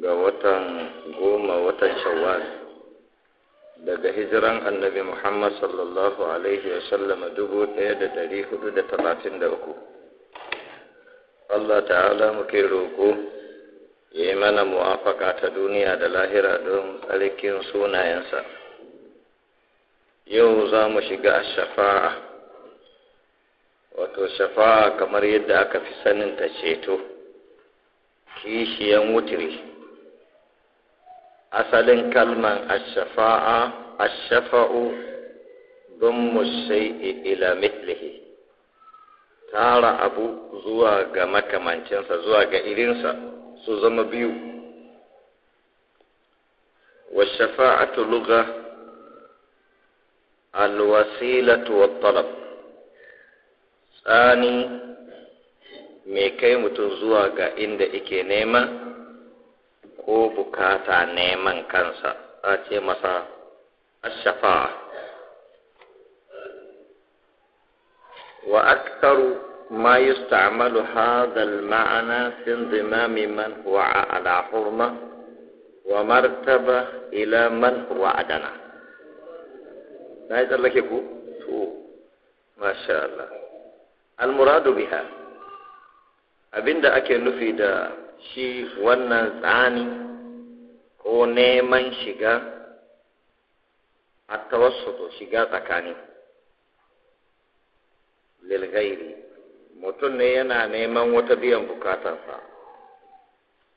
ga watan goma watan shawwal daga hijiran annabi Muhammad sallallahu Alaihi sallam dubu ɗaya da dari hudu da talatin da uku. Allah ta'ala muke roƙo ya yi mana muwafaka ta duniya da lahira don tsarkin sunayensa. Yau za mu shiga shafa'a, wato shafa'a kamar yadda aka fi saninta ceto, kishiyan wutiri. asalin kalman ashafa'a ashafa'u don musai ila mitlihi tara abu zuwa ga makamancinsa zuwa ga irinsa su zama biyu washafa'atu lugha alwasilatu wattalab tsani mai kai mutum zuwa ga inda ike nema ko oh, bukata neman kansa a ah, ce masa ashafa wa aktaru ما يستعمل هذا المعنى في انضمام من هو على حرمة ومرتبة إلى من هو أدنى لا لك ما شاء الله المراد بها أبين دا أكي نفي دا shi wannan tsani ko neman shiga a tawassuto shiga tsakani lilgairi mutum ne yana neman wata biyan bukatarsa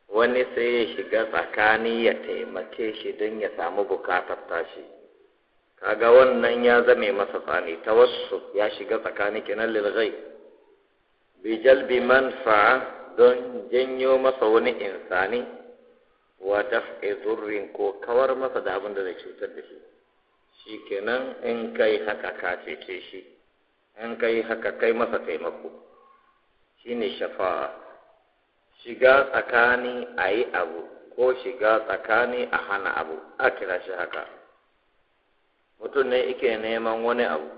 wani sai ya shiga tsakani ya taimake shi don ya samu bukatar tashi kaga wannan ya zame masa tsani tawassut ya shiga tsakani kinan lilgai bi jalbi manfa'a don janyo masa wani insani wa daf'i zurrin ko kawar masa da abin da zai cutar da shi shi kenan in kai haka ka cece shi in kai haka kai masa taimako shi ne shafa'a shiga tsakani a yi abu ko shiga tsakani a hana abu a kira shi haka mutum ne ike neman wani abu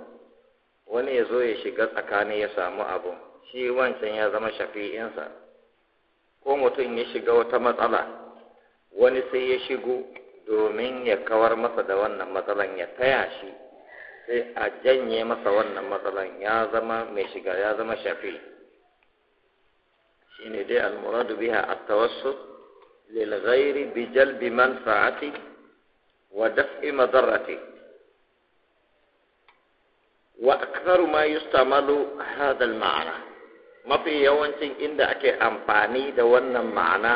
wani ya zo ya shiga tsakani ya samu abu shi wancan ya zama shafi'insa ko mutum ya shiga wata matsala wani sai ya shigo domin ya kawar masa da wannan matsalan ya taya shi sai a janye masa wannan matsalan ya zama mai shiga ya zama shafi ne dai almuradu biha a tawasu lil bijal bi jalbi sa'ati wa daf'i madarrati wa aktharu ma yustamalu hadha al-ma'na mafi yawancin inda ake amfani da wannan ma'ana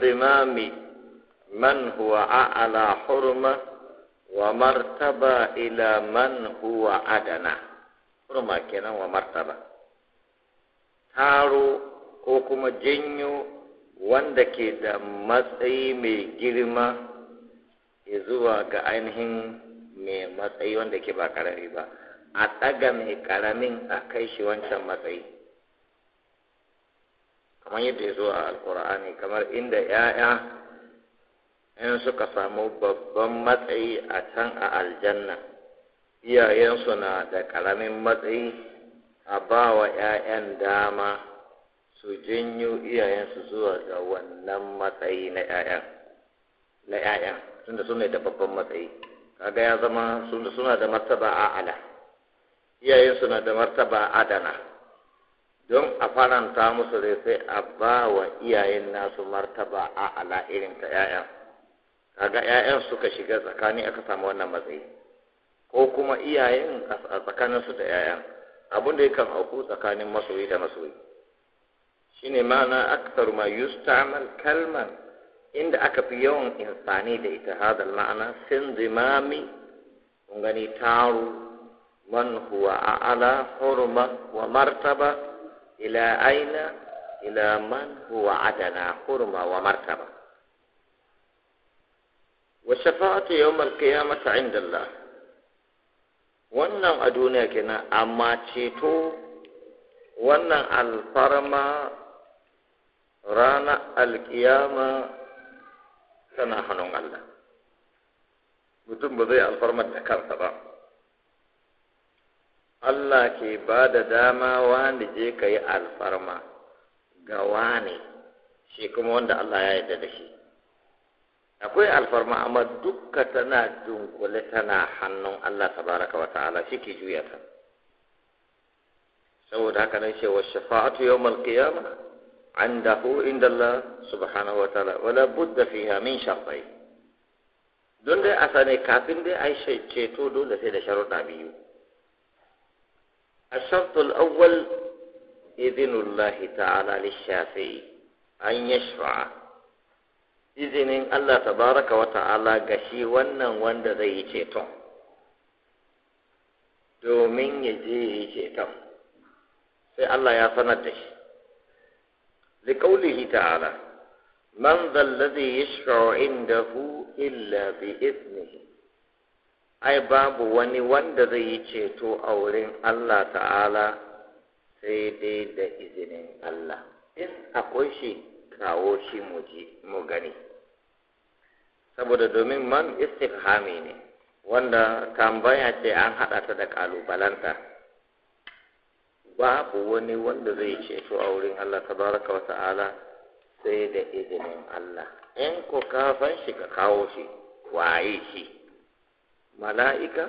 dimami man huwa a'ala hurma wa martaba ila man huwa adana hurma kenan wa martaba taro ko kuma janyo wanda ke da matsayi mai girma ya zuwa ga ainihin mai matsayi wanda ke ba karami ba a tsaga mai karamin a kai shi wancan matsayi kamar yadda ya zo a alkur'ani kamar inda ‘ya'ya in suka samu babban matsayi a can a aljanna iyayensu na da ƙaramin matsayi a ba wa ‘ya'yan dama su janyo iyayensu zuwa ga wannan matsayi na ‘ya'yan na ‘ya'yan tunda su ne da babban matsayi kaga ya zama suna da martaba a'ala iyayensu na da martaba adana don a faranta musu rai sai a ba wa iyayen nasu martaba a ala irin ta 'ya'yan kaga 'ya'yan suka shiga tsakani aka samu wannan matsayi ko kuma iyayen a tsakaninsu da 'ya'yan abin da yakan auku tsakanin masoyi da masoyi shine ma'ana akthar ma yusta'mal kalman inda aka fi yawan insani da ita hadal ma'ana sin zimami kun gani taru man huwa a'ala hurma wa martaba ila aina ila man huwa adana hurma wa martaba wa shafa'atu yawmal qiyamati 'inda Allah wannan a duniya kenan amma ceto wannan alfarma rana alkiyama tana hannun Allah mutum ba zai alfarmar da kansa ba Allah ke ba da dama wani je ka yi alfarma ga wani shi kuma wanda Allah ya yarda da shi akwai alfarma amma dukka tana dunkule tana hannun Allah tabaraka wa ta'ala shi ke juya ta saboda haka nan cewa shafa'atu yawmal qiyamah inda عند الله wa ta'ala wala budda fi hamin شرطين don dai a sani kafin dai a ceto dole sai da sharuɗa biyu الشرط الأول إذن الله تعالى للشافعي أن يشفع إذن الله تبارك وتعالى قشي ون ون ذي جيتم دومين يجي جيتم في الله يصندش لقوله تعالى من ذا الذي يشفع عنده إلا بإذنه ai babu wani wanda zai yi ceto a wurin Allah ta'ala sai dai da izinin Allah in akwai shi kawo shi mu gani saboda domin man istikhami ne wanda tambaya ce an haɗa ta da ƙalubalanta babu wani wanda zai yi ceto a wurin Allah tabaraka wa ta'ala sai da izinin Allah in ko kafan shi ka kawo shi waye shi mala'ika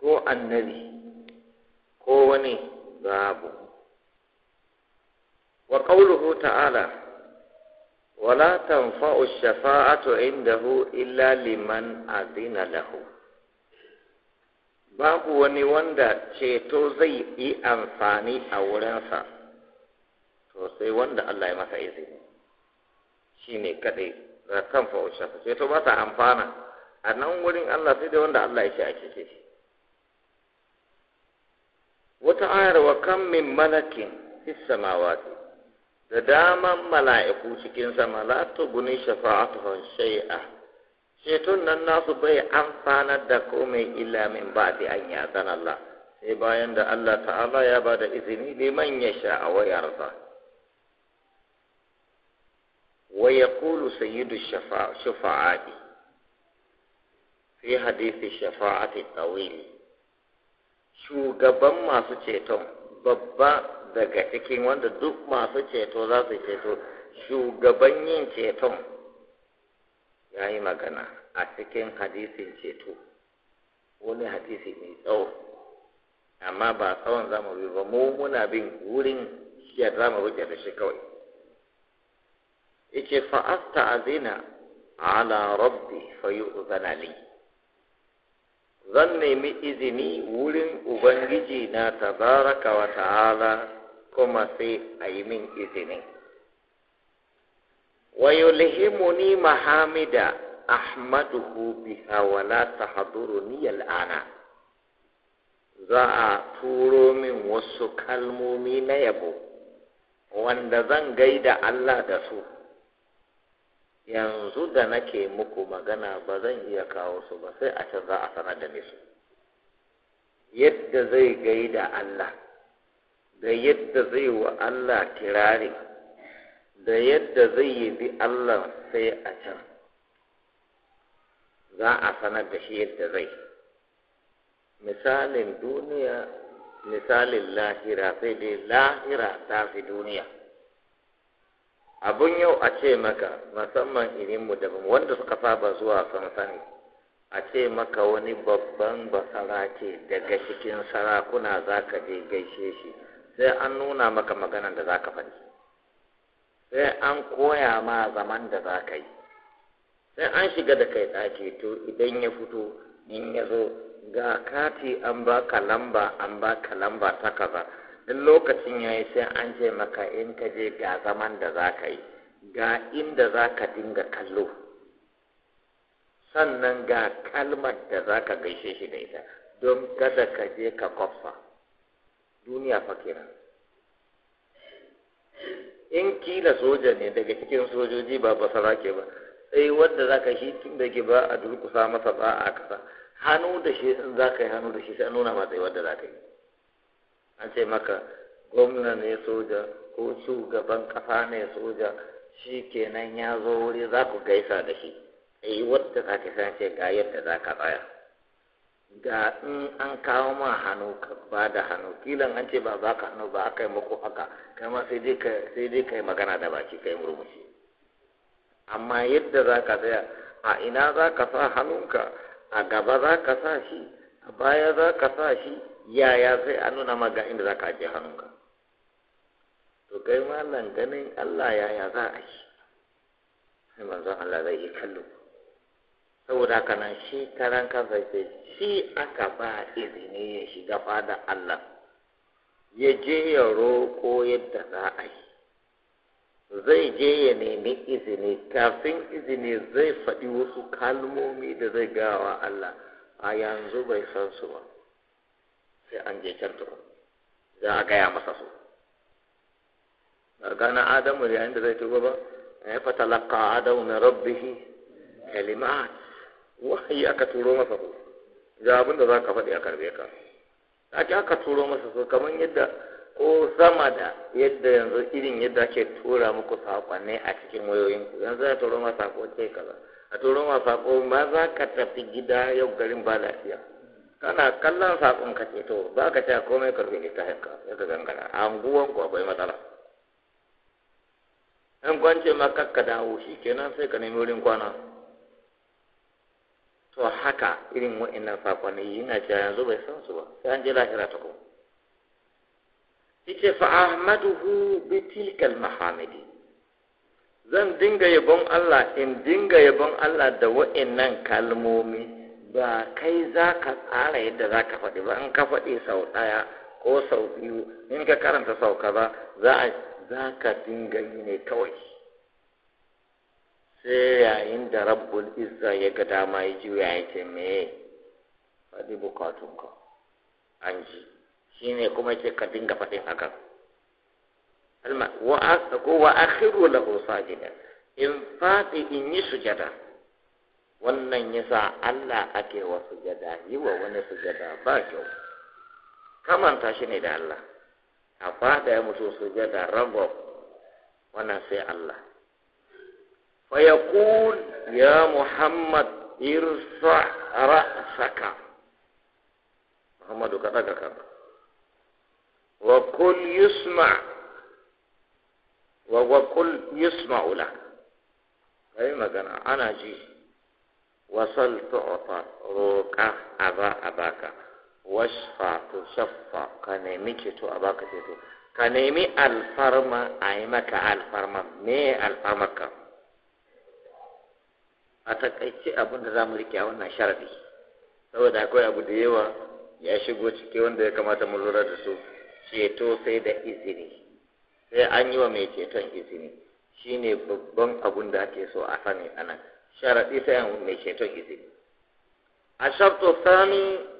ko annabi ko wani babu wa ƙauluhu ta'ala wala tanfa'u shafa'atu indahu illa liman azina lahu babu wani wanda ceto zai yi amfani a wurinsa to sai wanda Allah ya masa izini shi ne kaɗai za fa'u shafa ceto ba ta amfana a nan wurin Allah sai dai wanda Allah ya ce a cece shi wata ayar wa kan min malakin fis samawati da daman mala'iku cikin sama la guni shafa'atuhum shay'a ceton nan nasu bai amfana da komai illa min ba'di an yazan Allah sai bayan da Allah ta'ala ya ba da izini liman ya sha a wayar wa yaqulu sayyidu shafa'ati fi hadisi shafa'ati tawil shugaban masu ceton babba daga cikin wanda duk masu ceto za su ceto shugaban yin ceton ya yi magana a cikin hadisin ceto wani hadisi mai tsawo amma ba tsawon za mu bi ba mu muna bin wurin ya za mu wuce da shi kawai yace fa'asta azina ala rabbi fayu'zana li zan nemi izini wurin ubangiji na tabaraka wa ta'ala kuma sai a yi min izini wa yulhimuni mahamida ahmaduhu biha wa ta haduru al'ana za a turo min wasu kalmomi na yabo wanda zan gaida Allah da su yanzu da nake muku magana ba zan iya kawo su ba sai a can za a sanar da su yadda zai gaida Allah da yadda zai wa Allah kirari da yadda zai yi bi Allah sai a can za a sanar da shi yadda zai misalin duniya misalin lahira sai dai lahira ta fi duniya abun yau a ce maka musamman irin mu da wanda suka saba zuwa sansani a ce maka wani babban basara ce daga cikin sarakuna za ka je gaishe shi sai an nuna maka maganan da za ka faɗi sai an koya ma zaman da za ka yi sai an shiga da kai ɗaki to idan ya fito in ya zo ga kati an ba ka lamba an ba ka lamba ta kaza in lokacin ya yi sai an ce maka in ka je ga zaman da za ka yi ga inda za ka dinga kallo sannan ga kalmar da za ka gaishe shi da ita don kada ka je ka kwaffa duniya fa kenan in kila soja ne daga cikin sojoji ba ba ke ba sai wanda za ka shi tun da ba a durkusa masa ba a kasa hannu da shi in za ka yi hannu da shi sai nuna ba sai wanda za ka yi an ce maka gwamna ne soja ko shugaban kafa ne soja shi kenan ya zo wuri za ku gaisa da shi yi eh, wadda za ka ce ga yadda za ka tsaya ga in an kawo ma hannu ka ba da hannu kilan an ce ba za ka hannu ba aka yi muku haka kai ma sai dai kai magana da baki kai murmushi amma yadda za ka tsaya a ina za ka sa hannunka a gaba za ka sa shi a baya za ka sa shi yaya sai a nuna ma ga inda za ka ajiye hannunka to kai malam ganin Allah yaya za a yi sai manzon Allah zai yi kallo saboda haka nan shi karan kansa ce shi aka ba izini ya shiga fada Allah ya je ya roƙo yadda za a yi zai je ya nemi izini kafin izini zai faɗi wasu kalmomi da zai gawa Allah a yanzu bai san su ba sai an je can tukun za a gaya masa su daga gana adamu yayin da zai tuba ba ya fata laka adamu min rabbihi kalimat wahayi aka turo masa su ga abin da za ka faɗi a karbe ka ake aka turo masa su kamar yadda ko sama da yadda yanzu irin yadda ake tura muku saƙonni a cikin wayoyinku yanzu ya turo masa ko kai kaza a turo masa ko ma za ka tafi gida yau garin ba lafiya kana kallon saƙon ka ce to ba ka cewa komai karfe ta ka ya ka gangana a guwan ku akwai matsala Yan kwance ma kakka dawo shi kenan sai ka nemi wurin kwana to haka irin wa'annan saƙonni yana cewa yanzu bai san su ba sai an je lahira ta kuma yace fa ahmaduhu bi tilkal mahamidi zan dinga yabon Allah in dinga yabon Allah da wa'annan kalmomi ba kai za ka tsara yadda za ka faɗi ba in ka faɗi sau ɗaya ko sau biyu in ka karanta sau kaza za a za ka dinga yi ne kawai sai yayin da rabbul izza ya ga dama ya juya ya ce me faɗi bukatunka an ji shi ne kuma ce ka dinga faɗin hakan ko wa akhiru lahu sajida in faɗi in yi sujada wannan yasa Allah ake wa sujada yi wa wani sujada ba kyau kamanta shi ne da Allah a fada ya mutu sujada rabo wannan sai Allah fa yaqul ya Muhammad irsa ra'saka Muhammadu ka daga kanka wa kul yusma wa wa kul yusma ula. kai magana ana ji wasal tu'ta roƙa a ba a baka washfa to shaffa ka nemi ceto a baka ceto ka nemi alfarma a yi maka alfarma me ka. a takaice abin da za mu rike a wannan sharadi saboda akwai abu da yawa ya shigo ciki wanda ya kamata mu lura da su ceto sai da izini sai an yi wa mai ceton izini shine babban abun da ake so a sani anan sharaɗi ta yan mai ceton izini a sharto sami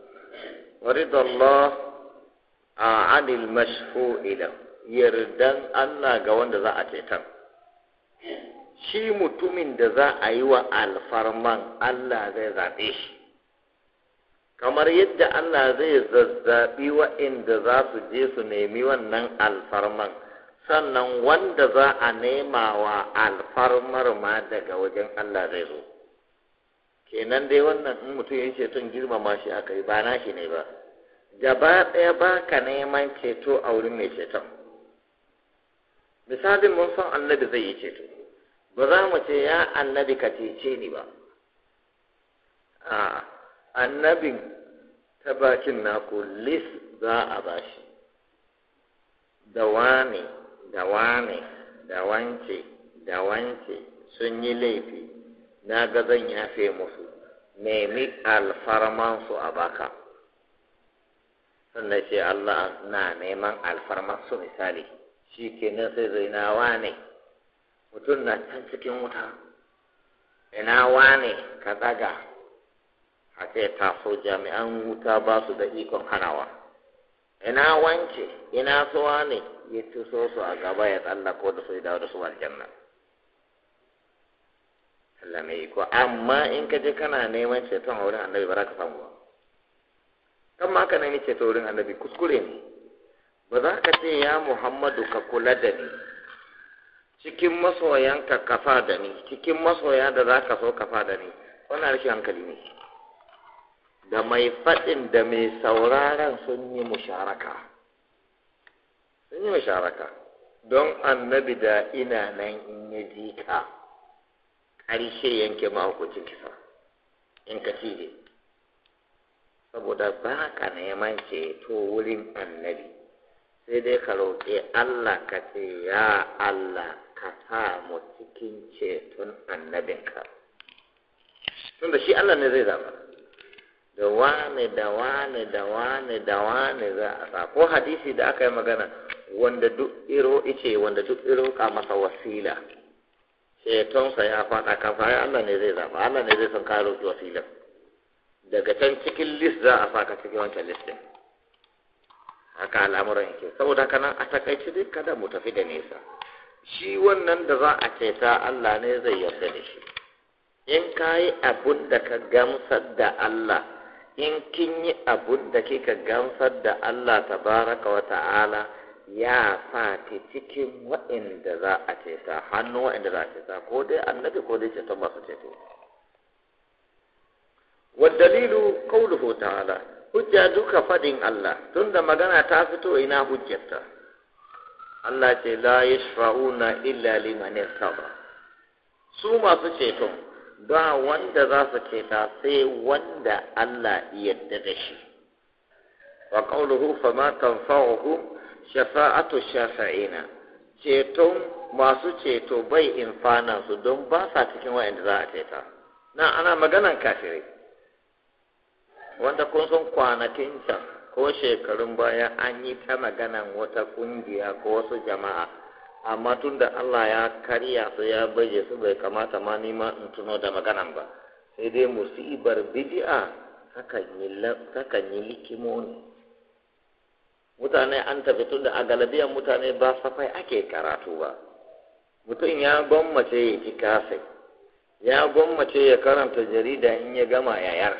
ورد الله عن المشفوع له yardan Allah ga wanda za a cetar shi mutumin da za a yi wa alfarman Allah zai zaɓe shi kamar yadda Allah zai zazzaɓi wa'inda za su je su nemi wannan alfarman sannan wanda za a nema wa alfarmar ma daga wajen Allah zai zo kenan dai wannan in mutum ya ce tun girmama shi aka yi ba na shi ne ba gaba ɗaya ba ka neman ceto a wurin mai ceton misalin mun san annabi zai yi ceto ba za mu ce ya annabi ka cece ni ba a annabin ta bakin naku lis za a bashi da wane da wane da wance da wance sun yi laifi na ga zan yafe musu nemi alfarman su a baka sannan ce Allah na neman alfarman su misali shi kenan sai zai na wane mutum na can cikin wuta ina wane ka daga a ce taso jami'an wuta ba su da ikon hanawa. ina wance ina suwa ne ya ci su a gaba ya tsallako da su dawo da su aljanna Allah mai iko amma in ka je kana neman ceton a wurin annabi ba za ka samu ba kan ma ka nemi ceton wurin annabi kuskure ne ba za ka ce ya muhammadu ka kula da ni cikin masoyanka kafa da ni cikin masoya da za ka so kafa da ni wannan rashin hankali ne da mai faɗin da mai sauraron sun yi musharaka sun yi musharaka don annabi da ina nan in yi ji ka ƙarshe yanke mahaukacin kisa in ka cije saboda ba ka neman ceto wurin annabi sai dai ka roƙe Allah ka ce ya Allah ka sa mu cikin ceton annabinka tunda shi Allah ne zai zama. da wane da wane da wane da wane za a sa ko hadisi da aka yi magana wanda duk iro ice wanda duk iro ka masa wasila shetonsa ya faɗa kafa ya Allah ne zai zaɓa Allah ne zai san ka roƙi wasilar daga can cikin list za a saka cikin wancan listin haka al'amuran yake saboda haka nan a takaici dai kada mu tafi da nesa shi wannan da za a ce ta Allah ne zai yarda da shi in ka yi abun da ka gamsar da Allah in kin yi abun da kika gamsar da Allah tabaraka wa ta'ala ya sa ki cikin waɗanda za a ceta hannu waɗanda za a ceta ko dai annabi ko dai ceton masu ceto dalilu waddalilu qawluhu ta'ala hujja duka fadin Allah tunda magana ta fito ina hujjata? Allah ce la yashfa'una illa nesa ba. su masu ceton ba wanda za su ta, sai wanda Allah yarda da shi wa qawluhu fama tanfa'uhum shafa'atu shafi'ina ceton masu ceto bai infana su don ba sa cikin wa'anda za a ceta na ana maganan kafirai wanda kun san kwanakin can ko shekarun baya an yi ta maganan wata ƙungiya ko wasu jama'a amma tun da Allah ya karya su ya baje su bai kamata ma nima in tuno da maganan ba sai dai musibar bid'a takan yi likimoni mutane an tafi tun da a galabiyan mutane ba safai ake karatu ba mutum ya gwammace ya ci kafe ya gwammace ya karanta jarida in ya gama yayar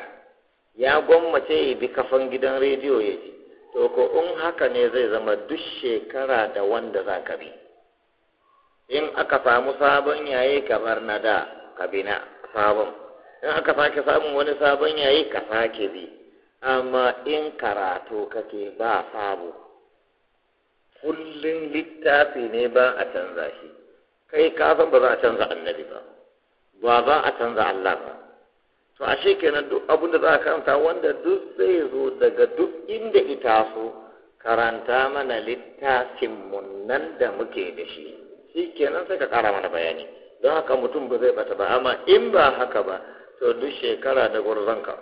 ya gwammace ya bi kafan gidan rediyo ya ji to ko in haka ne zai zama duk shekara da wanda za ka bi in aka samu sabon yayi kamar na da ka sabon in aka sake samun wani sabon yayi ka sake bi amma in karatu kake ba sabo kullum littafi ne ba a canza shi kai ka san ba za a canza annabi ba ba za a canza Allah ba to ashe kenan duk abin da za ka karanta wanda duk zai zo daga duk inda ita so karanta mana littafin mun nan da muke da shi shi kenan sai ka kara mana bayani don haka mutum ba zai bata ba amma in ba haka ba to duk shekara da ka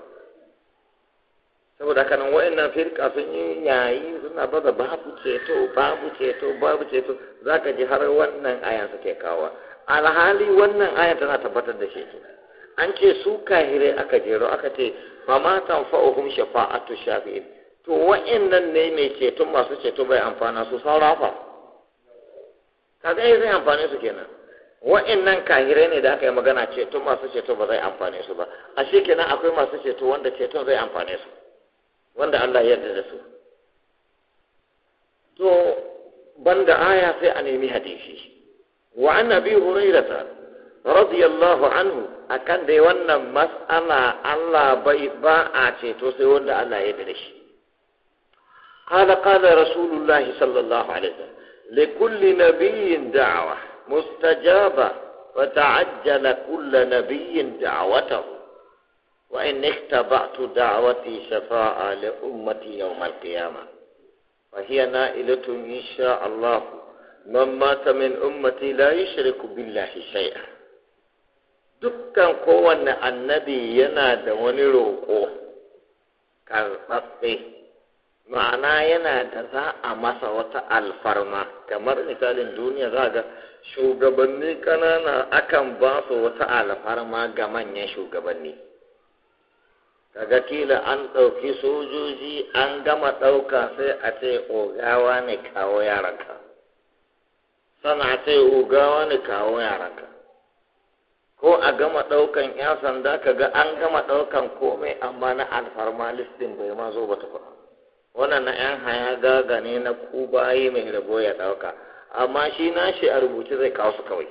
saboda haka wayannan wa'annan firka sun yi yayi suna baza babu ceto babu ceto babu ceto za ka ji har wannan ayan suke kawa alhali wannan ayan tana tabbatar da shi an ce su kahire aka jero aka ce fa ma tanfa'uhum shafa'atu shafi'in to wa'annan ne mai ceton masu ceto bai amfana su saurafa kaga zai amfane su kenan wa'annan kahirai ne da aka yi magana ceto masu ceto ba zai amfane su ba a shi kenan akwai masu ceto wanda ceton zai amfane su wanda Allah ya yarda da su to banda aya sai a nemi hadisi wa an abi hurairata radiyallahu anhu akan dai wannan mas'ala Allah bai ba a ceto sai wanda Allah ya yarda da shi قال قال رسول الله صلى الله عليه وسلم لكل نبي دعوة مستجابة وتعجل كل نبي دعوته وإن اختبعت دعوتي شفاء لأمتي يوم القيامة وهي نائلة إن شاء الله من مات من أمتي لا يشرك بالله شيئا dukkan kowanne annabi yana da wani roƙo karɓaɓɓe ma'ana yana da za a masa wata alfarma kamar misalin duniya za ga shugabanni ƙanana akan ba su wata alfarma ga manyan shugabanni kaga kila an ɗauki sojoji an gama ɗauka sai a ce ogawa ne kawo yaranka sana a ce ogawa ne kawo yaranka ko a gama ɗaukan 'yan sanda kaga an gama ɗaukan komai amma na alfarma listin bai ma zo ba tukuna waɗannan 'yan haya gaga ne na ku bayi mai rabo ya ɗauka amma shi na shi a rubuce zai kawo su kawai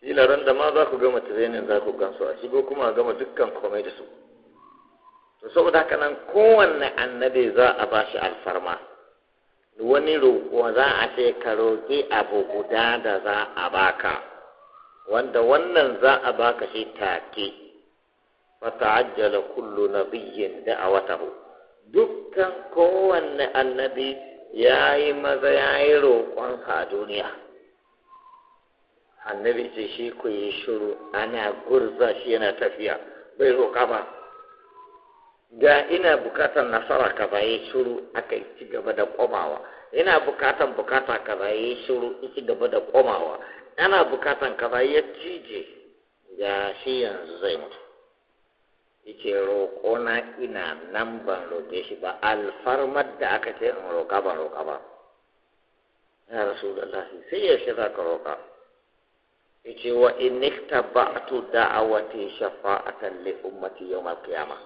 shi laran da ma za ku gama tirenin za ku gansu a shigo kuma a gama dukkan komai da su to saboda haka nan kowanne annabi za a ba shi alfarma wani roƙo za a ce ka roƙi abu guda da za a baka wanda wannan za a baka shi take fata'ajjala kullu nabiyyin da'awatahu dukkan kowanne annabi ya yi maza ya yi roƙon a duniya annabi ce shi ku yi shiru ana gurza shi yana tafiya bai roƙa ba da ina bukatar nasara ba ya shiru aka yi ci gaba da komawa ina bukatar bukata ba ya shiru ci gaba da komawa ana bukatar ba ya cije ya shi yanzu zai mutu yake roƙo na ina nan ban roƙe shi ba alfarmar da aka ce in roƙa ban roƙa ba ya rasu da lafi sai ya shi za ka roƙa ce wa in niktaba'tu da'awati shafa'atan li ummati yau ma kiyama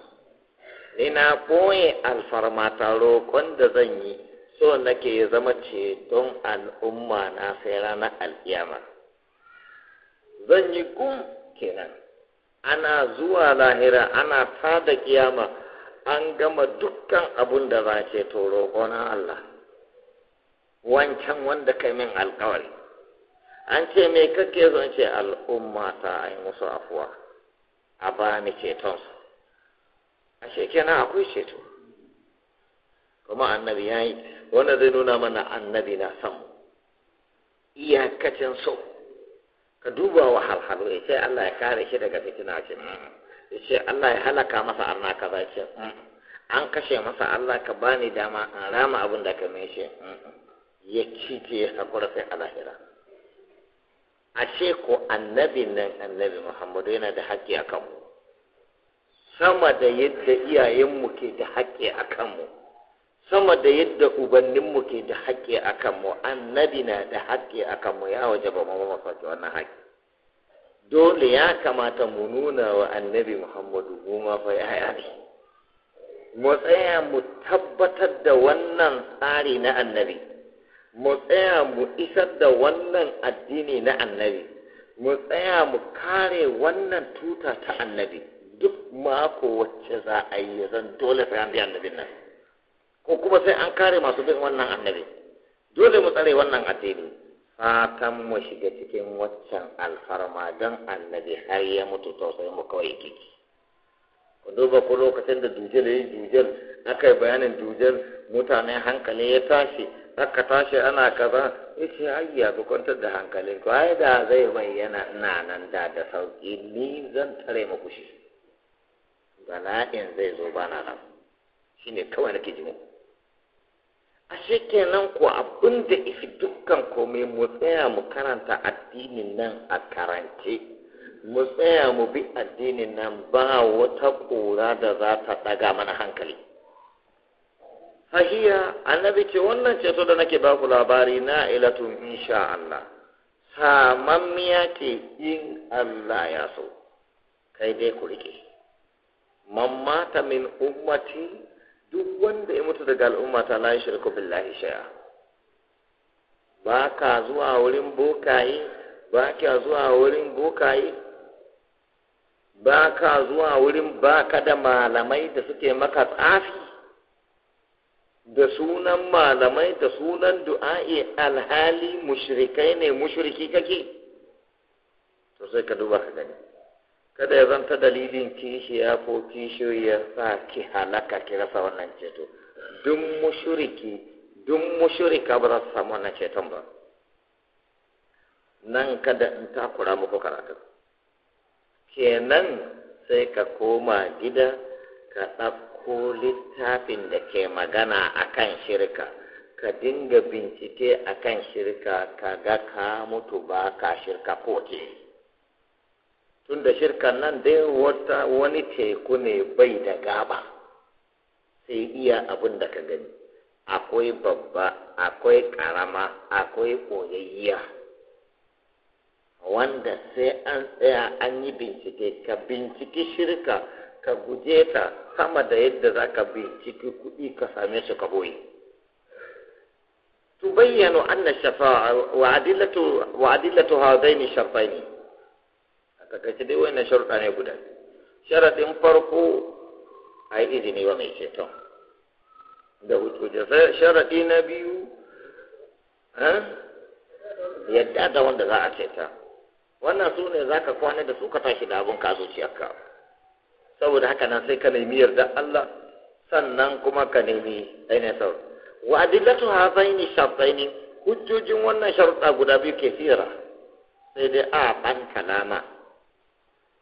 ni na boye alfarma ta roƙon da zan yi so nake ya zama ce don al'umma na sai ranar al'iyama zan yi kum kenan ana zuwa lahira ana da kiyama an gama dukkan abun da za ce to roƙona Allah wancan wanda kai min alƙawari an ce me kake zan ce al'umma ta ai musu afuwa a ba ni ceton su a shekena akwai ceto kuma annabi ya yi. wanda zai nuna mana annabi na son iyakacin so ka duba wa halhalu ya ce Allah ya kare shi daga fitina ce ya ce Allah ya halaka masa Allah ka ba ce an kashe masa Allah ka bani dama an rama abin da ka mai shi ya cije ya haƙura sai a ce ko annabi nan annabi Muhammadu yana da haƙƙi a kanmu sama da yadda iyayenmu ke da haƙƙi a kanmu sama da yadda ubanninmu ke da haƙƙi a kanmu annabi na da haƙƙi a kanmu ya waje ba mu mafaki wannan haƙƙi dole ya kamata mu nuna wa annabi muhammadu mu ma fa yaya ne mu tsaya mu tabbatar da wannan tsari na annabi mu tsaya mu isar da wannan addini na annabi mu tsaya mu kare wannan tuta ta annabi duk mako wacce za a yi zan dole fa annabi annabin nan ko kuma sai an kare masu bin wannan annabi dole mu tsare wannan addini fatan mu shiga cikin waccan alfarma don annabi har ya mutu tausayi mu kawai yake ku duba ko lokacin da dujel ya dujel aka bayanin jujar mutane hankali ya tashi aka tashi ana kaza ya ce ayya ku kwantar da hankalin ku ai da zai bayyana ina nan da da sauki ni zan tare mu shi bala'in zai zo bana nan shine kawai nake jimu Ashe kenan ko abin da ifi dukkan komai mu tsaya mu karanta addinin nan a karance mu tsaya mu bi addinin nan ba wata ƙura da za ta ɗaga mana hankali fahiya annabi ce wannan ceto da nake baku labari na ilatun insha Allah samammiya ce in Allah ya so kai dai ku rike Mamata min ummati duk wanda ya mutu daga al'umma ta la shirku billahi shay'a ba zuwa wurin bokaye ba ka zuwa wurin bokaye ba zuwa wurin ba da malamai da suke maka tsafi da sunan malamai da sunan du'a'i alhali mushrikai ne mushriki kake to sai ka duba ka gani kada ya zanta dalilin kishiya ko kishiyoyi ya sa ki halaka ki rasa wannan ceto duk mushuriki duk mushurika ba za su samu wannan ceton ba nan kada in takura muku karatu kenan sai ka koma gida ka ɗauko littafin da ke magana a kan shirka ka dinga bincike a kan shirka ka ga ka mutu ba ka shirka ko ke. tun da shirkan nan dai wata wani teku ne bai da gaba sai iya abin da ka gani akwai babba akwai karama akwai koyayya wanda sai an tsaya an yi bincike ka binciki shirka ka guje ta sama da yadda za ka binciki kuɗi ka same su ka boye. wa Adilatu wa وعدلة hadaini shafa ne takaice dai wannan sharuɗa ne guda sharaɗin farko a yi izini wa mai ceton da hujjoji sharaɗi na biyu eh, yadda da wanda za a ceta wannan su ne za ka kwana da su ka tashi da abin ka aka saboda haka nan sai ka nemi yarda Allah sannan kuma ka nemi ainihin sau wa adillatu hazaini shartaini hujjojin wannan sharuɗa guda biyu ke sira sai dai a ban kalama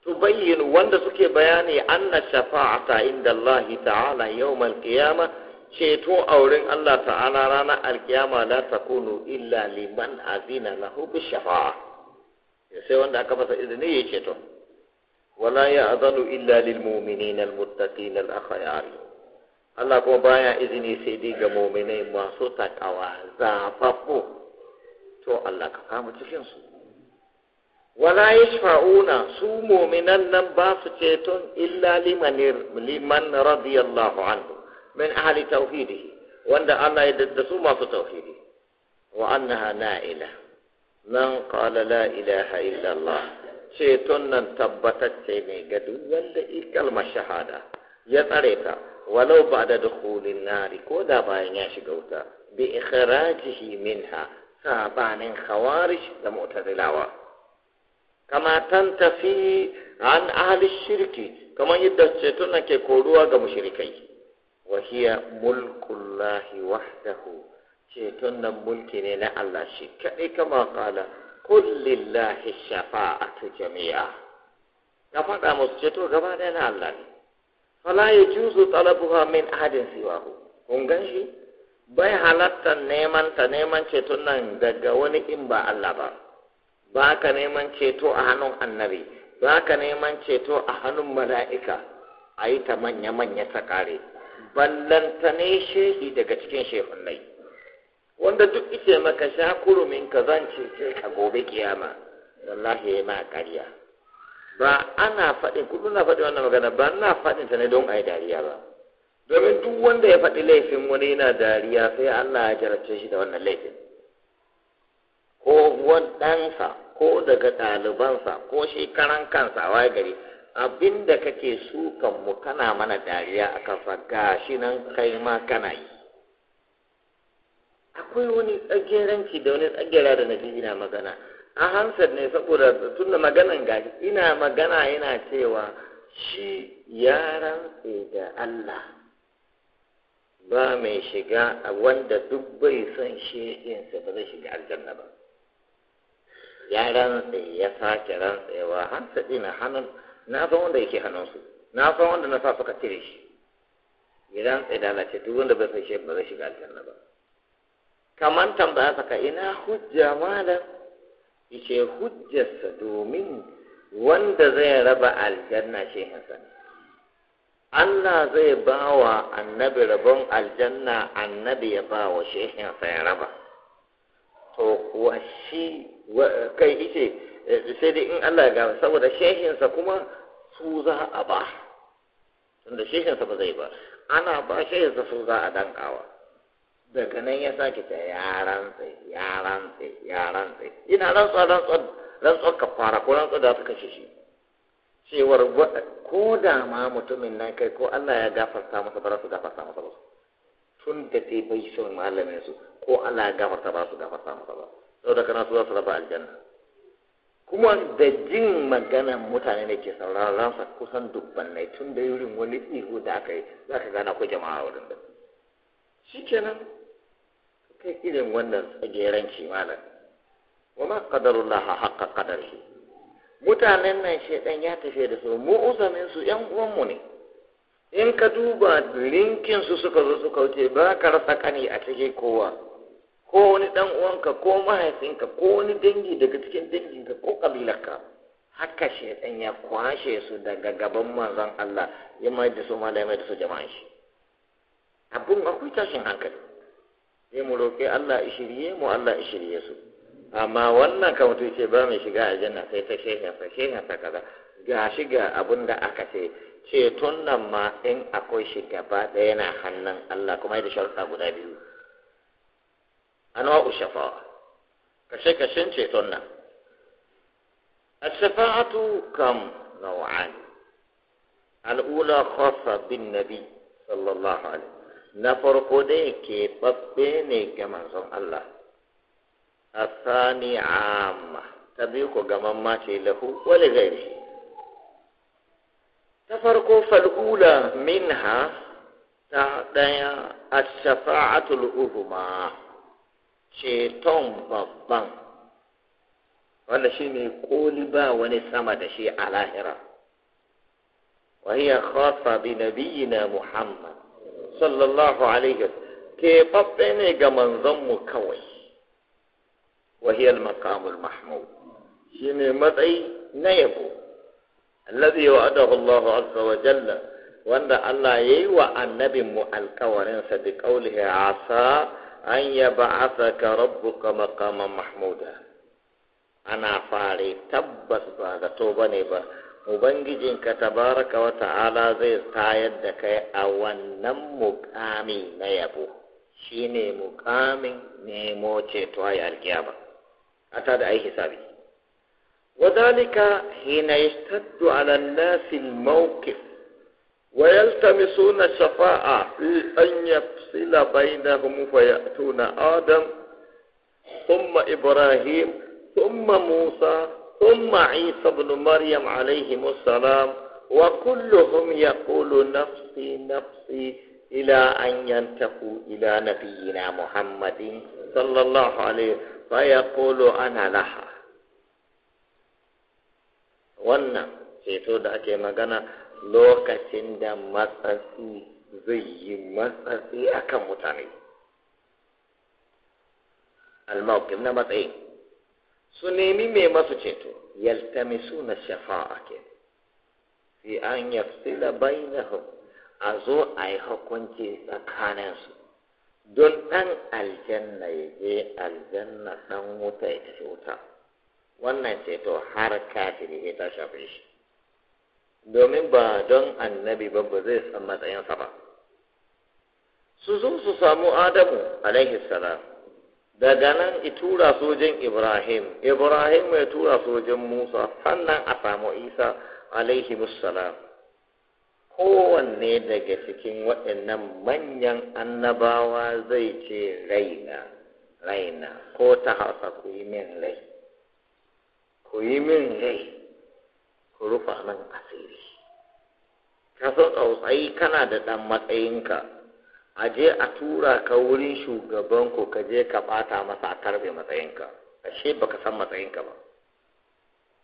bayyana wanda suke bayani anna shafa'ata inda Allah ta'ala yawmal qiyama ceto a wurin Allah ta'ala ranar alkiyama la takunu illa liman azina lahu bi shafa'a sai wanda aka masa izini ya ceto wala ya'zanu illa lil mu'minina al muttaqin al akhyar Allah kuma baya izini sai dai ga mu'minai masu takawa zafafu to Allah ka kama cikin su wala yashfa'una su mu'minan nan ba su ceton illa liman liman radiyallahu anhu min ahli tauhidihi wanda Allah ya dadda su masu tauhidi wa annaha na'ila nan qala la ilaha illa Allah ceton nan tabbatacce ne ga duk wanda kalmar shahada ya tsare ta walau ba da dukhulin nari ko da bayan ya shiga wuta bi ikhrajihi minha sabanin khawarij da mu'tazilawa kama tafi an ahli shirki kamar yadda ceton na ke koruwa ga mushrikai wa hiya mulkullahi wahdahu ceton na mulki ne na Allah shi kadai kama kala kullillahi shafa'atu jami'a ka faɗa musu ceto gaba ɗaya na Allah ne fala ya juzu talabuha min ahadin siwahu kun ganshi bai halatta neman ta neman ceton nan daga wani in ba Allah ba ba ka neman ceto a hannun annabi ba ka neman ceto a hannun mala'ika a yi ta manya-manya ta kare ballantane shehi daga cikin shehunai wanda duk ice maka sha kurumin ka zan cece ka gobe kiyama wallahi ya ma ƙarya ba ana faɗin kudu na faɗi wannan magana ba na faɗin ta ne don a yi dariya ba domin duk wanda ya faɗi laifin wani yana dariya sai Allah ya jarabce shi da wannan laifin ko ɗansa ko daga ɗalibansa ko shi karan kansa waye gari abin da kake sukan mu kana mana dariya a kafa gashi nan kai ma kana yi akwai wani tsageranci da wani tsagera da naji ina magana a hansar ne saboda tunda maganan gashi ina magana yana cewa shi ya rantse da Allah ba mai shiga wanda duk bai son shi ba zai shiga aljanna ba ya rantse ya sake rantsewa hansa dina hannun na san wanda yake hannunsu na san wanda na sa suka cire shi ya rantse da lace duk wanda bai san shi ba zai shiga aljanna ba kamar tambaya saka ina hujja malam yace hujjarsa domin wanda zai raba aljanna shi hasan Allah zai ba wa annabi rabon aljanna annabi ya ba wa shehin ya raba to kuwa shi kai ice eh, sai dai in Allah ya gama saboda shehinsa kuma su za a ba tunda shehinsa ba zai ba ana ba shehinsa su za a dankawa daga nan ya sake ta yaran rantse yaran rantse yaran rantse ina rantsa rantsa ka fara ko rantsa da ta kashe shi cewar ko da ma mutumin nan kai ko Allah ya gafarta masa ba su gafarta masa ba tun da dai bai son malamin su ko Allah ya gafarta ba su gafarta masa ba saboda kana su za su raba aljanna kuma da jin magana mutane ne ke sauraron sa kusan ne tun da yurin wani ihu da aka yi za ka gana ko jama'a wurin da shi kenan kai irin wannan tsageren kimanin wa ma qadarullah haqqa qadarihi mutanen nan shedan ya tafi da su mu uzamin su yan uwanmu ne in ka duba linkin su suka zo suka wuce ba ka rasa kani a cikin kowa ko wani dan uwanka ko mahaifinka ko wani dangi daga cikin danginka ko kabilarka haka shaitan ya kwashe su daga gaban manzon Allah ya mai da su malai mai da su jama'a shi abun akwai tashin hankali sai mu roƙi Allah shirye mu Allah shirye su amma wannan kan mutum ce ba mai shiga aljanna sai ta shehe ta shehe ta kaza ga shiga abun da aka ce ceton nan ma in akwai shi gaba ɗaya na hannun Allah kuma da sharuɗa guda biyu أنواع الشفاعة كشي كشين شيطنا الشفاعة كم نوعان الأولى خاصة بالنبي صلى الله عليه وسلم نفرق ديك بطيني كما الله الثاني عامة تبيك كما ماتي له ولغيره تفرق فالأولى منها الشفاعة الأهمى ceton babban wanda shi ne koli ba wani sama da shi a lahira wahiyar khasa bi nabiyina muhammad sallallahu alaihi keɓaɓɓe ne ga manzonmu kawai wahiyar makamul mahmud shi ne matsayi na yabo الذي وعده الله عز وجل وأن الله يوى النبي القورين بقوله عصى an ka rabbuka maqaman mahmuda ana fare tabbas ba to bane ba ubangijin ka tabaraka wa ta'ala zai tayar da kai a wannan mukami na yabo shine mukamin nemo ceto ya alkiyama ata da ai hisabi wadalika hina yashtaddu ala an-nasi ويلتمسون الشفاعة في أن يفصل بينهم فيأتون آدم ثم إبراهيم ثم موسى ثم عيسى بن مريم عليهم السلام وكلهم يقول نفسي نفسي إلى أن ينتقوا إلى نبينا محمد صلى الله عليه فيقول أنا لها wannan ceto da ake magana lokacin da matsatsi zai yi matsatsi akan mutane almaukin na matsayi su nemi mai masu ceto shafa shafa'a ke. fi an na bainahum a zo a yi hukunci tsakaninsu don ɗan aljanna ya je aljanna ɗan wuta ya tafi wuta wannan ceto har kafin ya ta shafe shi domin ba don annabi ba ba zai san matsayinsa ba su zo su samu adamu alaihi salam daga nan itura sojin ibrahim ibrahim ya tura sojin musa sannan a samu isa alaihi salam kowanne daga cikin waɗannan manyan annabawa zai ce raina raina ko ta hausa ku yi min rai ku yi min rai rufa nan asiri ka so tsautsayi kana da ɗan matsayinka a je a tura ka wurin shugaban ko ka je ka ɓata masa a tarbe matsayinka ashe ka san matsayinka ba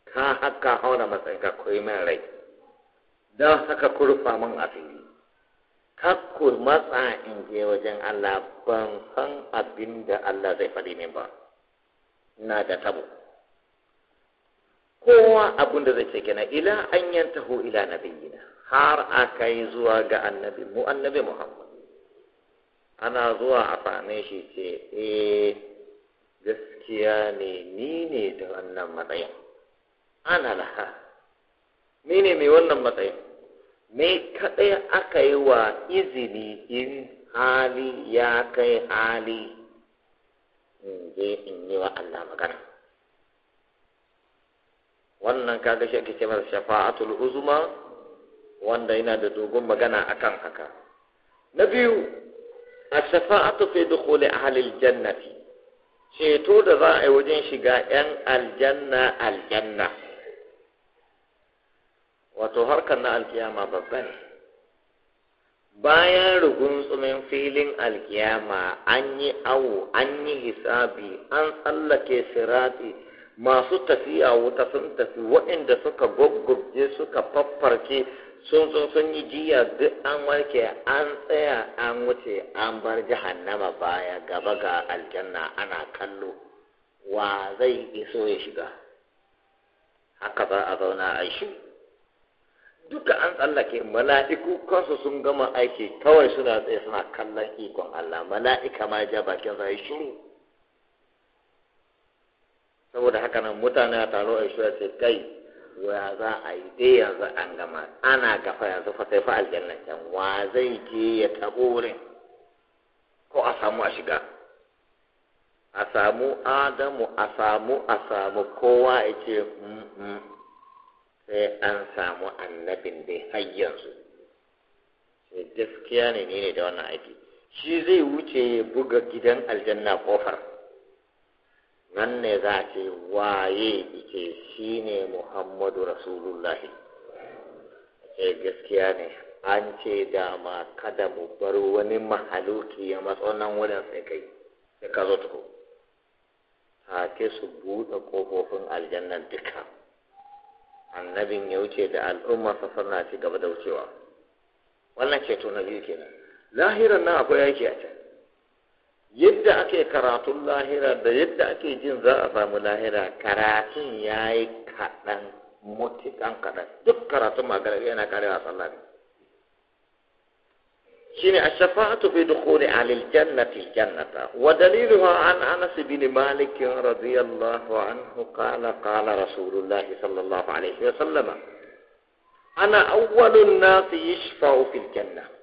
ka haka haura matsayinka koyi min rai don haka ku rufa min asiri kakkur matsa in je wajen Allah ban san abin da Allah zai faɗi min ba ina da tabo kowa abin da zai ce gina ila an yantahu ila nabiyina har aka yi zuwa ga annabi mu annabi muhammad ana zuwa a fane shi ce eh gaskiya ne ni ne da wannan matsayin ana laha ni ne mai wannan matsayin me kaɗai aka yi wa izini in hali ya kai hali in je in yi wa Allah magana wannan kaga shi ake ce shafa'atul uzma wanda yana da dogon magana akan haka na biyu ash-shafa'atu fi dukhuli ahli al-jannati ceto da za a yi wajen shiga 'yan aljanna aljanna wato harkar na alkiyama babba ne bayan rugunsumin filin alkiyama an yi awo an yi hisabi an tsallake sirati masu tafiya wuta sun tafi waɗanda suka gwaggwabje suka faffarke sun sun sun yi jiya duk an warke an tsaya an wuce an bar jahannama baya gaba ga aljanna ana kallo wa zai iso ya shiga haka za a zauna a shi duka an tsallake mala'iku kansu sun gama aiki kawai suna tsaye suna kallon ikon Allah mala'ika ma ja bakin sa shiru saboda haka nan mutane a taro a shi ce kai wa za a yi dai yanzu an gama ana gafa yanzu fa sai fa aljanna can wa zai je ya tabo wurin ko a samu a shiga a samu adamu a samu a samu kowa ya ce mm, mm. sai an samu annabin dai har yanzu sai gaskiya ne ne da wannan aiki shi zai wuce ya buga gidan aljanna kofar nan ne za a ce waye ke shi ne muhammadu rasulullah ce gaskiya ne an ce dama kada mu bar wani mahaluki ya matso nan wurin sai kai da ka zo tuko ke su buɗe ƙofofin aljannan duka annabin ya wuce da al'umma safar na ci gaba da wucewa wannan ceto na biyu kenan lahiran nan akwai aiki a can yadda ake karatun lahira da yadda ake jin za a samu lahira karatun ya yi kaɗan mutukan kaɗan duk karatun maganar yana karewa sallah ne shine ashafa'atu bi dukhuli alil jannati jannata wa daliluha an Anas bin Malik radiyallahu anhu qala qala Rasulullah sallallahu alaihi wa sallama ana awwalun nas yashfa'u fil jannah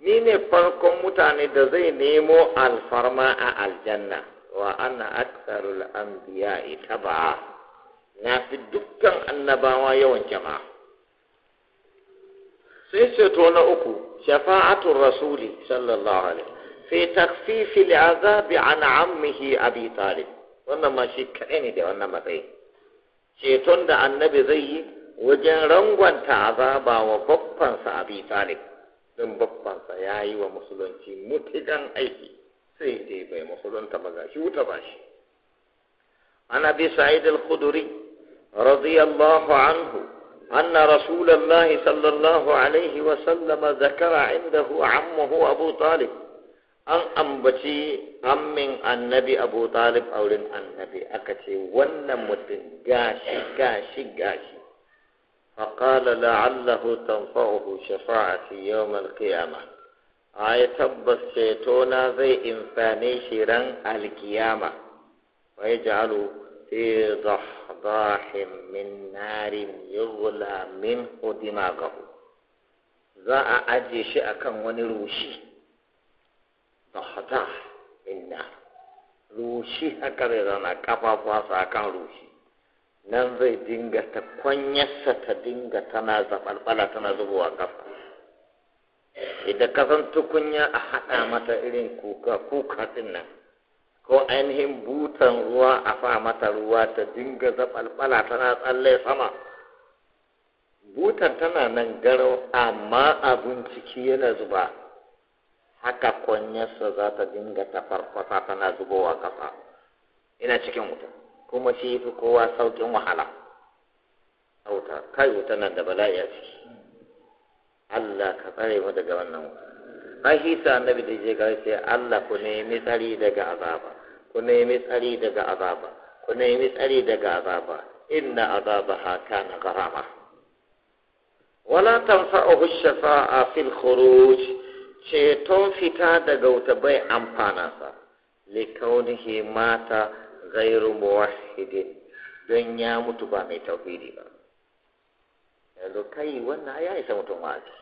ni ne farkon mutane da zai nemo alfarma a aljanna wa ana aksarul anbiya ba? na fi dukkan annabawa yawan jama'a sai ceto na uku shafa'atun rasuli sallallahu alaihi fi takfifi al'azabi an ammihi abi talib wannan ma shi kaɗai ne da wannan matsayi ceton da annabi zai yi wajen rangwanta azaba wa babbansa abi talib don babbansa ya yi wa musulunci mutikan aiki sai dai bai musulunta ba ga shi wuta ba shi an abi sa'id al-khuduri radiyallahu anhu أن رسول الله صلى الله عليه وسلم ذكر عنده عمه أبو طالب أن أنبتي أم من النبي أبو طالب أو لن النبي أكتي ونمت قاشي قاشي قاشي فقال لعله تنفعه شفاعتي يوم القيامة ai tabbas cetona zai imfane shi ran alkiyama wa ya ja'alu fi dahdahin min narin yughla min dimagahu za a aje shi akan wani rushi dahdah min nar rushi haka zai zana kafafuwa akan rushi nan zai dinga ta kwanyarsa ta dinga tana zaɓalɓala tana zubowa ƙasa idan ka san tukunya a haɗa mata irin kuka kuka ɗin nan ko ainihin butan ruwa a fa mata ruwa ta dinga zaɓalɓala tana tsalle sama butan tana nan garau amma abin ciki yana zuba haka kwanyarsa za ta dinga ta farfasa tana zubowa ƙasa ina cikin mutum kuma shi fi kowa saukin wahala auta kai wuta nan da bala'i a ciki Allah ka tsare mu daga wannan ai shi sa annabi da je gare sai Allah ku nemi tsari daga azaba ku nemi tsari daga azaba ku nemi tsari daga azaba inna ha kana gharama wala tanfa'uhu shafa'a fil khuruj ceton fita daga wuta bai amfana sa likaunihi mata ghairu muwahhidin don ya mutu ba mai tauhidi ba yanzu kai wannan ya isa mutum wa'azi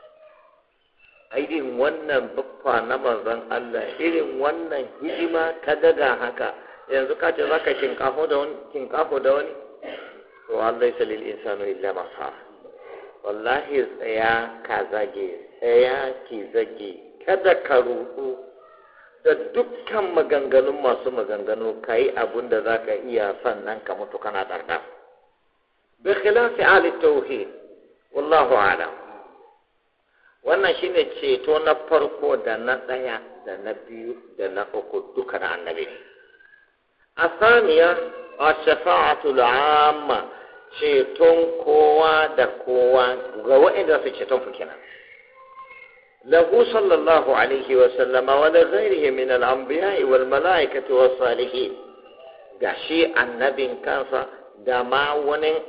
aidin wannan bukwa na manzon Allah irin wannan hidima ka daga haka yanzu ka ce zaka kinkafo da wani kinkafo da wani to Allah ya lil insanu illa ma wallahi tsaya ka zage tsaya ki zage kada ka ruɗu da dukkan maganganun masu maganganu ka yi abin da za ka iya sannan ka mutu kana ɗarɗa bi khilafi ali tauhid wallahu alam wannan shi ne ceto na farko da na ɗaya da na biyu da na uku duka na annabi ne a saniya a shafa'atul amma ceton kowa da kowa ga wa'inda su ceton ku له صلى الله عليه وسلم ولغيره من الأنبياء والملائكة والصالحين gashi annabin kansa da ma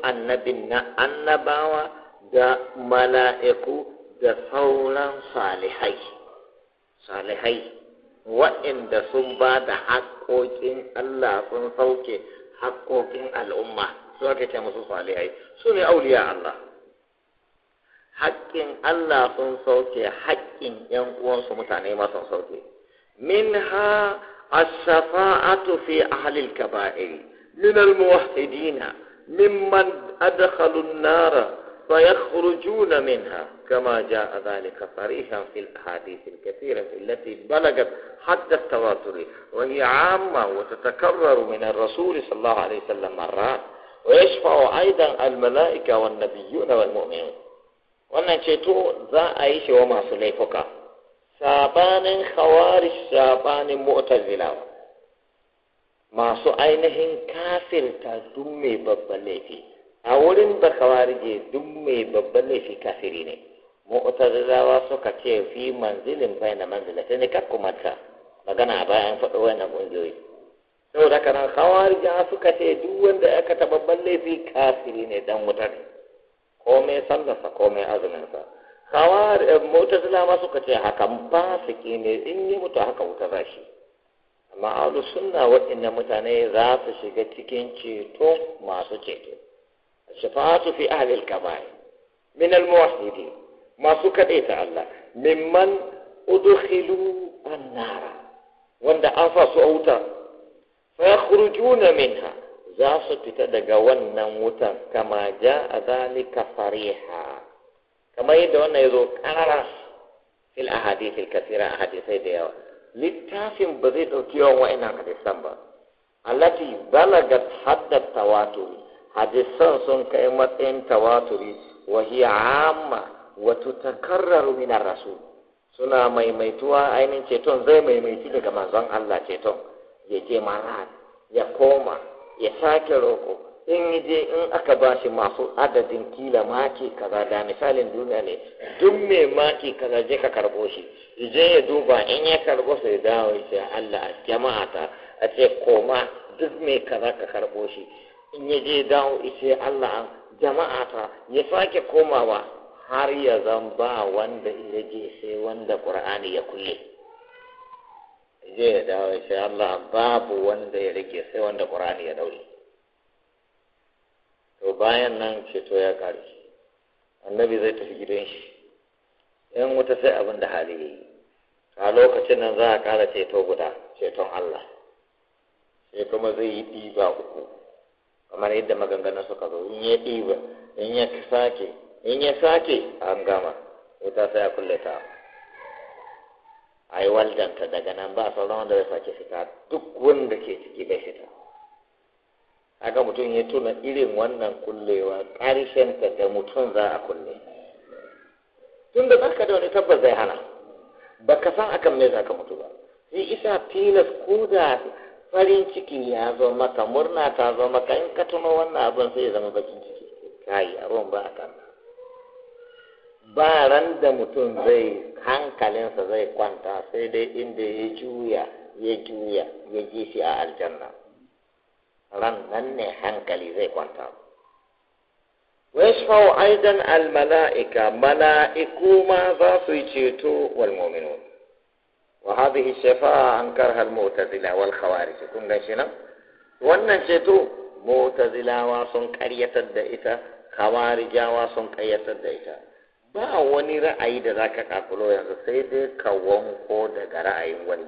annabin na annabawa da mala'iku da sauran salihai salihai waɗanda sun ba da haƙoƙin Allah sun sauke haƙoƙin al'umma su ake ce musu salihai su ne auliya Allah haƙƙin Allah sun sauke haƙƙin ‘yan uwansu mutane ma sun sauke. Min ha as-shafa'atu fi ahlil kaba'ir min al-muwahhidina mimman adkhalu an-nara فيخرجون منها كما جاء ذلك صريحا في الأحاديث الكثيرة التي بلغت حد التواتر وهي عامة وتتكرر من الرسول صلى الله عليه وسلم مرات ويشفع أيضا الملائكة والنبيون والمؤمنون wannan ce ceto za a yi shi wa masu laifuka sabanin khawarij sabanin mu'tazila masu ainihin kafirta duk mai babban laifi a wurin da khawarije duk mai babban laifi kafiri ne mu'tazilawa suka ce fi manzilin na manzila sai ne kakkumata magana a bayan faɗo wani ƙungiyoyi saboda kana khawarija suka ce duk wanda ya taɓa babban laifi kafiri ne dan wutar. komai sallarsa komai azuminsa kawar eh, mutazila ma suka ce hakan ba su ne in yi mutu haka wuta za shi amma ahlus sunna waɗannan mutane za su shiga cikin ceto masu ceto shafa'atu fi ahli al-kabair min al-muwahhidin masu ta Allah mimman udkhilu an-nar wanda an fa su wuta? fa yakhrujuna minha za su fita daga wannan wutan kama ja a zalika fariha kamar yadda wannan ya zo fil ahadithil kasira a hadisai da yawa littafin ba zai ɗauki yawan wa'annan hadisan ba allati balagat hadda tawaturi hadisan sun kai matsayin tawaturi wa hiya amma wa tutakarraru min rasul suna maimaituwa ainihin ceton zai maimaitu daga manzon Allah ceton ya ce mara ya koma ya sake roƙo in yi je in aka ba shi masu adadin kila maki kaza da misalin duniya ne duk mai maki kaza je ka karɓo shi je ya duba in ya karɓo sai dawo ya Allah a jama'a ta a ce koma duk mai kaza ka karɓo shi in ya je dawo ya Allah jama'a ta ya sake komawa har ya zan ba wanda ya je sai wanda ƙur'ani ya kulle je ya dawo insha Allah babu wanda ya rike sai wanda Qur'ani ya daure to bayan nan ceto ya kare annabi zai tafi gidan shi in wuta sai abin da hali yayi a lokacin nan za a kara ceto guda ceton Allah sai kuma zai yi diba uku kamar yadda maganganun suka zo in ya diba in ya sake in ya sake an gama wuta sai a kulle ta a yi waldanta daga nan ba sauran wanda zai sake fita duk wanda ke ciki bai fita Aka mutum ya tuna irin wannan kullewa ta da mutum za a kulle tun da zaka da wani tabbas zai hana ba ka san akan me za ka mutu ba sai isa tilas ko da farin ciki ya zo maka murna ta zo maka in ka tuno wannan abin sai ya zama bakin ciki kai abin ba a kan ba ran da mutum zai hankalinsa zai kwanta sai dai inda ya juya ya juya ya ji shi a aljanna ran nan ne hankali zai kwanta ويشفع أيضا الملائكة ملائكو ما an يجيتو والمؤمنون وهذه الشفاعة أنكرها kun والخوارج shi nan? wannan ceto mutazilawa sun ƙaryatar da ita kawarijawa sun karyatar da ita ba wani ra'ayi da za ka kakulo yanzu sai dai ka wanko daga ra'ayin wani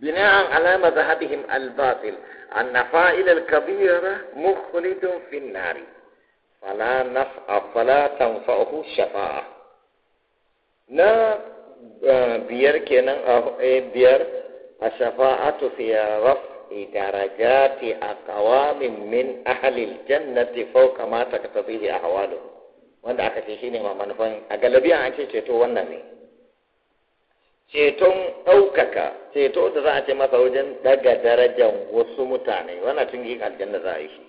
bina'an alama zahabihim albatil anna fa'il al-kabira mukhlidun fi nari fala naf'a fala tanfa'uhu shafa'a na eh, biyar kenan a eh, biyar a shafa'atu fi raf'i a aqwamin min ahli al-jannati fawqa ma hawa ahwaluhum wanda aka ce shine ma manufan a galabiya an ce ceto wannan ne ceton ɗaukaka ceto da za a ce masa wajen daga darajar wasu mutane wannan tun yi aljanna za a yi shi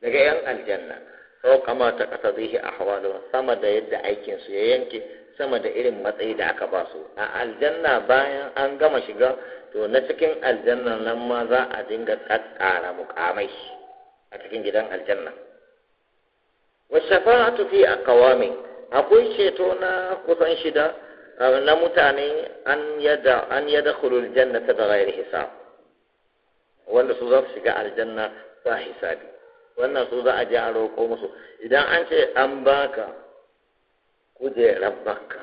daga yan aljanna sau kama ta kasa zai ahwalu sama da yadda aikinsu ya yanke sama da irin matsayi da aka ba su a aljanna bayan an gama shiga to na cikin aljanna nan ma za a dinga tsakkara mukamai a cikin gidan aljanna wa shafa'atu fi aqwami akwai ceto na kusan shida na mutane an yada an yada khulul jannata bighairi hisab wanda su za su shiga aljanna ba hisabi wannan su za a je a roƙo musu idan an ce an baka kujerar baka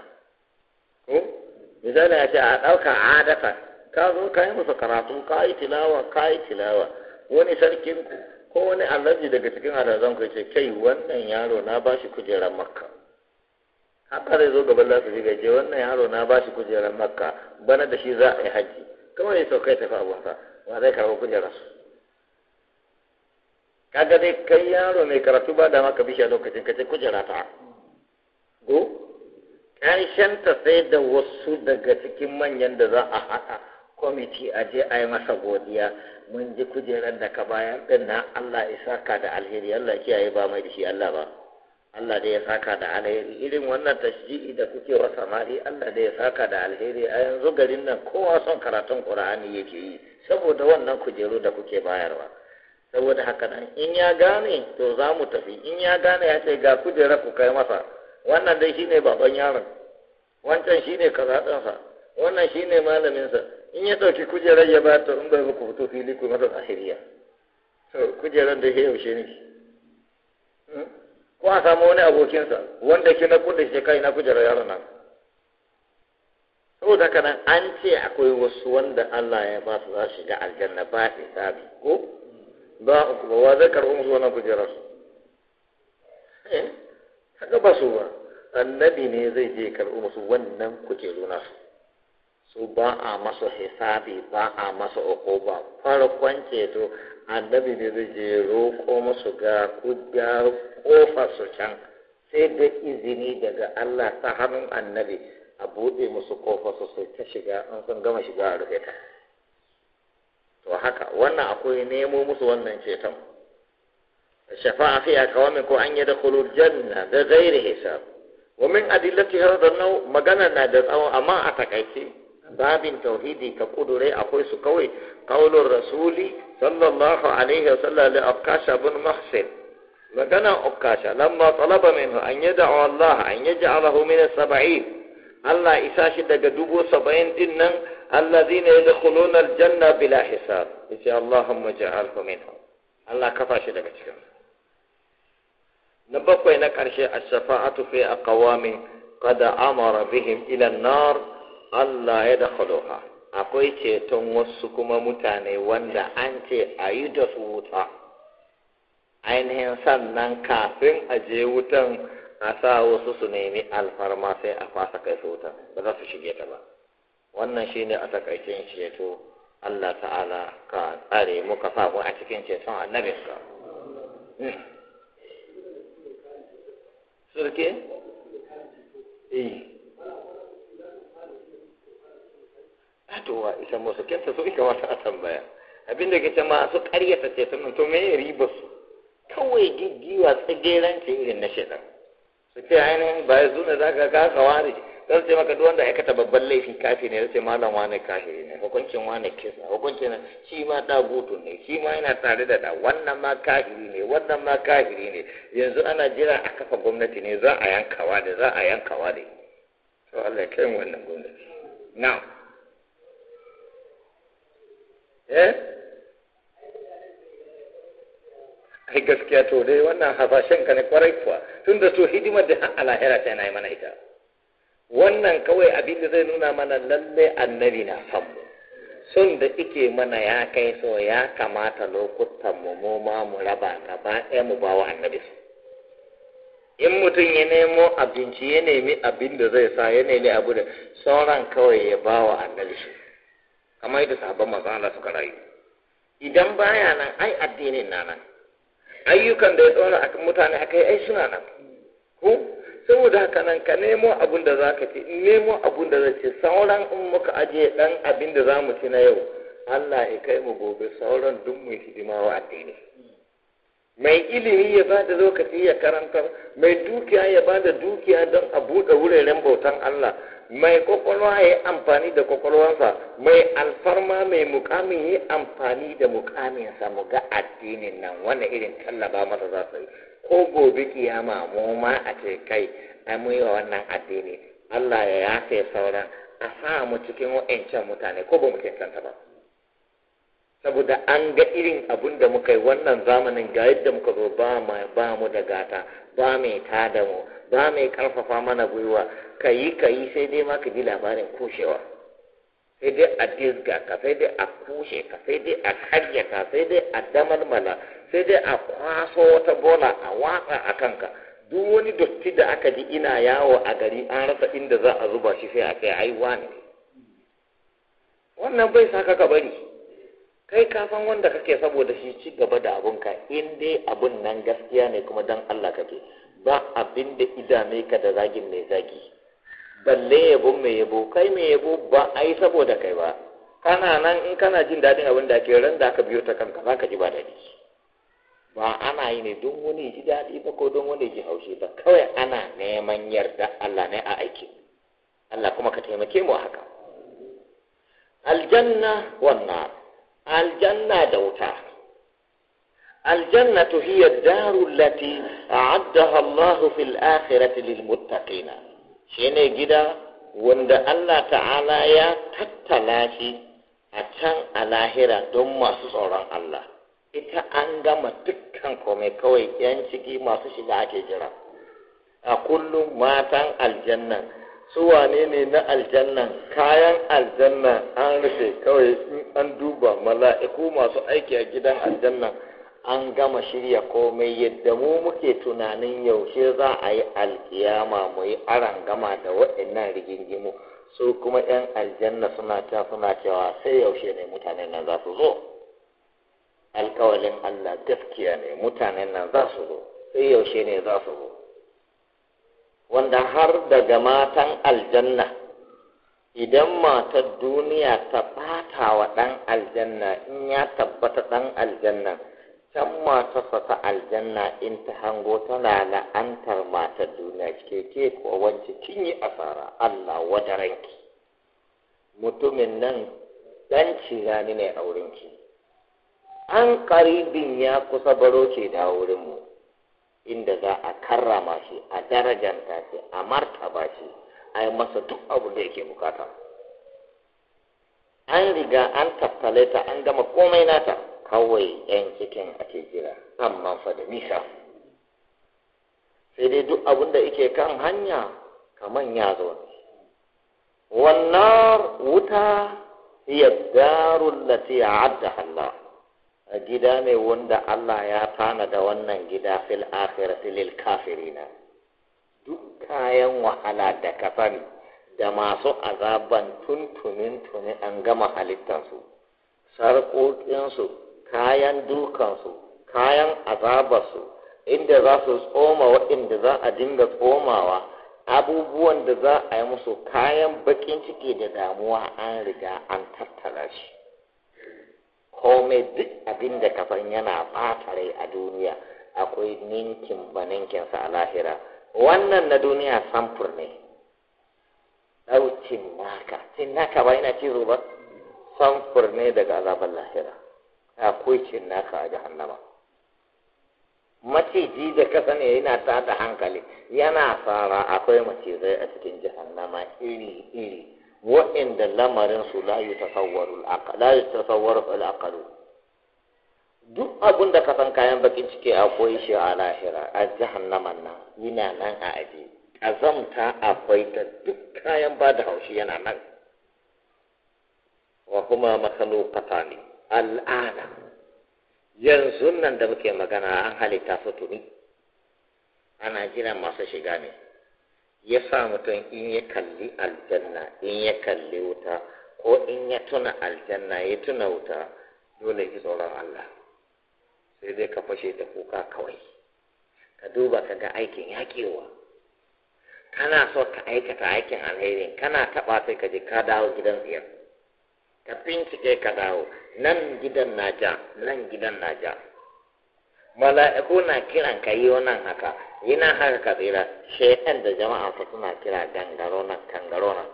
ko misali ya ce a ɗauka adaka ka zo ka yi musu karatu ka yi tilawa ka yi tilawa wani sarkin ku ko wani alaji daga cikin alazan ku ce kai wannan yaro na ba shi kujerar makka haka zai zo gaban lasu ji ce wannan yaro na ba shi kujerar makka bana da shi za a yi hajji Kamar ya saukai tafi abunsa ba zai karɓi kujerar su kaga dai kai yaro mai karatu ba da maka bishiya lokacin kace kujera ta go ƙarshen ta sai da wasu daga cikin manyan da za a haɗa kwamiti a je a yi masa godiya mun ji kujerar da ka bayar din na Allah ya saka da alheri Allah kiyaye ba mai da shi Allah ba Allah da ya saka da alheri irin wannan tashji'i da kuke wa samari Allah da ya saka da alheri a yanzu garin nan kowa son karatun Qur'ani yake yi saboda wannan kujeru da kuke bayarwa saboda haka nan in ya gane to za mu tafi in ya gane ya ce ga kujerar ku kai masa wannan dai shine baban yaron wancan shine kazaɗansa wannan shine malaminsa in ya ɗauki kujerar ya ba ta in bai muku fito fili ku mata zahiriya kujerar da ya yaushe ne hmm? ko a samu wani abokinsa wanda ke na kudin shi kai na kujerar yaron nan saboda haka nan an ce akwai wasu wanda Allah ya ba su za su shiga aljanna ba hisabi ko ba uku ba wa zai karɓi musu wannan kujerar su. eh haka ba su ba annabi ne zai je karɓi musu wannan kujeru nasu su ba a masa hisabi ba a masa ba farkon ceto annabi ne zai je roƙo musu ga kujar kofar su can sai da izini daga Allah ta hannun annabi a buɗe musu kofar su sai ta shiga an sun gama shiga a rufe ta to haka wannan akwai nemo musu wannan ceton shafa'a fi akawamin ko an yi da janna da gairi hisab wa min adillati hadha na magana na da tsawon amma a takaice babin tauhidi ka kudure akwai su kawai kaulun rasuli sallallahu alaihi wa sallam li afkasha bin mahsin magana ukasha lamma talaba minhu an yad'a Allah an yaj'alahu min as-sab'in Allah isa shi daga dubu saba'in din nan allazina yadkhuluna al-janna bila hisab yace Allahumma ja'alhu minhu Allah kafa shi daga cikin na bakwai na karshe as-shafa'atu fi aqwami qad amara bihim ila an-nar Allah ya da akwai ceton wasu kuma mutane wanda an ce a yi da su wuta ainihin sannan kafin a je wutan a sa wasu su nemi alfarma sai a fasa kai su wutan ba za su shige ta ba wannan shine a takaicin ceto Allah ta'ala ka tsare mu sa a cikin ceton ka hmm. surke eh to wa ita musu kyanta so ita wata a tambaya abinda ke ma su karyata ce sannan to me riba su kawai giggiwa tsageranci irin na shaidan su ce ainihin ba ya zuna za ka kasa wani zan ce maka duk wanda aikata babban laifin kafi ne zai malam wani kafiri ne hukuncin wani kisa hukuncin shi ma gutu ne shi ma yana tare da da wannan ma kafiri ne wannan ma kafiri ne yanzu ana jira a kafa gwamnati ne za a yankawa da za a yankawa da to Allah ya kai wannan gwamnati now eh ai gaskiya to dai wannan hafashen ka ne kwarai kuwa Tunda da to hidimar da a lahira ta yana yi mana ita wannan kawai abin da zai nuna mana lalle annabi na san mu sun da ike mana ya kai so ya kamata lokutan mu mu ma mu raba gaba ɗaya mu ba annabi su in mutum ya nemo abinci ya nemi abin da zai sa ya nemi abu da sauran kawai ya bawa wa annabi su kamar yadda sahabban masu Allah suka rayu idan baya nan ai addinin na nan ayyukan da ya tsona a mutane a kai ai suna nan ko saboda haka nan ka nemo abin da za ka ce nemo abin da zai ce sauran in muka ajiye dan abin da za mu ci na yau Allah ya kai mu gobe sauran duk mu hidima wa addini mai ilimi ya ba da lokaci ya karantar mai dukiya ya ba da dukiya don a buɗe wuraren bautan Allah mai kwakwalwa ya yi amfani da kwakwalwansa mai alfarma mai mukamin yi amfani da mukaminsa mu ga addinin nan wannan irin tallaba masa za su yi ko gobe kiyama mu ma a ce kai ai mu yi wa wannan addini Allah ya yafe sauran a sa mu cikin wa'ancan mutane ko ba mu cancanta ba saboda an ga irin abun da muka yi wannan zamanin ga yadda muka zo ba mu da gata ba mai tada mu za mu karfafa mana gwiwa ka yi ka yi sai dai ma ka ji labarin kushewa sai dai a dizga ka sai dai a kushe ka sai dai a karya ka sai dai a damalmala sai dai a kwaso wata bola a watsa a kanka duk wani dotti da aka ji ina yawo a gari an rasa inda za a zuba shi sai a kai ai wani wannan bai sa ka bari kai ka wanda kake saboda shi ci gaba da abunka in dai abun nan gaskiya ne kuma dan Allah kake ba abin da idame ka da zagin mai zagi balle yabo mai yabo kai mai yabo ba ai saboda kai ba kana nan in kana jin daɗin abin da ke ran da aka biyo ta kanka za ka ji ba daɗi ba ana yi ne don wani ji daɗi ba ko don wani ji haushi ba kawai ana neman yarda Allah ne a aiki Allah kuma ka taimake mu haka aljanna wannan aljanna da wuta الجنة هي الدار التي أعدها الله في الآخرة للمتقين شيني جدا وند الله تعالى يا تتلاشي أتان الآخرة دم tsoron الله ita an gama dukkan komai kawai yan ciki masu shiga ake jira a kullum matan aljanna su wane ne na aljanna kayan aljanna an rufe kawai in an duba mala'iku masu aiki a gidan aljanna an gama shirya komai yadda mu muke tunanin yaushe za a yi alkiyama mu yi aran gama da waɗannan rigingimu su kuma 'yan aljanna suna ta suna cewa sai yaushe ne mutanen nan za su zo alkawalin allah gaskiya ne mutanen nan za su zo sai yaushe ne za su zo wanda har daga matan aljanna idan matar duniya ta ɓata wa ɗan aljanna in ya tabbata ɗan aljanna can matarsa ta aljanna in ta hango tana la'antar matar duniya ke ke kuwa wance kin yi asara Allah wata ranki. mutumin nan dan gani ne a ki. an karibin ya kusa baro ce da wurinmu inda za a karrama shi a darajanta shi a martaba shi a yi masa duk abu da yake bukata an riga an tattale ta an gama komai nata kawai 'yan cikin ake jira amma fa da nisa sai dai duk abin da ike kan hanya kaman ya zaune wannan wuta ya daru lati adda Allah A gida ne wanda Allah ya tana da wannan gida fil akhirati lil kafirina duk kayan wahala da kafani da masu azaban tuntunin tuni an gama halittansu sarƙoƙinsu kayan dukansu kayan azabarsu inda za su tsoma waɗanda za a dinga tsomawa abubuwan da za a yi musu kayan bakin ciki da damuwa an riga an tattara shi komai duk abin da kafan yana ɓata rai a duniya akwai ninkin ba a lahira wannan na duniya samfur ne ɗaukin naka sin naka ba yana cizo ba samfur ne daga azabar lahira akwai cin naka a jahannama maciji da kasa ne yana ta da hankali yana fara akwai macizai a cikin jahannama iri iri wa'inda lamarin su la yutasawwaru al duk abin da ka san kayan bakin ciki akwai shi a lahira a jahannama nan yana nan a aji azamta akwai da duk kayan ba da haushi yana nan wa kuma masalokata ne al'ana yanzu nan da muke magana an halitta su ana jira masu shiga ne ya sa mutum in ya kalli aljanna in ya kalli wuta ko in ya tuna aljanna ya tuna wuta dole ki tsoron Allah sai dai ka fashe da kuka kawai ka duba ka ga aikin yakewa kana so ka aikata aikin alherin kana taɓa sai ka je ka dawo gidan ziyarta ka bincike ka dawo nan gidan na ja nan gidan na ja mala'iku na kiran ka yi wannan haka yana haka ka tsira shaitan da jama'a su suna kira gangaro nan kangaro nan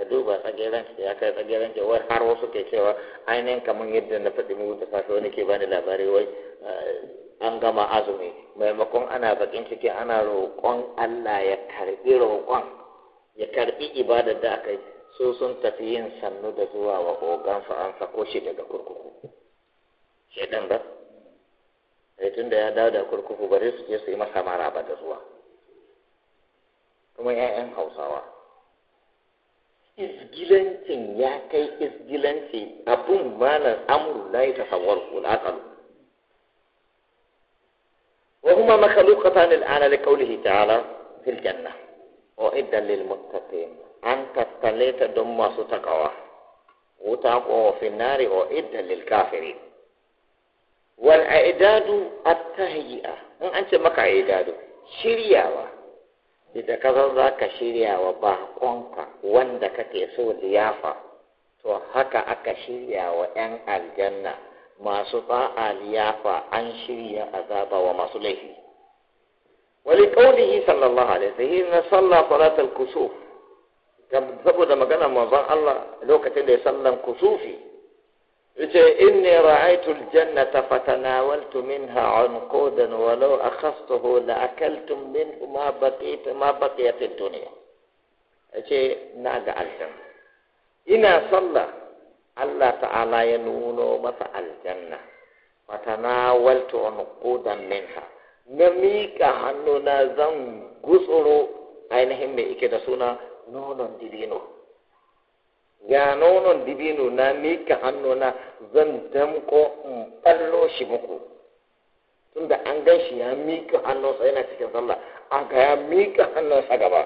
ka duba tsageren ya kai tsageren wai har wasu ke cewa ainihin kamar yadda na faɗi mu da fasa wani ke bani labari wai eh, an gama azumi maimakon ana bakin ciki ana roƙon Allah ya karɓi roƙon ya karɓi ibadar da aka yi su sun tafi yin sannu da zuwa wa ogan an sako shi daga kurkuku shaidan ba sai eh, tun da ya dawo da kurkuku bari su je su yi masa ba da zuwa kuma 'ƴa'ƴan hausawa isgilancin ya kai isgilanci abun malar amru la yi tasawar kulakalu wa kuma makalukatan al'ana da kaulihi ta'ala fil janna wa iddan lil muttaqin an tattale ta don masu takawa wuta ko finari o iddan lil kafiri wal a'dadu at-tahyi'a in an ce maka a'dadu shiryawa da ka san za ka shiryawa bakonka wanda kake so liyafa to haka aka shiryawa 'yan aljanna masu ba'a liyafa an shirya azaba wa masu laifi wali kaulihi sallallahu alaihi wasallam na sallah salatul saboda magana manzon Allah lokacin da ya sallan kusufi yace inni ra'aytu aljannata fatanawaltu minha unqudan walau akhastuhu la akaltum minhu ma baqita ma baqiyat ad-dunya yace na ga aljanna ina sallah Allah ta'ala ya nuno masa aljanna fatanawaltu unqudan minha na miƙa hannuna zan gutsuro ainihin mai ike da suna nonon dibino ga nonon dibino na mika hannuna zan damko in ballo shi muku tunda an gan shi ya mika hannunsa yana cikin sallah a ga ya mika sa gaba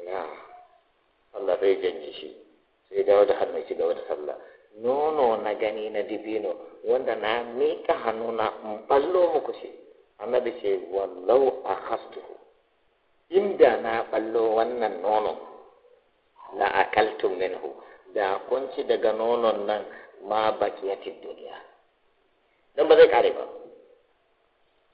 ina Allah bai janye shi sai dawo wata hannun shi gaba wata sallah nono na gani na dibino wanda na mika hannuna in ballo muku shi annabi ce wallau a hastuhu inda na ɓallo wannan nono la akaltum minhu da kun ci daga nonon nan ma bakiyatid duniya dan ba zai kare ba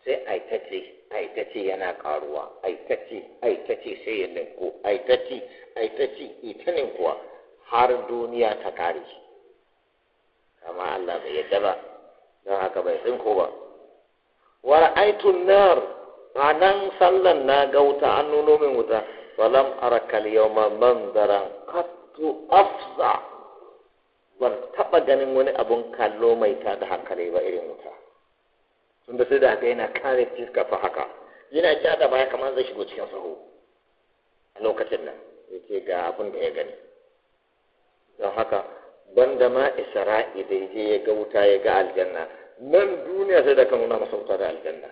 sai aikace aikace yana karuwa aikace aikace sai ya ninku aikace aikace ita ninkuwa har duniya ta kare amma Allah bai yadda ba don haka bai tsinko ba wa ra'aytun nar nan sallan na ga wuta an nuno min wuta walam arakal yawma manzaran qattu afza ban taba ganin wani abun kallo mai ta da hankali ba irin wuta da sai da haka yana kare fiska fa haka yana ja da baya kamar zai shigo cikin sahu a lokacin nan yake ga abin da ya gani don haka banda ma isra'i da je ya ga wuta ya ga aljanna nan duniya sai da kan nuna masa wuta da aljanna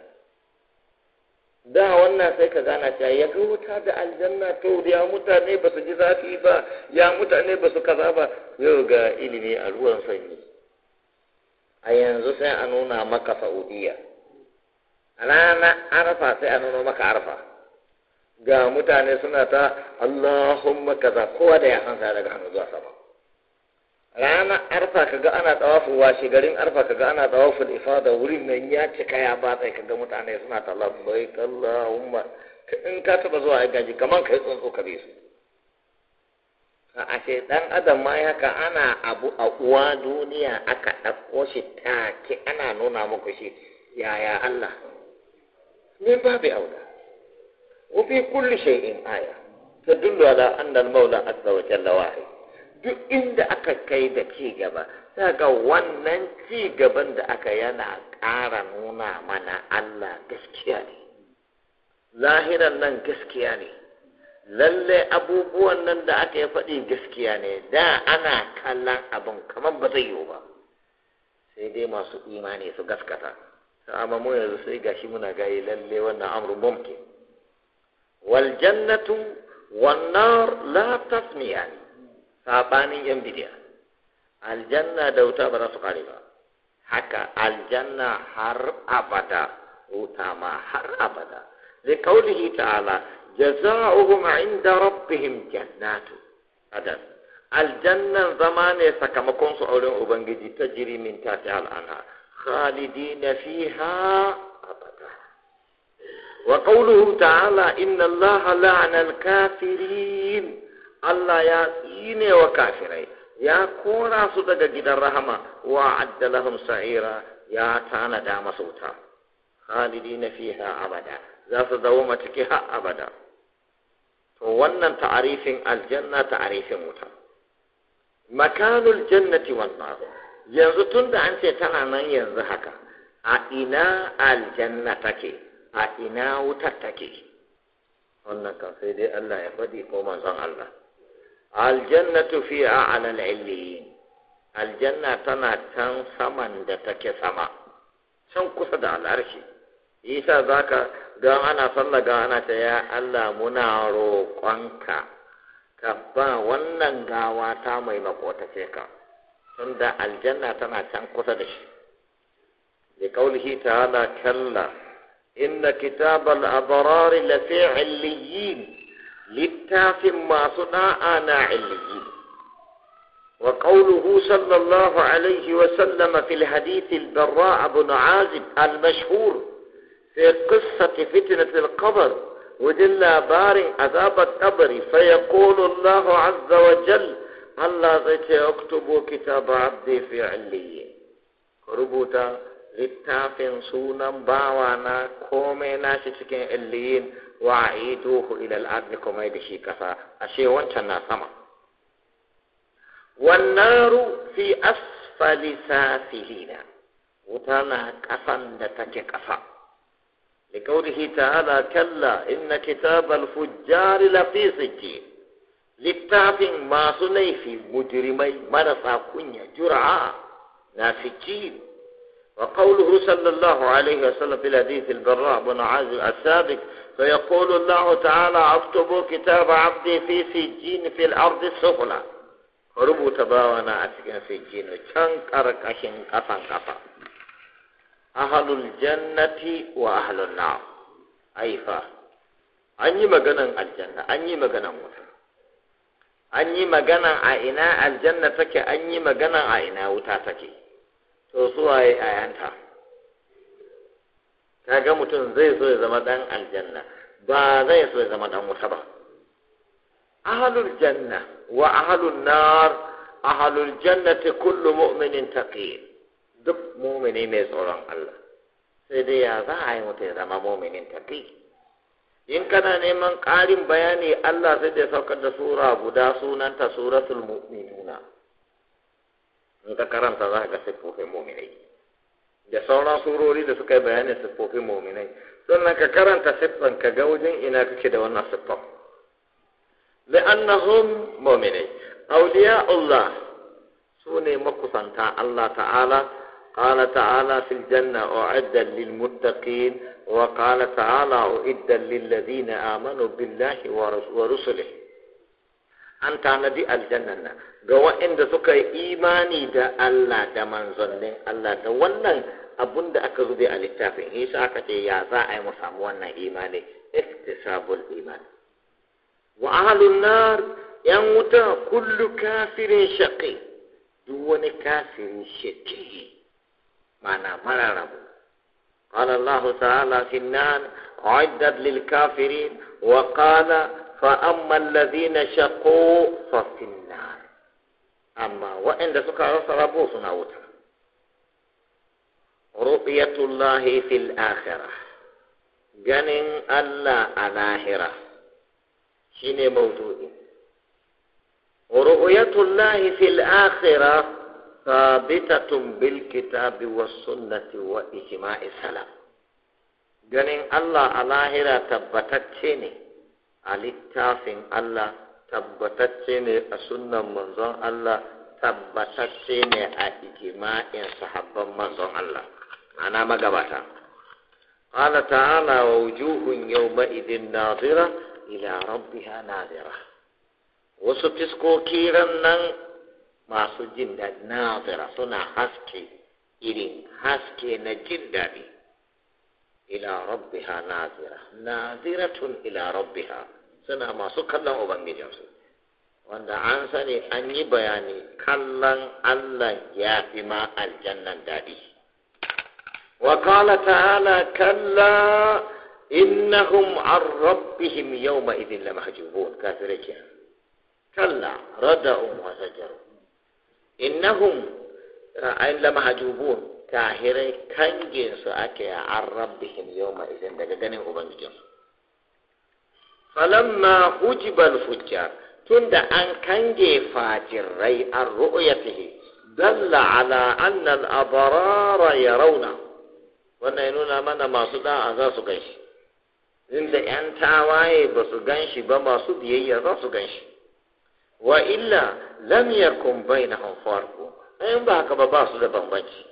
da wannan sai ka gana cewa ya ga wuta da aljanna to ya mutane ba su ji zafi ba ya mutane ba su kaza ba yau ga ilimi a ruwan sanyi a yanzu sai a nuna maka saudiya a rana arfa sai a nuna maka arfa ga mutane suna ta allahumma kaza kowa da ya hansa daga hannu zuwa sama ranar arfa kaga ana tsawafin washe garin arfa kaga ana tawafu ifada wurin nan ya cika ya batsa kaga mutane suna talabbai Allahumma in ka taba zuwa ya gaji kaman kai tsuntsu ka su a ashe dan adam ma haka ana abu a uwa duniya aka ɗauko shi ta ke ana nuna muku shi yaya Allah ne babu aula auda fi kulli shay'in aya tadullu ala annal maula azza wa jalla wahid duk inda aka kai da ci gaba ga wannan ci gaban da aka yana ƙara nuna mana Allah gaskiya ne zahiran nan gaskiya ne lalle abubuwan nan da aka yi faɗi gaskiya ne da ana kallon abin kamar ba zai yiwu ba sai dai masu imani su gaskata amma mu yanzu sai gashi muna gayi lalle wannan amru mumkin wal jannatu wan nar la tasmiyani sabanin yan bidiya aljanna da wuta ba za su kare ba haka aljanna har abada wuta ma har abada li qawlihi ta'ala jazaohum inda rabbihim jannatu adan aljannan zama ne sakamakon su auren ubangiji ta jiri min ta ta al'ana khalidina fiha abada wa qawluhu ta'ala inna allaha la'ana al-kafirin Allah ya tsine wa kafirai ya kora su daga gidan rahama wa addalahum sa'ira ya tanada masu wuta khalidina fiha abada za su dawoma ciki har abada to wannan ta'arifin aljanna ta'arifin wuta makanul jannati wan nar yanzu tunda an ce tana nan yanzu haka a ina aljanna take a ina wutar take wannan kan sai dai Allah ya faɗi ko manzon Allah aljannatu fi a'lal illiyin aljanna tana can saman da take sama can kusa da al'arshi isa zaka ga ana sallah ga ana ta ya Allah muna roƙonka ka ba wannan gawa ta mai makota ce ka tunda aljanna tana can kusa da shi da kaulihi ta'ala kalla inna kitabal abrari lafi illiyin littafin masu ɗa'a na illiyin wa ƙauluhu sallallahu alaihi wa sallam fil hadith barra ibn al mashhur fi qissati fitnat al qabr wajen labarin azabar kabari fa yaqulu Allahu azza wa jal Allah zai ce oktubo kitaba abdi fi illiyin rubuta littafin sunan bawa na komai nashi cikin illiyin وعيدوه إلى الأرض كما يدشي كفا أشي وانتنا سما والنار في أسفل سافلين وتانا كفا نتك كفا لقوله تعالى كلا إن كتاب الفجار لفي سجين لتافين ما سني في مجرمي مرسا كنيا جرعا نافجين وقوله صلى الله عليه وسلم في الحديث البراء بن عازب السابق فيقول الله تعالى اكتب كتاب عبدي في سجين في الارض السفلى rubuta bawana a cikin sijjinu can karkashin kasan kafa ahalul jannati wa ahalul na aifa an yi maganan aljanna an yi maganan wuta an yi maganan a ina aljanna take an yi maganan a ina wuta take to suwaye ayanta Ka ga mutum zai so ya zama dan aljanna ba zai so ya zama dan wuta ba ahalul janna wa ahalul nar janna jannati kullu mu'minin taqi duk mu'mini mai tsoron Allah sai dai ya za a yi mutum ya zama mu'minin taqi in kana neman ƙarin bayani Allah sai da saukar da sura guda sunanta suratul mu'minuna in ka karanta za ka ga siffofin mu'minai da sauran surori da suka yi bayanin siffofin muminai sannan ka karanta siffan ka ga wajen ina kake da wannan siffan li li'annahum muminai awliya Allah su ne makusanta Allah ta'ala قال تعالى في الجنة أعدا للمتقين وقال تعالى أعدا للذين آمنوا بالله ورسله an tanadi aljannan nan ga waɗanda suka yi imani da Allah da manzannin Allah da wannan abun da aka zube a littafin yasa aka ce ya za a yi mu samu wannan imani iktisabul iman wa ahlun nar yan wuta kullu kafirin shaqi duk wani kafirin shaqi mana mara rabu قال الله تعالى في النار أعدت للكافرين وقال fa’amman lazina shaƙo sosin na amma waɗanda suka rasa rabo suna wuta ruɓiyatullahi fil akhirah ganin Allah a lahira shi ne maududin ruɓiyatullahi fil akhirah sabitatun bil kitabi wa sunnati wa ijma'i salam ganin Allah a lahira tabbatacce ne a littafin Allah tabbatacce ne a sunan manzon Allah tabbatacce ne a ijima'in sahabban manzon Allah ana magabata qala ta'ala wa wujuhun yawma idin nazira ila rabbiha nazira wasu fiskoki kiran nan masu jin daɗi nazira suna haske irin haske na jin daɗi ila rabbiha nazira naziratun ila rabbiha suna masu kallon ubangijinsu wanda an sani an yi bayani kallon allah ya fi ma aljannan daɗi wa kala ta'ala kalla innahum an rabbihim yawma idin la mahjubun kafirai kenan kalla rada'un wa zajaru innahum ra'ayin eh, la mahjubun kahirai kanginsu ake an rabbihim yawma daga ganin falamma hujibal fujjar tunda an kange fajirai an ru'yatihi dalla ala anna al-abrara yarawna wannan ya nuna mana masu da'a za su ganshi inda yan tawaye ba su ganshi ba masu biyayya za su ganshi wa illa lam yakun bainahum farqu in ba haka ba ba su da bambanci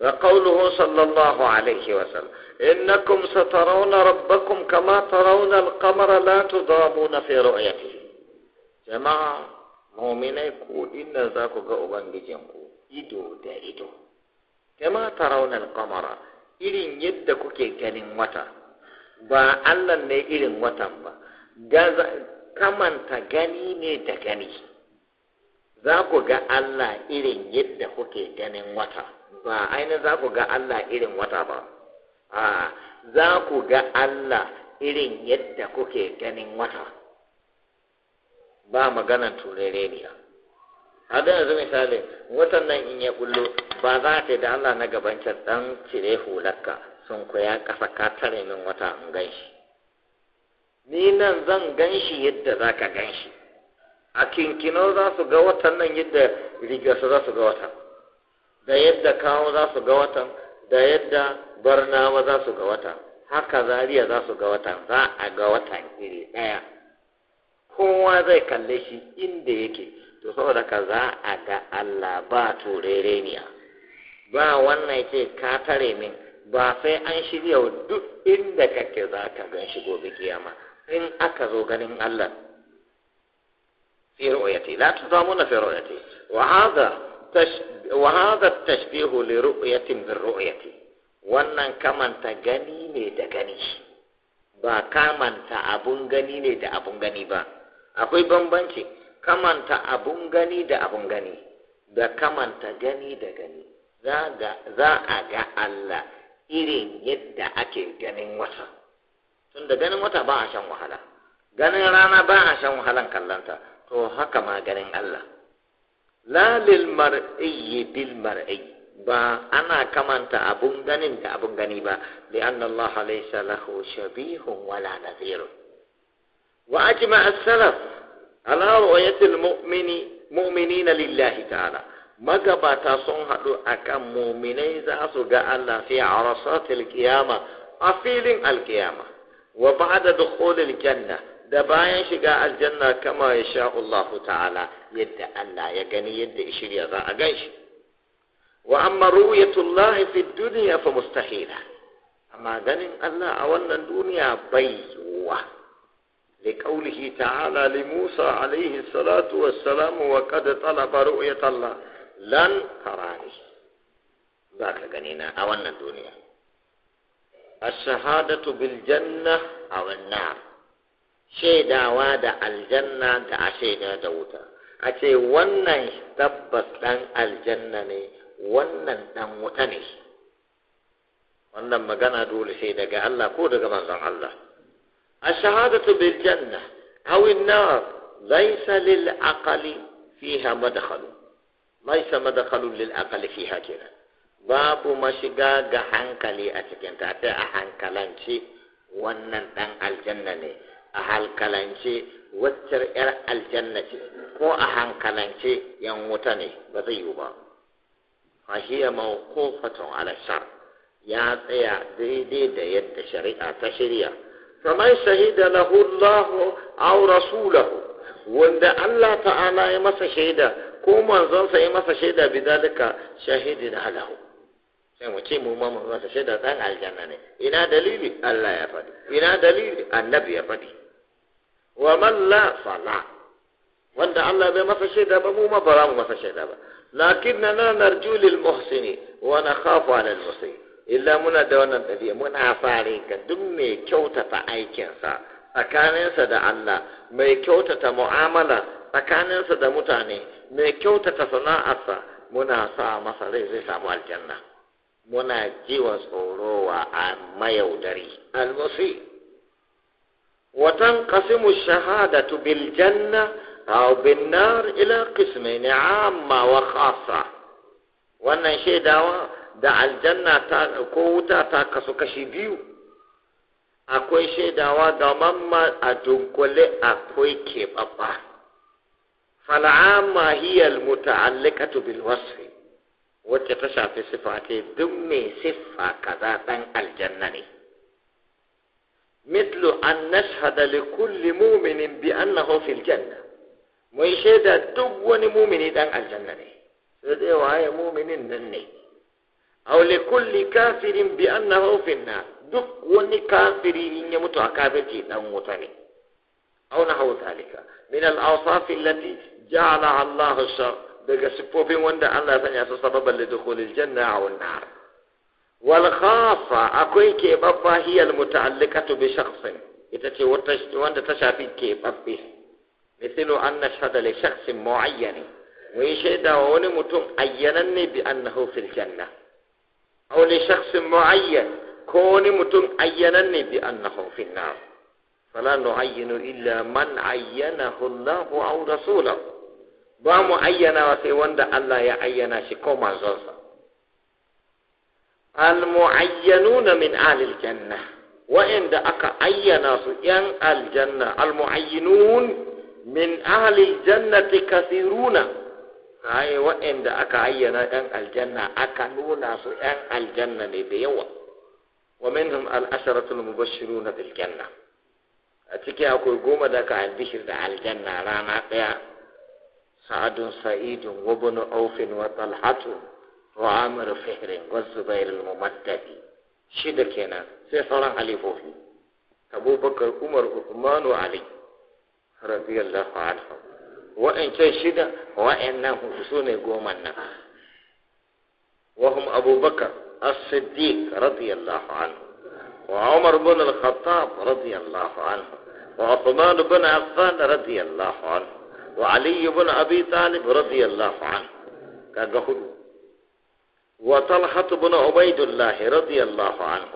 وقوله صلى الله عليه وسلم إنكم سترون ربكم كما ترون القمر لا تضامون في رؤيته جماعة مؤمني كو إن ذاك قوبان جنكو إدو دا إدو كما ترون القمر إلي يدكو كي كان وطا با ألا ني إلين وطا با جازا كمان تغني ني تغني ذاك قال الله إلين يدكو كي كان وطا ba ainihin za ku ga Allah irin wata ba a za ku ga Allah irin yadda kuke ganin wata ba maganan turereniya a da yanzu misali watan nan in ya kullo ba za ta da Allah na gabancin dan cire hularka sun koya kasa ka tare min wata in gan shi ni nan zan gan shi yadda za ka gan shi a kinkino za su ga watan nan yadda rigar su za su ga watan da yadda kawo za su ga watan da yadda barnawa za su ga wata haka zariya za su ga watan za a ga watan iri ɗaya kowa zai kalle shi inda yake to saboda ka za a ga Allah ba turereniya ba wannan ce ka tare min ba sai an shirya duk inda kake za ka gan shi gobe kiyama in aka zo ganin Allah fi ru'yati la tuzamuna fi ru'yati wa hadha وهذا التشبيه لرؤية بالرؤية wannan kamanta gani ne da gani ba kamanta abun gani ne da abun gani ba akwai bambanci kamanta abun gani da abun gani da kamanta gani da gani za a ga Allah irin yadda ake ganin wata tun ganin wata ba a shan wahala ganin rana ba a shan wahalan kallonta, to haka ma ganin Allah lalil lil mar'i bil mar'i ba ana kamanta abun ganin da abun gani ba li anna Allah laysa lahu shabihun wala nadhirun wa ajma as-salaf ala ru'yati al-mu'mini mu'minina lillahi ta'ala magabata sun haɗu akan mu'minai za su ga Allah fi arasatil qiyama a filin alkiyama wa ba'da dukhulil janna da bayan shiga aljanna kama ya sha Allah ta'ala yadda Allah ya gani yadda ya shirya za a gan shi wa amma ru'yatullah fi dunya fa mustahila amma ganin Allah a wannan duniya bai yiwuwa li qawlihi ta'ala li Musa alayhi salatu wassalam wa qad talaba ru'yatallah lan tarani za ka gani na a wannan duniya الشهادة بالجنة أو النار shaidawa da aljanna da ashega da wuta a ce wannan tabbas ɗan aljanna ne wannan ɗan wuta wannan magana dole sai daga Allah ko daga manzon Allah a shahadatu bil janna aw in nar lil aqli fiha madkhalu laysa madkhalu lil aqli fiha kira babu mashiga ga hankali a cikin ta a hankalance wannan dan aljanna ne a halkalance waccar 'yar aljanna ce ko a hankalance yan wuta ne ba zai yiwu ba fahiya mawqufatun ala shar ya tsaya daidai da yadda shari'a ta shirya faman shahida lahu Allah au rasulahu wanda Allah ta'ala ya masa shaida ko manzonsa ya masa shaida bidalika na Alahu? sai mu ce mu ma mu masa shaida dan aljanna ne ina dalili Allah ya faɗi ina dalili annabi ya faɗi wa man la fala wanda Allah bai masa shaida ba mu ma ba za mu masa shaida ba lakinna na narju lil muhsini wa nakhafu ala al musi illa muna da wannan dabi'a muna fare ga duk mai kyautata aikinsa tsakaninsa da Allah mai kyautata mu'amala tsakaninsa da mutane mai kyautata sana'arsa muna sa masa rai zai samu aljanna muna jiwa tsorowa a mayaudari al-musi watan kasimu shahada tu biljanna a binnar ila ƙismi ne amma wa ƙasa wannan shaidawa da aljanna ta ko wuta ta kasu kashi biyu akwai shaidawa da mamma a dunkule akwai keɓaɓɓa fal'amma hiyal muta'allika tu bil wasfi wacce ta shafi sifa duk mai siffa kaza ɗan aljanna ne مثل أن نشهد لكل مؤمن بأنه في الجنة ويشهد تبون مؤمن دان الجنة سيدي وهي مؤمن نني أو لكل كافر بأنه في النار دك كافر إن يموت كافر جيدا موتني أو نحو ذلك من الأوصاف التي جعلها الله الشر دقى سبوبين وندا الله سنعصى سببا لدخول الجنة أو النار والخاصة أكويك بابا هي المتعلقة بشخص إذا إتتي وانت كيف بابا مثل أن نشهد لشخص معين ويشهد وانا متوم أينني بأنه في الجنة أو لشخص معين كوني متوم أينني بأنه في النار فلا نعين إلا من عينه الله أو رسوله بأم mu ayyana wa sai wanda Allah ya ayyana المعينون من أهل الجنة وإن أكا أينا ين الجنة المعينون من أهل الجنة كثيرون أي وإن أكا أينا أن الجنة أكا نونا الجنة لديوة ومنهم الأشرة المبشرون بالجنة أتكي أقول قوم دك البشر الجنة رانا سعد سعيد وابن أوف وطلحة وعامر فهر والزبير الممدد شدكنا سيصر علي فوفي أبو بكر عمر عثمان وعلي رضي الله عنهم وإن كان شدة وإنه حسون قومنا وهم أبو بكر الصديق رضي الله عنه وعمر بن الخطاب رضي الله عنه وعثمان بن عفان رضي الله عنه وعلي بن أبي طالب رضي الله عنه كذا وطلحة بن عبيد الله رضي الله عنه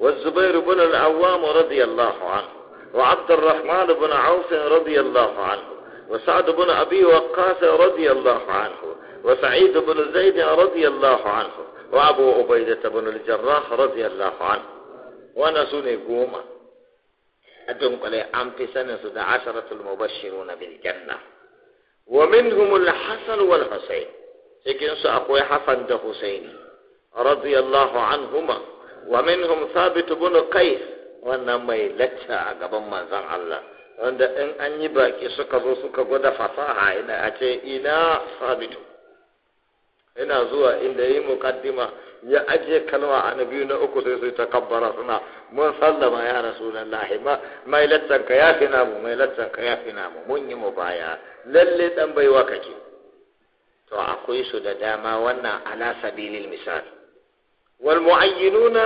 والزبير بن العوام رضي الله عنه وعبد الرحمن بن عوف رضي الله عنه وسعد بن أبي وقاص رضي الله عنه وسعيد بن زيد رضي الله عنه وأبو عبيدة بن الجراح رضي الله عنه وأنا سني قوما أدنقل في سنة عشرة المبشرون بالجنة ومنهم الحسن والحسين cikinsu akwai Hassan da Hussein, radiyallahu anhuma wa minhum Thabit ibn Qais wannan mai lacca a gaban manzon Allah wanda in an yi baki suka zo suka gwada fasaha ina a ce ina Thabit ina zuwa inda yi muqaddima ya ajiye kalma a na biyu na uku sai su ta kabbara suna mun sallama ya rasulullahi ma mai lattan ka ya fi namu mai lattan ka ya fi namu mun yi mu baya lalle dan baiwa kake to akwai su da dama wannan ala sabilil misal wal mu'ayyinuna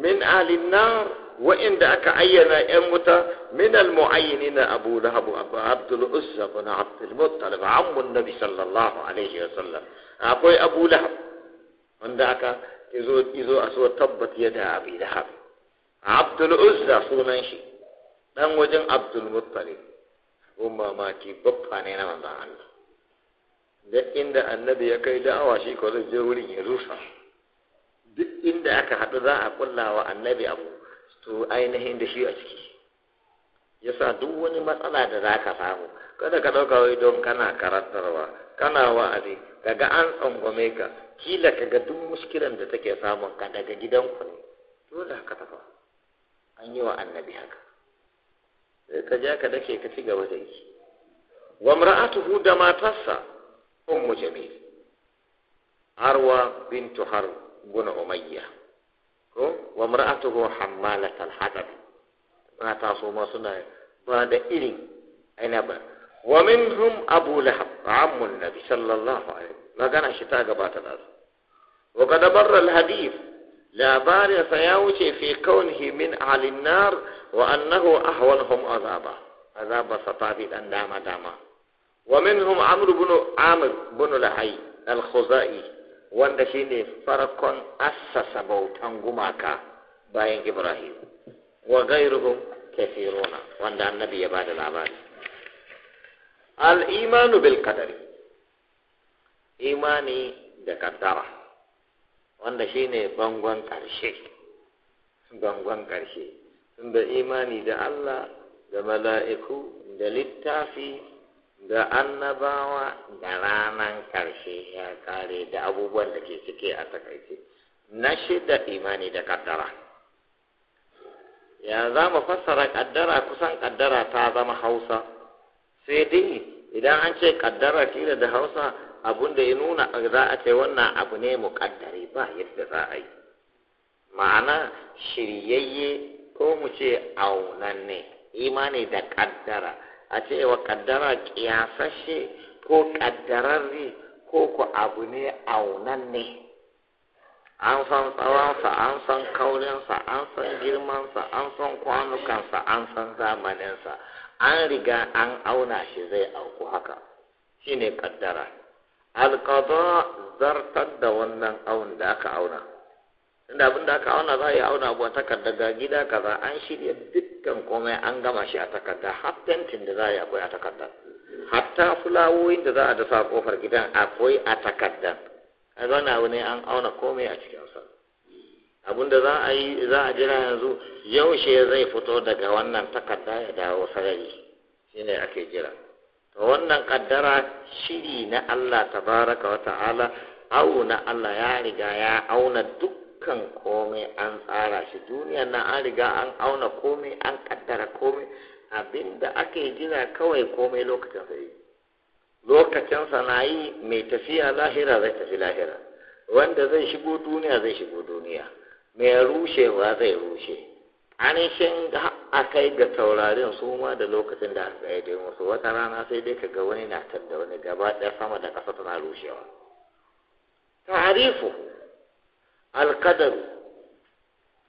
min alin nar wa'inda aka ayyana yan wuta min al mu'ayyinina abu lahab abu abdul uzza bin abdul muttalib ammun nabi sallallahu alaihi wa sallam akwai abu lahab wanda aka izo izo a so tabbat yada abi lahab abdul uzza sunan shi dan wajen abdul muttalib umma maki babba ne na manzon Allah duk inda annabi ya kai da'awa shi ko zai je wurin ya rusa duk inda aka haɗu za a kulla wa annabi abu to ainihin da shi a ciki yasa duk wani matsala da za ka samu kada ka ɗauka wai don kana karantarwa kana wa'azi kaga an tsangwame ka kila kaga duk muskilan da take samun ka daga gidanku ne dole haka tafa an yi wa annabi haka ka ja ka dake ka ci gaba da yi wa mar'atuhu da matarsa أم جميل عروة بنت حرب بن أمية وامرأته حمالة الحطب ما تعصوا ما صنع بعد إلين عنبا ومنهم أبو لهب عم النبي صلى الله عليه وسلم ما كان الشتاء قبات الأرض وقد بر الحديث لا بار سياوشي في كونه من أهل النار وأنه أهونهم عذابا عذاب سطابي دام داما ومنهم عمرو بن عامر بن لحي الخزائي wanda shine farkon assasa bautan gumaka bayan Ibrahim wa gairuhum kafiruna wanda annabi ya bada labari al-imanu bil qadari imani da kaddara wanda shine bangon karshe bangon karshe tunda imani da Allah da mala'iku da littafi Da annabawa da ranan karshe ya kare da abubuwan da ke cike a takaice na shida imani da kaddara ya za mu fassara kaddara kusan kaddara ta zama hausa sai dai idan an ce kaddara tira da hausa abun da ya nuna za a ce wannan abu ne mu kaddare ba yadda za a yi ma'ana shiryayye ko mu ce aunanne imani da kaddara a ce wa kaddara kiyasashe ko kaddararri ko ku abu ne aunan ne an san tsawonsa an san kaurinsa an san girmansa an san kwanukansa an san zamaninsa an riga an auna shi zai auku haka shine kaddara alƙada zartar da wannan aun da aka auna inda abin da aka auna za a yi auna abu takarda ga gida kaza an shirya dukkan komai an gama shi a takarda har fentin da za a yi akwai a takarda hatta fulawoyin da za a dasa kofar gidan akwai a takarda a zana wani an auna komai a cikinsa abin da za a yi za a jira yanzu yaushe zai fito daga wannan takarda ya dawo sarari shine ake jira to wannan kaddara shiri na Allah tabaraka wa ta'ala auna Allah ya riga ya auna duk dukkan komai an tsara shi duniya na an riga an auna komai an kaddara komai abinda ake jira kawai komai lokacin sa lokacin sa mai tafiya lahira zai tafi lahira wanda zai shigo duniya zai shigo duniya mai rushewa zai rushe anishin a kai ga taurarin su ma da lokacin da aka yi dai musu wata rana sai dai ka ga wani na da gaba ɗaya sama da ƙasa tana rushewa tarifu alkadaru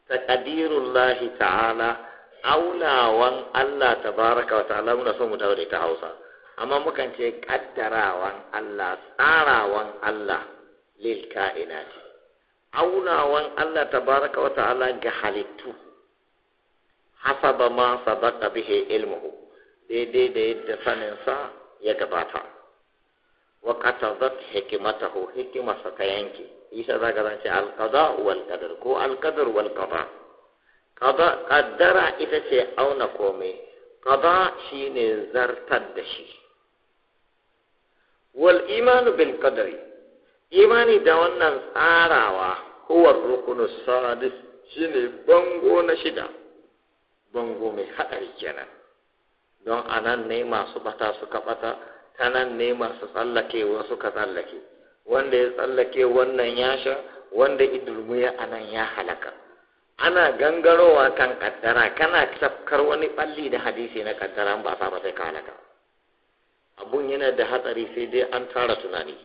taqdirullahi ta'ala aunawan Allah baraka wa ta'ala muna so mu daure ta Hausa amma mukan ce kaddarawan Allah tsarawan Allah lil kainati aunawan Allah baraka wa ta'ala ga halittu hasaba ma sabaqa bihe ilmuhu daidai da yadda saninsa ya gabata wa qatadat ko hikimarsa ta yanke isa za ka zance alkada wal kadar ko alkadar wal qada kaddara ita ce auna komai shi ne zartar da shi wal imanu bil ƙadari. imani da wannan tsarawa kowar rukunu sadis ne bango na shida bango mai haɗari kenan don anan ne masu bata suka bata ta nan ne masu tsallakewa suka tsallake wanda ya tsallake wannan yasha, wanda wanda idulmiya anan ya halaka ana gangarowa kan kaddara kana tafkar wani balli da hadisi na kaddara ba sa ba sai ka halaka abun yana da hatsari sai dai an tara tunani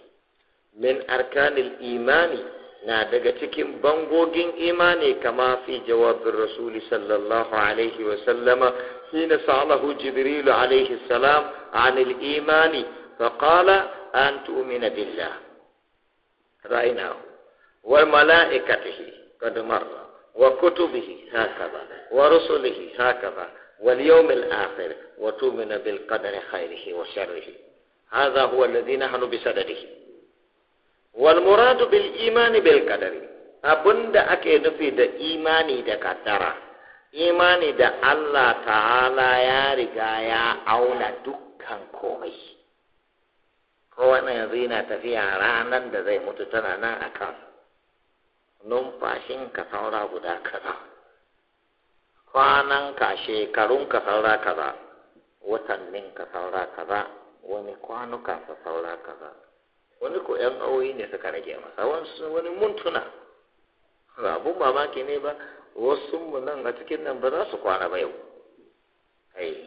min arkanil imani na daga cikin bangogin imani kama fi jawabin rasuli sallallahu alaihi wa sallama hina sa'alahu jibril alaihi salam anil imani فقال an tumina بالله رأيناه وملائكته قد مر وكتبه هكذا ورسله هكذا واليوم الآخر وتؤمن بالقدر خيره وشره هذا هو الذي نحن بصدده والمراد بالإيمان بالقدر أبند أكيد في دا إيماني دا قدرة إيماني دا الله تعالى يا رجايا أولى دكان كومي kowane yanzu yana tafiya ranar da zai mutu tana nan a kan numfashin ka saura guda kaza kwanan ka shekarun ka saura kaza watannin ka saura kaza wani kwanuka sa saura kaza wani ko yan awoyi ne suka rage masa wani muntuna abun mamaki ne ba wasu mu nan a cikin nan ba za su kwana ba yau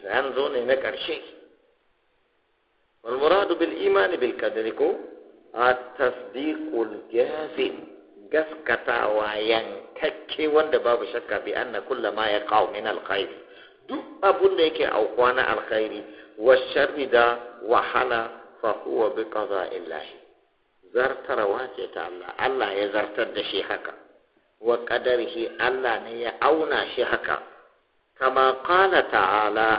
yanzu ne na ƙarshe wal muradu bil imani bil qadari ko at-tasdiqul jazim gaskatawa yankakke wanda babu shakka bi anna kulla ma yaqa'u min al duk abun da yake aukuwa kwana alkhairi wa sharri wahala fa huwa bi qada'illahi zartarwa ce ta Allah Allah ya zartar da shi haka wa shi Allah ne ya auna shi haka kama qala ta'ala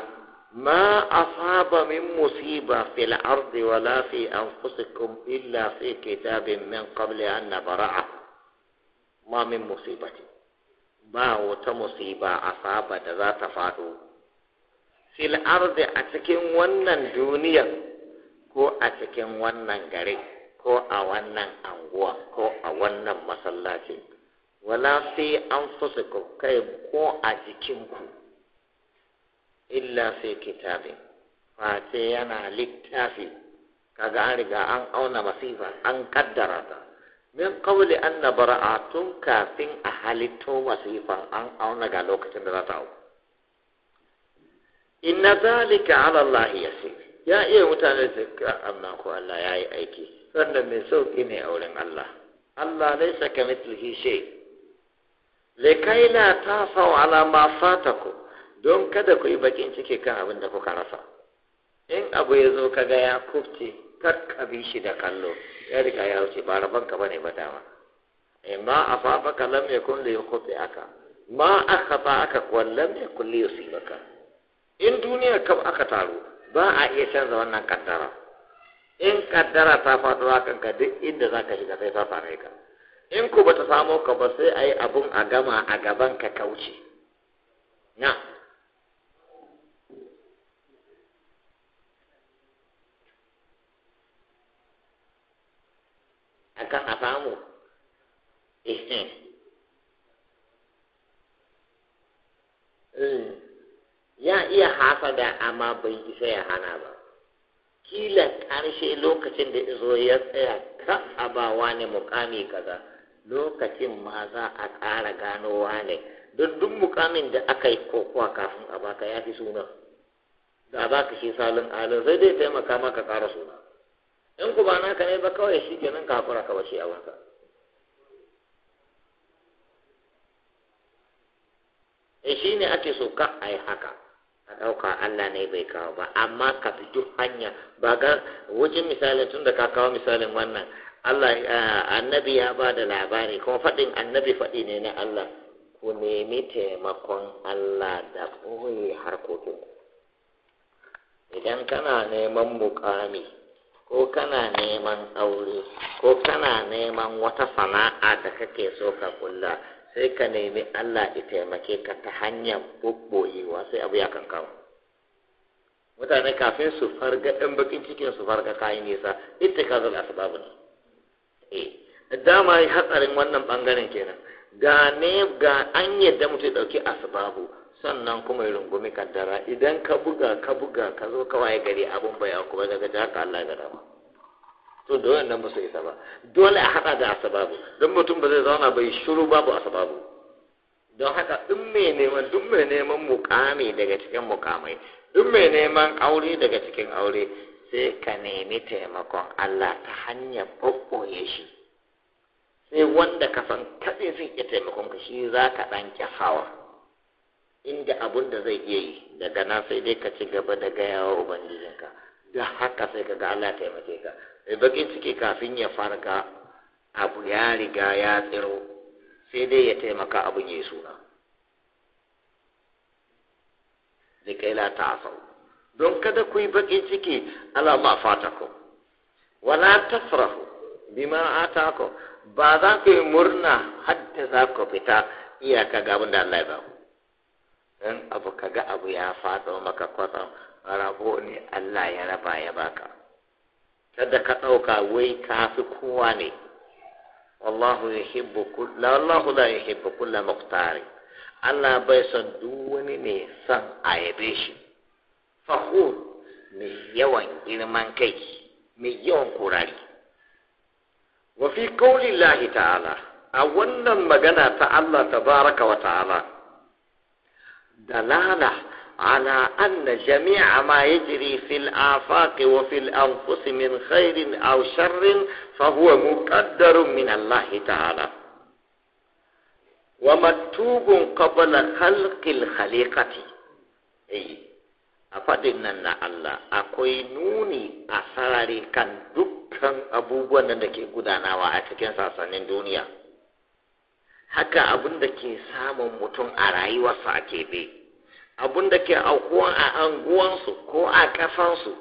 ما أصاب من مصيبة في الأرض ولا في أنفسكم إلا في كتاب من قبل أن نبرأه ما من مصيبة ba wata musiba ba da za ta faɗo fil ardi a cikin wannan duniyar ko a cikin wannan gari ko a wannan anguwa ko a wannan masallaci wala fi an kai ko a jikinku illa sai kitabi face yana littafi kaga an riga an auna masifa an kaddara ta min qawli anna bara'a tun kafin a halitto masifa an auna ga lokacin da za ta auku inna zalika ala Allah yasir ya iya mutane su amma ko Allah ya yi aiki wanda mai sauki ne a wurin Allah Allah laisa kamithlihi shay likai la tasau ala ma ku. don kada ku yi bakin ciki kan abin da kuka rasa in abu ya zo ka ga ya kufce kakkabi shi da kallo ya riga ya wuce ba rabon ka bane ba dama eh, ma a fafa ka lam ya kun ya kufce aka ma a kafa aka kuwa lam ya kun liyu baka. in duniya kam aka taru ba a iya canza wannan kaddara in kaddara ta faɗo a kanka duk inda za ka shiga sai ta same ka in ku ba ta samo ka ba sai a yi abun a gama a gaban ka kauce na akan a samu eh, eh. Hmm. ya iya da amma bai isa ya hana ba kila ƙarshe lokacin da izo ya tsaya ka abawa ne mukami kaza lokacin ma za a ƙara ganowa ne don duk mukamin da aka yi kokowa kafin a baka ya fi suna da baka shi salin alin sai dai taimaka maka ƙara suna in ku ba na naka ne ba kawai shi kenan ka fara ka bashi abinka e eh, shi ne ake so ka a yi haka a ɗauka Allah ne bai kawo ba amma ka fi duk hanya ba ga wajen misalin tun da ka kawo misalin wannan Allah eh, annabi ya ba da labari kuma faɗin annabi faɗi ne na Allah ku nemi taimakon Allah da ɓoye harkokin idan kana neman mukami ko kana neman aure ko kana neman wata sana'a da kake so ka kulla sai ka nemi Allah ya taimake ka ta hanyar bubboyewa sai abu ya kankawa mutane kafin su farga ɗan bakin cikin su farga kayan nisa ita ka zala babu ne eh dama hatsarin wannan bangaren kenan ga ne ga an yadda mutum ɗauki asibabu. sannan kuma yi rungumi kaddara idan ka buga ka buga ka zo ka waye gari abun baya kuma daga da haka Allah ya gada ba to da wannan ba su isa ba dole a hada da asababu don mutum ba zai zauna bai shiru babu asababu don haka in mai neman duk mai neman mukami daga cikin mukamai duk mai neman aure daga cikin aure sai ka nemi taimakon Allah ta hanyar ɓoɓɓoye shi sai wanda ka san kaɗai zai iya taimakon ka shi za ka ɗan hawa inda abun da zai iya yi daga na sai dai ka ci gaba da gaya wa ubangijinka da haka sai ka ga Allah taimake ka mai bakin ciki kafin ya farga abu ya riga ya tsiro sai dai ya taimaka abin ya yi suna da kai la ta'asau don kada ku yi bakin ciki ala ma fatakum wala tafrahu bima atakum ba za ku yi murna hadda za ku fita iyaka ga abin da Allah ya ba ku in abu ka ga abu ya faɗo maka kwatsam rabo ne Allah ya raba ya baka kada ka ɗauka wai ka fi kowa ne wallahu yuhibbu la yuhibbu kulla muqtari Allah bai san duk wani ne son a yabe shi fakhur mai yawan girman kai mai yawan kurari wa fi qawli ta'ala a wannan magana ta Allah tabaraka wa ta'ala dalala ala anna jami'a ma yajri fil afaqi wa fil anfusi min khairin aw sharrin fa huwa muqaddarun min Allah ta'ala wa maktubun qabla khalqil khaliqati eh a faɗin nan na Allah akwai nuni a sarari kan dukkan abubuwan da ke gudanawa a cikin sassanin duniya haka abin da ke samun mutum a rayuwarsa a keɓe abin da ke aukuwan a anguwansu ko a kasansu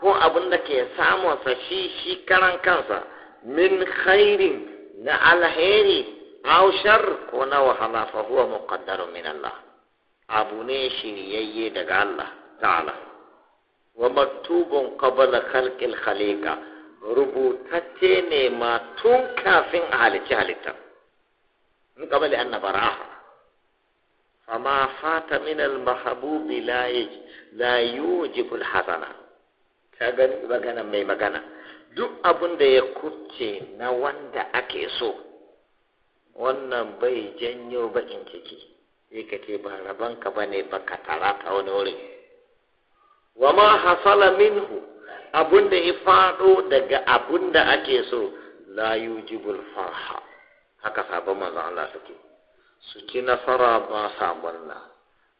ko abin da ke samunsa shi shi karan kansa min khairin na alheri haushar, ko na wahala fa huwa min Allah abu ne shiryayye daga Allah ta'ala wa maktubun qabla khalqil khaliqa rubutacce ne ma tun kafin a halitta من قبل أن نبراه فما فات من المحبوب لا يج لا hasana. الحسنة كأن magana mai magana. duk abun da ya kuce na wanda ake so wannan bai janyo ba in ciki sai ka ce ba rabanka ba ne ba ka tara ta wani wurin wa ma hasala minhu abun da ya faɗo daga abun da ake so la yujibul farha haka sabon manzon Allah suke su ci nasara ba sa murna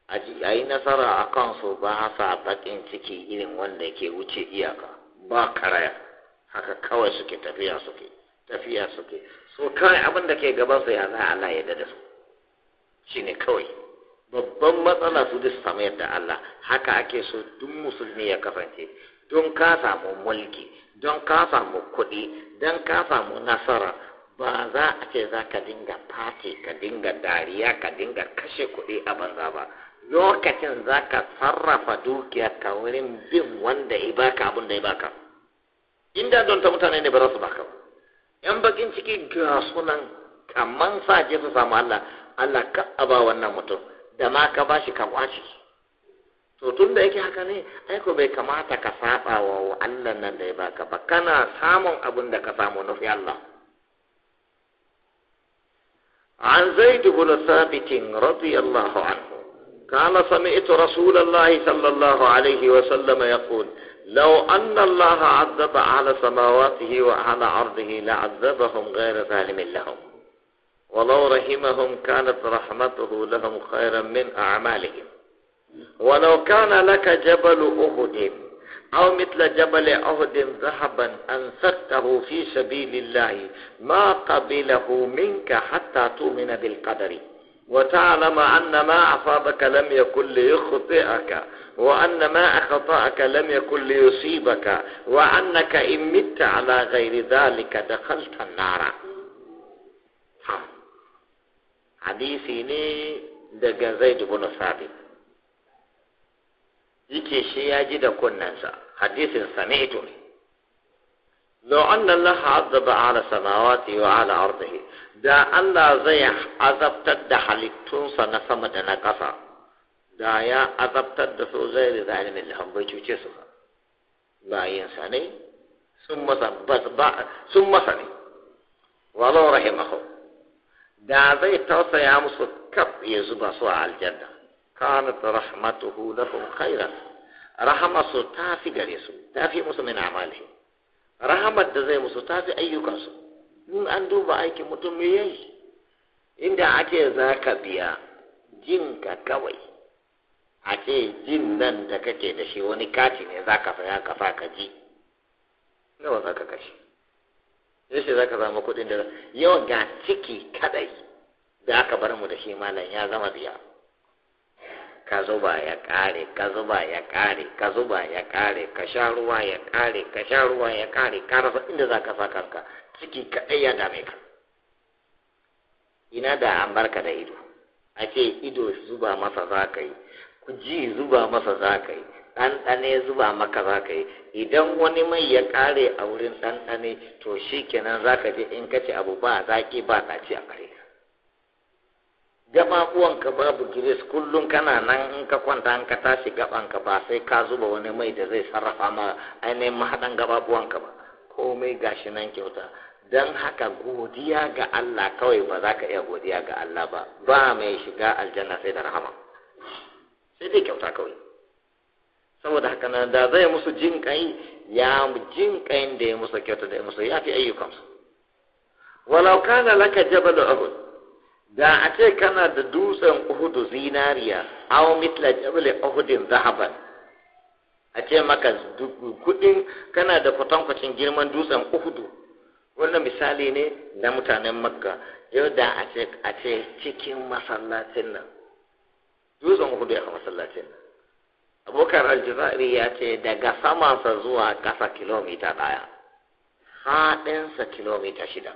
a yi nasara a kansu ba sa baƙin ciki irin wanda ke wuce iyaka ba karaya haka kawai suke tafiya suke tafiya suke so kawai abin da ke gaban su ya za Allah ya dada su shine kawai babban matsala su duk samu yadda Allah haka ake so duk musulmi ya kasance don ka samu mulki don ka samu kuɗi don ka samu nasara ba za a ce za ka dinga fati ka dinga dariya ka dinga kashe kuɗi a banza ba lokacin za ka sarrafa dukiya ka wurin bin wanda ya baka abin da ya baka inda don ta mutane ne ba za su baka ba yan bakin ciki ga sunan kaman sa je su samu Allah Allah ka aba wannan mutum da ma ka bashi ka kwashi to tun da yake haka ne aiko bai kamata ka saba wa Allah nan da ya baka ba kana samun abin da ka samu nufi Allah عن زيد بن ثابت رضي الله عنه قال سمعت رسول الله صلى الله عليه وسلم يقول لو أن الله عذب على سماواته وعلى عرضه لعذبهم غير ظالم لهم ولو رحمهم كانت رحمته لهم خيرا من أعمالهم ولو كان لك جبل أهد أو مثل جبل أهد ذهبا أنفقته في سبيل الله ما قبله منك حتى تؤمن بالقدر وتعلم أن ما أصابك لم يكن ليخطئك وأن ما أخطأك لم يكن ليصيبك وأنك إن مت على غير ذلك دخلت النار حديثي ده زيد بن ثابت yake shi ya ji da kunnensa hadisin sami'tu ne لو أن الله عذب على سماواته وعلى أرضه دا الله زي عذب تد حلقتون سنسمة نقصة دا يا عذب تد سوزي لذلك من لهم بيجوشي سوى با ينساني ثم سبت با ثم سني ولو رحمه دا زي توسى يا مصر كب يزبا سوى على الجنة kanat rahmatuhu lahum khairan rahamarsu ta fi gare su ta fi musu min amali rahamar da zai musu ta fi ayyukansu in an duba aikin mutum me yayi inda ake za ka biya jin ka kawai a ce jin nan da kake da shi wani kati ne za ka ka faka ji nawa za ka kashe shi za ka zama kuɗi da yawan ga ciki kadai da aka bar mu da shi malam ya zama biya ka zuba ya kare ka zuba ya kare ka zuba ya kare ka sha ruwa ya kare ka sha ruwa ya kare ka rasa inda za ka sa kanka ciki kaɗai ya dame ka ina da an barka da ido a ce ido zuba masa za ka yi ji zuba masa za ka yi ɗanɗane zuba maka za ka yi idan wani mai ya kare a wurin ɗanɗane to shi kenan za ka je in ka ce abu ba zaƙi ba ɗaci a kare gaɓaɓuwanka babu gires kullum kana nan in ka kwanta an ka tashi ka ba sai ka zuba wani mai da zai sarrafa ma ainihin mahaɗan gaɓaɓuwanka ba komai gashi nan kyauta don haka godiya ga Allah kawai ba za ka iya godiya ga Allah ba ba mai shiga aljanna sai da rahama sai dai kyauta kawai saboda haka nan da zai musu jin kai ya jin kai da ya musu kyauta da ya musu ya fi ayyukansu walau kana laka jabal uhud da a ce kana da dutsen uhudu zinariya aw mitla jabal uhudin zahaban a ce maka kudin kana da kwatankwacin girman dutsen uhudu wannan misali ne na mutanen makka yau da a ce cikin masallacin nan dutsen uhudu ya masallacin nan abokan aljizari ya ce daga samansa zuwa kasa kilomita ɗaya haɗinsa kilomita shida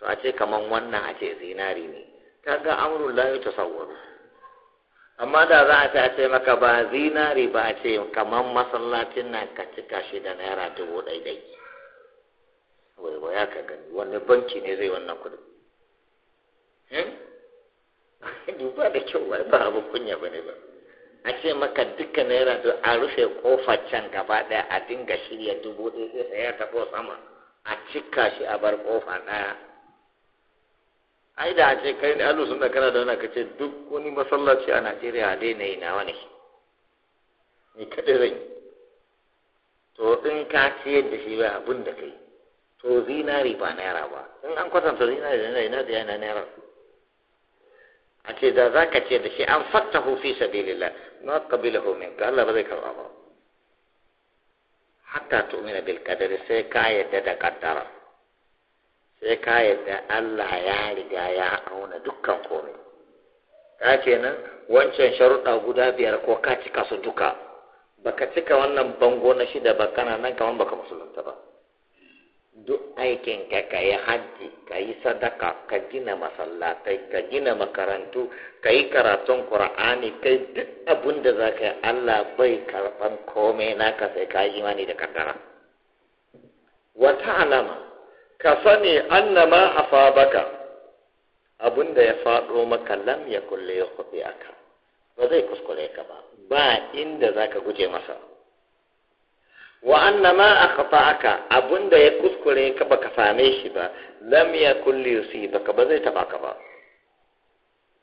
to a ce kaman wannan a ce zinari ne ga amrul la yatasawwaru amma da za a ce a ce maka ba zinari ba a ce kaman masallacin nan ka cika shi da naira dubu ɗaiɗai wai ba ya ka gani wani banki ne zai wannan kudin hmm? duba da kyau wai ba abu kunya ba ne ba a ce maka duka naira da a rufe kofar can gaba ɗaya a dinga shirya dubu ɗaya sai ya taɓo sama a cika shi a bar kofa ɗaya ai da a ce kai ne alu sun da kana da wani ka ce duk wani masallaci a najeriya dai na yi nawa ne ni kaɗai zai to in ka ciyar da shi ba abin da kai to zinari ba naira ba in an kwatanta zinari da naira da yana naira a ce da za ka ce da shi an hufi sabi lila na kabila homin ka Allah ba zai karɓa ba hatta tu'mina bil qadari sai ka yadda da qaddara sai ka yadda Allah ya riga ya auna dukkan komai ka kenan wancan sharuɗa guda biyar ko ka cika su duka baka cika wannan bango na shida ba kana nan kaman baka musulunta ba duk aikin ka ka yi hajji ka yi sadaka ka gina masallatai ka gina makarantu ka yi karatun qur'ani kai duk abin da za ka yi Allah bai karɓan komai naka sai ka yi imani da kaddara wata alama ka sani annama baka, abinda ya faɗo maka lam ya kulle ya kuɗi aka ba zai kuskure ka ba ba inda za ka guje masa wa annama akhta aka abinda ya kuskure ka ba ka same shi ba lam ya kulle baka ba zai taba ka ba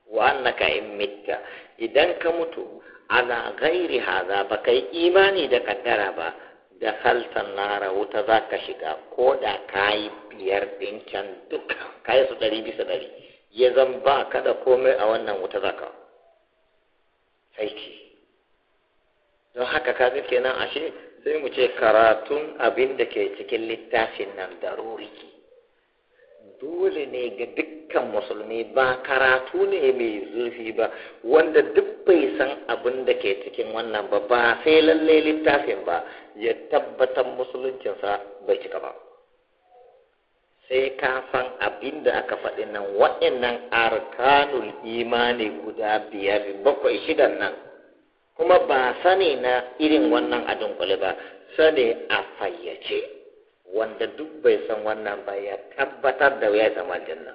wa annaka in mitta idan ka mutu ala ghairi hadha baka yi imani da kaddara ba da haltan nara wuta za ka shiga ko da ka yi biyar ɗin can duka ka yi su ɗari bisa ɗari ya zan ba ka da komai a wannan wuta za ka aiki don haka ka kenan ashe sai mu ce karatun abin da ke cikin littafin nan daruri dole ne ga dukkan musulmi ba karatu ne mai zurfi ba wanda duk bai san abin da ke cikin wannan ba ba sai lallai littafin ba ya tabbatar musuluncinsa bai cika ba sai ka san abin da aka faɗi nan waɗannan arkanul imani guda biyar bakwai shidan nan kuma ba sani na irin wannan a dunkule ba sani a fayyace wanda duk bai san wannan ba ya tabbatar da ya zama aljanna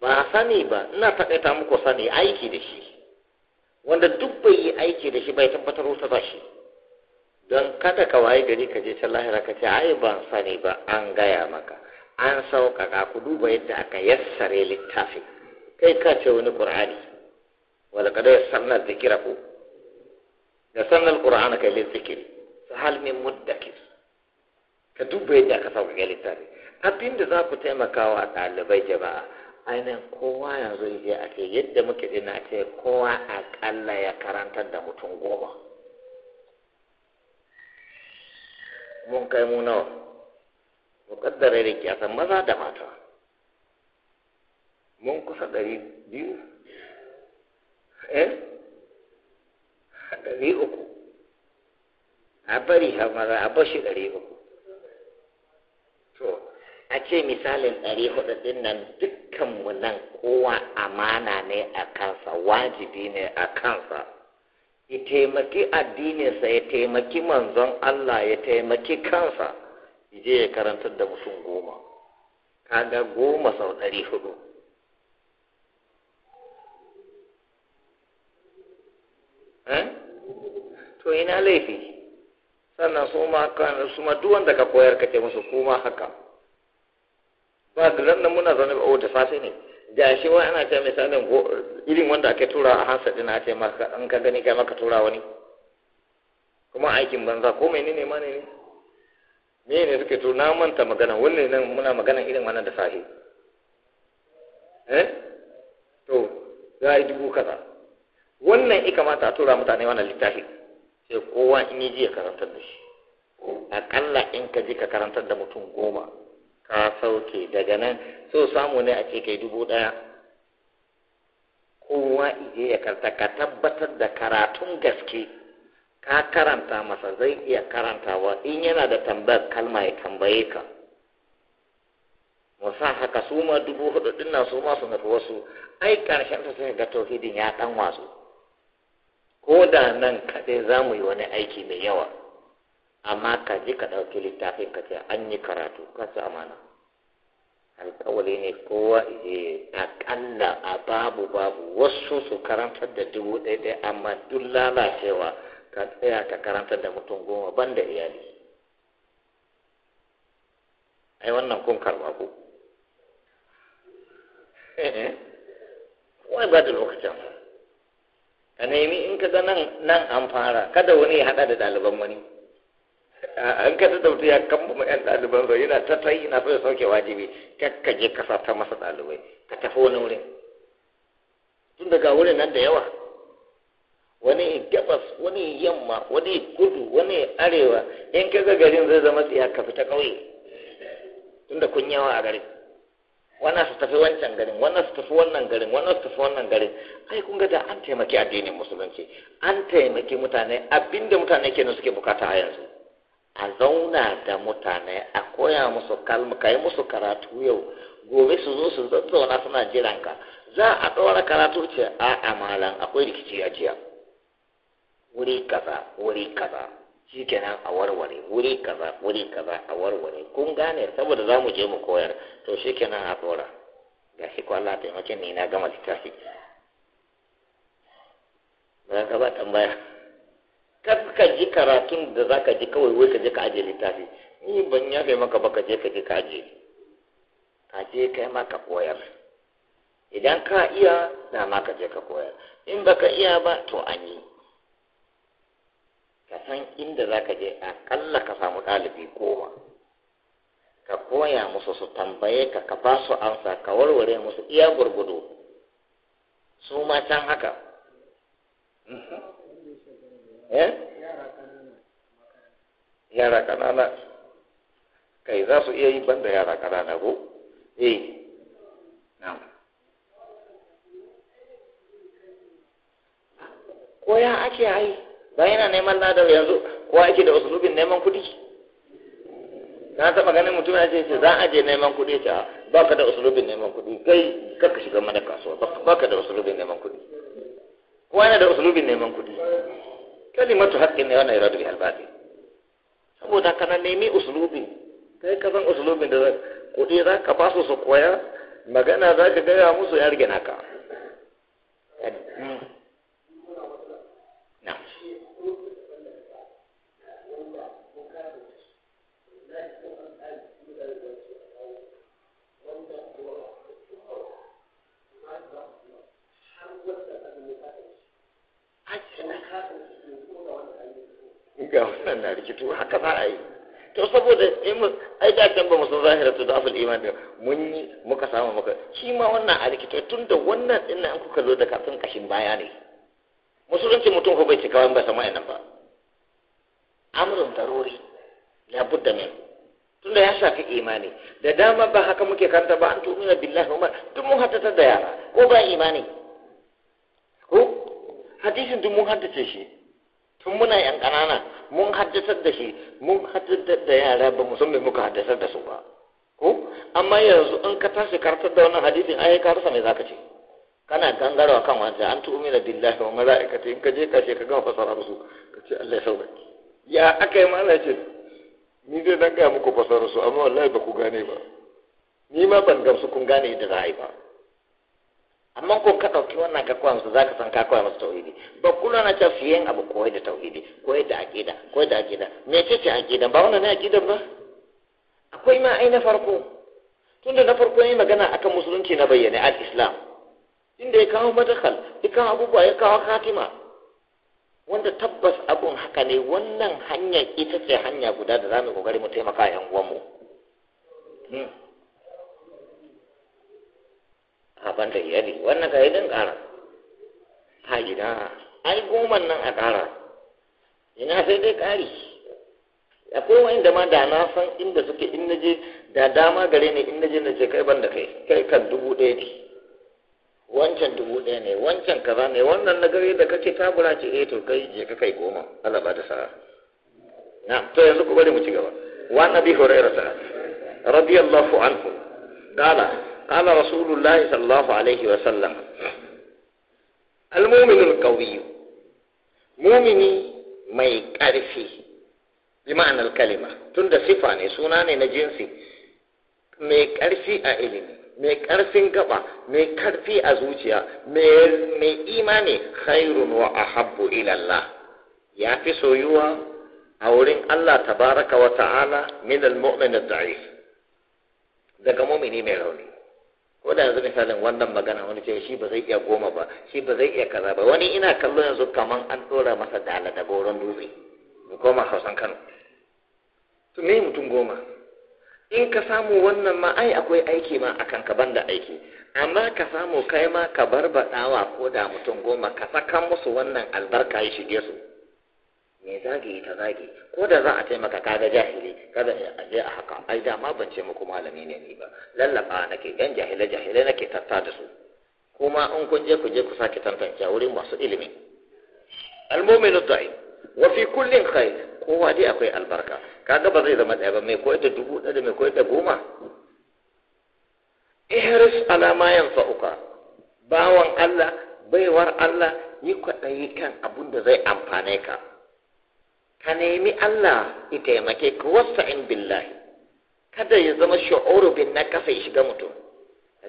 ba sani ba ina taƙaita muku sani aiki da shi wanda duk bai yi aiki da shi bai tabbatar wuta ba shi don kada ka waye gari ka je can lahira ka ce ai ban sani ba an gaya maka an sauƙaƙa ku duba yadda aka yassare littafi kai ka ce wani ƙur'ani wala kada ya sanna zikira ku da sannan ƙur'ana kai lil zikiri fa hal min muddakir ka duba yadda aka sauƙaƙe littafi abin da za ku taimaka wa ɗalibai jama'a ainihin kowa ya zo a ce yadda muke dina ce kowa aƙalla ya karanta da mutum goma mun kai mu nawa mu kaddara da kiyasa maza da mata mun kusa ɗari biyu eh ɗari uku a bari har maza a bashi ɗari uku a ce misalin ɗari hudu ɗin nan mu nan kowa amana ne a kansa wajibi ne a kansa ya taimaki addininsa ya taimaki manzon Allah ya taimaki kansa je ya karantar da mutum goma kaga goma sau ɗari hudu eh? to ina laifi sannan su ma duk wanda ka koyar ka ce musu kuma haka ba da ran nan muna zaune ba oh, da safe ne ga shi wai ana ce misalin irin wanda ake tura a hansa din a ce maka an ka gani kai maka tura wani kuma aikin banza ko mai ne ma ne ne me ne suke to na manta magana wannan nan muna magana irin wannan da safe eh to ga a yi dubu kaza wannan ya kamata a tura mutane wannan littafi sai kowa in yi ji ya karantar da shi akalla in ka ji ka karantar da mutum goma ka sauke daga nan so samu ne a ce kai dubu ɗaya kowa ije ya karta ka tabbatar da karatun gaske ka karanta masa zai iya karantawa in yana da tambayar kalma ya tambaye ka musa haka su ma dubu hudu din na su ma su nufi wasu ai karshen su sai ga tauhidin ya dan wasu ko da nan kaɗai za mu yi wani aiki mai yawa amma ka je ka ɗauki littafin ka ce an yi karatu ka su amana alƙawari ne kowa ya aƙalla a babu babu wasu su karantar da dubu ɗaya amma duk lalacewa ka tsaya ka karantar da mutum goma ban da iyali ai wannan kun karɓa ku eh, eh. wai ba da lokacin ka nemi in ka ga nan an fara kada wani ya haɗa da ɗaliban wani an ka da dauta ya kambama yan ɗaliban zai yana ta ta na so ya sauke wajibi kakka je ka ta masa ɗalibai ka tafi wani wurin tun daga wurin nan da yawa wani gabas wani yamma wani kudu wani arewa in ka ga garin zai zama tsiya ka fita ƙauye tun da kun yawa a garin wannan su tafi wancan garin wannan su tafi wannan garin wannan su tafi wannan garin ai kun ga da an taimaki addinin musulunci an taimaki mutane abinda mutane kenan suke bukata a yanzu a zauna da mutane a koya musu kalma ka yi musu karatu yau gobe su zo su zazzauna suna ka za a ɗora karatu ce a amalan akwai rikici a jiya wuri kaza wuri kaza kenan a warware wuri kaza wuri kaza a warware kun gane saboda za mu je mu koyar to kenan a ɗora ga shi ko Allah ni na gama littafi ba ka ba tambaya kar ka ji karatun da za ka ji kawai wai ka je ka ajiye littafi ni ban yafe maka ba ka je ka je ka ajiye ka je kai ma ka koyar idan ka iya da ma ka je ka koyar in ba ka iya ba to an yi ka san inda za ka je akalla ka samu ɗalibi goma ka koya musu su tambaye ka ka ba su amsa ka warware musu iya gurgudu su ma can haka mhm. eh yara kanana kai za su iya yi banda yara kanana ko eh na'am ko ya ake ai ba yana neman ladar yanzu ko ake da usulubin neman kuɗi na taɓa ganin mutum ya ce za a je neman kuɗi ce ba ka da usulubin neman kuɗi kai kaka shiga mana kasuwa ba ka da usulubin neman kuɗi ko yana da usulubin neman kuɗi kalimatu haqqin ne wannan iradu bihal batil saboda kana nemi uslubi kai ka san uslubin da kuɗi za ka ba su su koya magana za ka gaya musu ya rige naka ga wannan na rikito haka za a yi to saboda ai da kan ba mu san zahira to dafal iman da mun yi muka samu muka shi ma wannan a rikito tun wannan din nan kuka zo da kafin kashin baya ne musulunci mutum ko bai ci kawai ba sama nan ba amrun daruri ya budda ne tunda ya shafi imani da dama ba haka muke kanta ba an tumina billahi umar duk mun haddata da yara ko ba imani ko hadisin duk mun haddace shi tun muna yan ƙanana mun haddasar da shi mun haddasar da yara ba mu san me muka haddasar da su ba ko amma yanzu an ka tashi kartar da wannan hadisin ai ka rasa me zaka ce kana gangarwa kan wanda an tu'mina billahi wa malaikati in ka je ka ce ka gama fasara su ka ce Allah ya saurake ya aka yi mana ce ni zai dan gaya muku fasara su amma wallahi ba ku gane ba ni ma ban gamsu kun gane da za a yi ba amma ko ka ɗauki wannan ka koya musu zaka san ka koya musu tauhidi ba kula na ta fiye abu koyar da tauhidi koyar da aqida koyar da aqida me ce ce aqida ba wannan ne aqida ba akwai ma ai na farko tunda na farko yayi magana akan musulunci na bayyane al-islam inda ya kawo madakal ya kawo abubuwa ya kawo katima wanda tabbas abun haka ne wannan hanya ita ce hanya guda da za mu kokari mu taimaka yan uwanmu hmm. a banda iyali wannan ka yi din ƙara a gina ai goman nan a ƙara ina sai dai ƙari akwai wani da ma da na san inda suke in na je da dama gare ne in na je na ce kai ban da kai kai kan dubu ɗaya ne wancan dubu ɗaya ne wancan kaza ne wannan na gare da kake tabura ce eh to kai je ka kai goma Allah ba ta sa'a na to yanzu ku bari mu ci gaba wa nabi hurairah radiyallahu anhu qala قال رسول الله صلى الله عليه وسلم المؤمن القوي مؤمني mai ƙarfi bi kalima tunda sifa ne suna ne na jinsi mai ƙarfi a ilimi mai ƙarfin gaba mai ƙarfi a zuciya mai imani khairun a habbu ilallah ya fi soyuwa a wurin Allah tabaraka wa ta'ala min al-mu'min daga mu'mini mai rauni ko da yanzu misalin wannan magana wani ce shi ba zai iya goma ba shi ba zai iya kaza ba wani ina kallo yanzu kaman an dora masa dala da goron dutse mu koma hausan kano to me mutum goma in ka samu wannan ma ai akwai aiki ma akan ka banda aiki amma ka samu kai ma ka barbaɗawa ko da mutum goma ka saka musu wannan albarka ya shige su me zagi ta zagi? ko da za a taimaka kaga jahili kada a je a haka ai da ma ban ce muku malami ne ni ba lallaba nake yan jahile jahile nake tatta da su kuma in kun je ku je ku sake tantance wurin masu ilimi almomin dai wa fi kullin khair kowa dai akwai albarka kaga ba zai zama ɗaya ba mai koyar da dubu ɗaya da mai koyar da goma ihris ala ma yanfa'uka bawan Allah baiwar Allah yi kwaɗayi kan abin da zai amfane ka ka nemi Allah ya taimake ka in billahi kada ya zama shu'uru bin kasa ya shiga mutum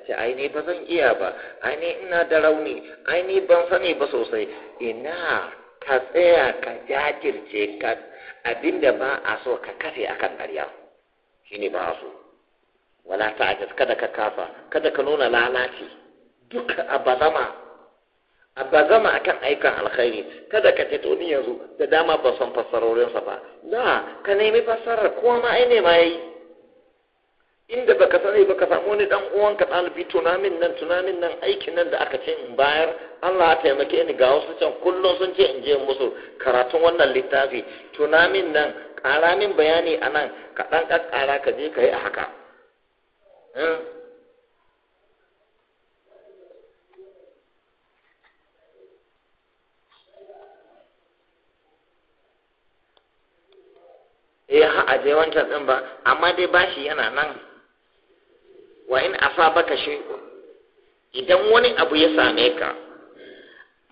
ce ai ne ba zan iya ba ai ne ina da rauni ai ne ban sani ba sosai ina ka tsaya ka jajirce ka abinda ba a so ka kafe akan ƙarya shine ba a so wala ta'ajiz kada ka kafa kada ka nuna lalaci duka a bazama ba zama akan aikan alkhairi kada ka ce ni yanzu da dama ba san sa ba na ka nemi fassarar kowa ma ai ne ma yayi inda baka sani baka samu ni dan uwan ka ɗalibi tunamin nan tunamin nan aikin nan da aka ce in bayar Allah ya taimake ni ga wasu can kullun sun ce in je musu karatun wannan littafi tunamin nan ƙara bayani anan ka ɗan kakkara ka je ka yi a haka ya eh, ha a je wancan din ba amma dai bashi yana nan wa in asabaka shi idan wani abu ya same ka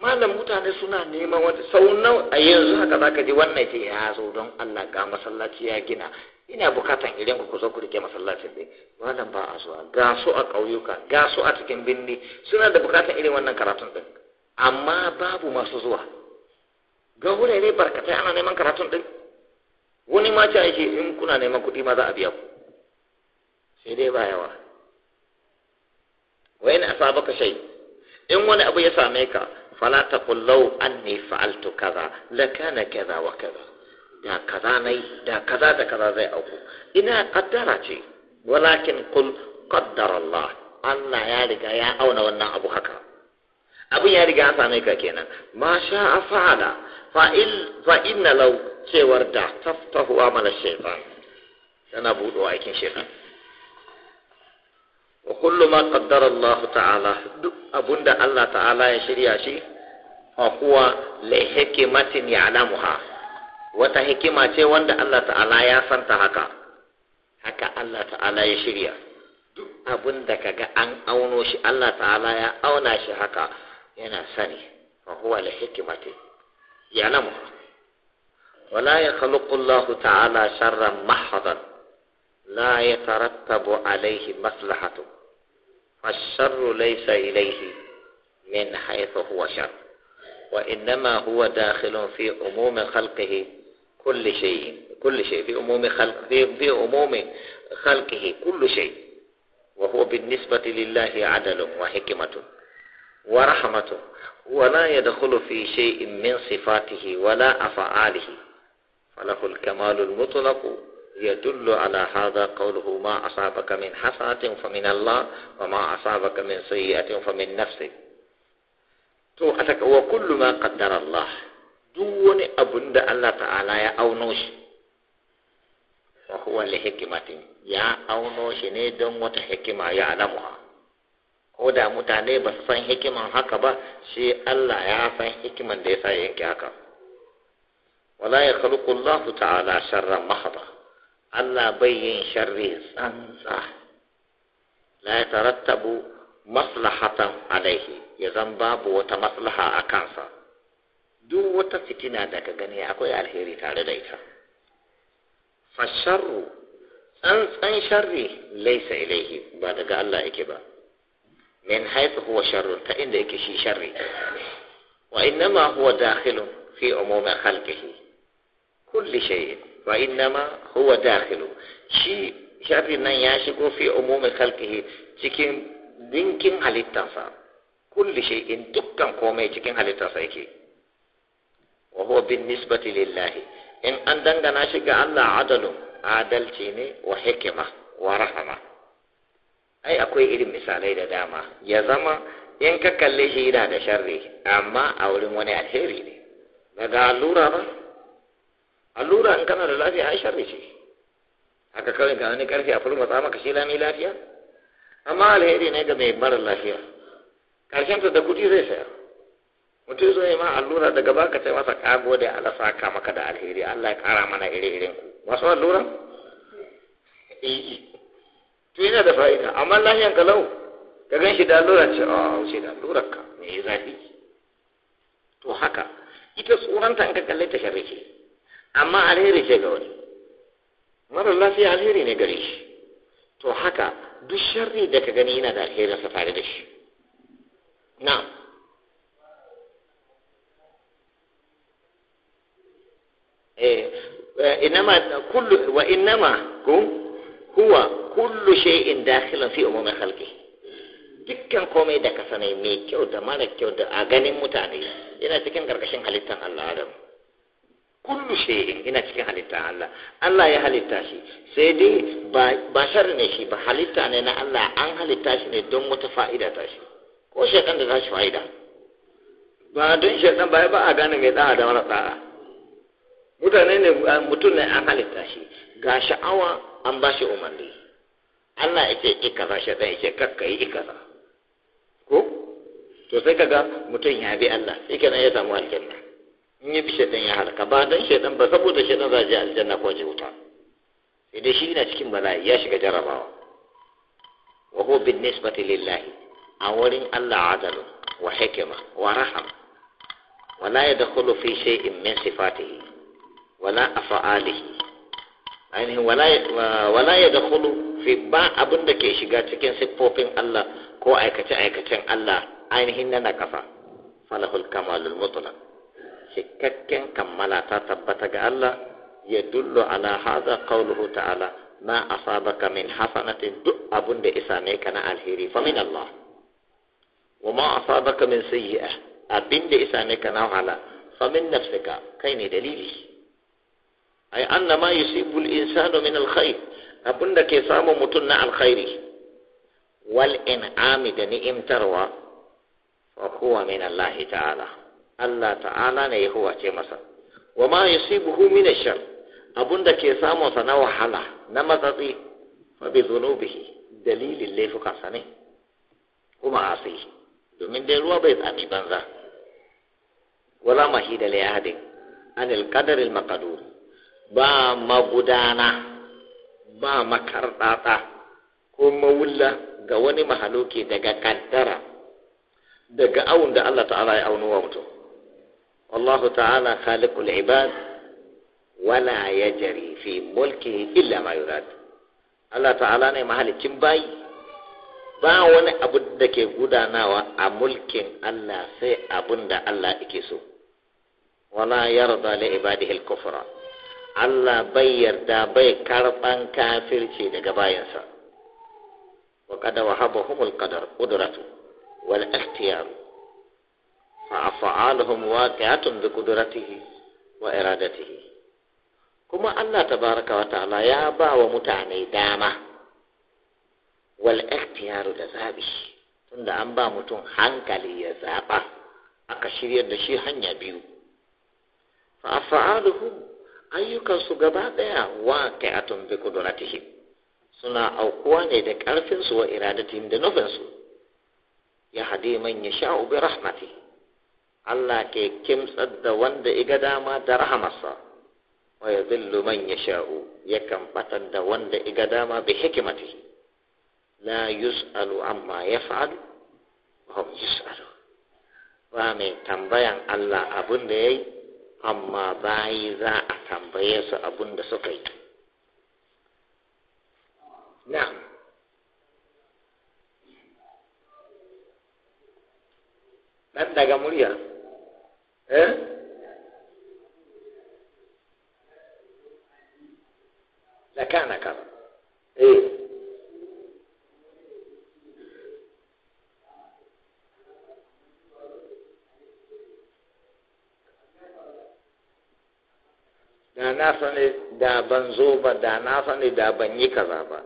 malam mutane suna neman wata sau nawa a yanzu haka zaka ji wannan ce ya zo don Allah ga masallaci ya gina ina bukatan idan ku zo ku rike masallacin dai malam ba a zuwa ga su a ƙauyuka ga su a cikin binni suna da bukatan irin wannan karatun din amma babu masu zuwa ga wurare barkatai ana neman karatun din wani ma ci yake in kuna neman kuɗi ma za a biya ku sai dai ba yawa wa in asabaka shay in wani abu ya same ka fala taqul an anni fa'altu kaza la kana kaza wa kaza da kaza nai da kaza da kaza zai auku ina kaddara ce walakin kul, qaddara Allah Allah ya riga ya auna wannan abu haka abin ya riga an same ka kenan ma sha fa'ala fa in na lau cewar da taftahu mana shaytan tana buɗo aikin shaytan wa kullu ma qaddara Allah ta'ala duk abunda Allah ta'ala ya shirya shi fa huwa li hikmatin ya'lamuha wata hikima ce wanda Allah ta'ala ya santa haka haka Allah ta'ala ya shirya duk abin da kaga an auno shi Allah ta'ala ya auna shi haka yana sani fa huwa li ولا يخلق الله تعالى شرا محضا لا يترتب عليه مصلحة فالشر ليس إليه من حيث هو شر وإنما هو داخل في أموم خلقه كل شيء كل شيء في أموم خلق في أموم خلقه كل شيء وهو بالنسبة لله عدل وحكمة wa rahmatu wala yadkhulu fi shay'in imin sifatihi wala afa af'alihi falahul kamalul mutlaq يدل على هذا قوله ما أصابك من حسنة فمن الله وما أصابك من سيئة فمن نفسك to a taka wa kullu ma qaddara Allah duk wani abun da Allah ta'ala ya auno shi wa huwa li hikmatin ya auno shi ne don wata hikima ya alamuha ko da mutane ba su san hikiman haka ba shi Allah ya san hikiman da ya sa yanke haka wala ya khalqu Allah ta'ala sharran mahaba Allah bai yin sharri tsantsa la tarattabu maslahatan alaihi ya zan babu wata maslaha a kansa duk wata fitina da ka gani akwai alheri tare da ita fasharru tsantsan sharri laisa ilaihi ba daga Allah yake ba من حيث هو شر فإنك شي شر وإنما هو داخل في عموم خلقه كل شيء وإنما هو داخل شي شر يشكو في عموم خلقه cikin dinkin halittansa kulli shay'in dukkan komai cikin halittarsa yake wa huwa bin nisbati lillahi in an dangana shi ga Allah adalun adalci ne wa hikima wa rahama ai akwai irin misalai da dama ya zama in ka kalle shi yana da sharri amma a wurin wani alheri ne daga allura ba allura in kana da lafiya ai sharri ce haka kawai ga wani karfi a tsama maka shi mai lafiya amma alheri ne ga mai mara lafiya karshen da kudi zai saya mutum zai ma allura daga baka sai masa kago da ala ka maka da alheri Allah ya kara mana ire irin ku wasu allura eh, eh. to yana da fa'ida amma lahiyan kalau ka gan shi da lura ce a ah, wuce da lura ka me ya zafi to haka ita tsoronta in ka kalle ta sharri ce amma alheri ce ga wani mara lafiya alheri ne gare shi to haka duk sharri da ka gani yana da alherin sa tare da shi na. eh inama kullu wa inama ku huwa kullu shay'in dakhilun fi umumi khalqi dukkan komai da ka sani mai kyau da mara kyau da a ganin mutane yana cikin karkashin halittar Allah Adam kullu shay'in yana cikin halittar Allah Allah ya halitta shi sai dai ba shar ne shi ba halitta ne na Allah an halitta shi ne don wata fa'ida ta shi ko shekan da za shi fa'ida ba don shekan ba ba a gane mai da'a da mara da'a mutane ne mutum ne an halitta shi ga sha'awa an ba shi umarni Allah ya ce ikaza shi dan ya ce kakka yi za ko to sai kaga mutum ya bi Allah sai kenan ya samu aljanna in ya bi shaitan ya halaka ba dan shaitan ba saboda shaitan za je aljanna ko je wuta sai dai shi yana cikin bala'i ya shiga jarabawa wa huwa bin nisbati lillahi a wurin Allah adalu wa hikima wa rahama wala yadkhulu fi shay'in min sifatihi wala af'alihi ainihin wala ya da kulu fi ba abin da ke shiga cikin siffofin Allah ko aikace-aikacen Allah ainihin na nakasa falahul kamalul mutlaq cikakken kammala ta tabbata ga Allah ya dullo ala haza qawluhu ta'ala ma asabaka min hasanatin duk abin da isa ne ka na alheri fa min Allah wa ma asabaka min sayyi'a abin da isa ne ka na wahala fa min nafsika kai ne dalili ai anna ma yusibul insanu min alkhair abinda ke samun mutum na alkhairi wal in'ami da ni'imtarwa fa huwa min Allah ta'ala Allah ta'ala ne ya huwace masa wa ma yusibuhu min ashar abinda ke samun sa na wahala na matsatsi fa bi dhunubihi dalilin laifukansa ne kuma asihi domin dai ruwa bai tsami banza wala mahi da lahadin anil qadaril maqdur ba magudana ba makarɗaɗa ko mawulla ga wani mahaloki daga kaddara daga awun da Allah ta'ala ya aunu wa mutum Allah ta'ala khaliqul ibad wala yajri fi mulkihi illa ma yurad Allah ta'ala ne mahalicin bayi ba wani abu da ke gudanawa a mulkin Allah sai abun da Allah yake so wala yarda li ibadihi al-kufra Allah bai yarda bai karɓan kafirci daga bayansa wa kada wa haba humul kadar ƙuduratu wal ikhtiyar fa af'aluhum waqi'atun bi qudratihi wa iradatihi kuma Allah tabaraka wa ta'ala ya ba wa mutane dama wal ikhtiyaru da zabi tunda an ba mutum hankali ya zaba aka shiryar da shi hanya biyu fa af'aluhum ayyukansu gaba ɗaya wa kai'atun bi kuduratihim suna aukuwa ne da ƙarfinsu wa iradatihim da nufinsu ya hadi man ya bi rahmati Allah ke kimtsar da wanda iga dama da rahamarsa wa ya zillu man ya sha'u batar da wanda iga dama bi hikimati la yus'alu amma yaf'alu wa hum yus'alu ba mai tambayan Allah abin da yayi amma bayi za a tambaye su abin da suka yi na ɗan daga murya eh da kana kama. eh da na sani da ban zo ba da na sani da ban yi kaza ba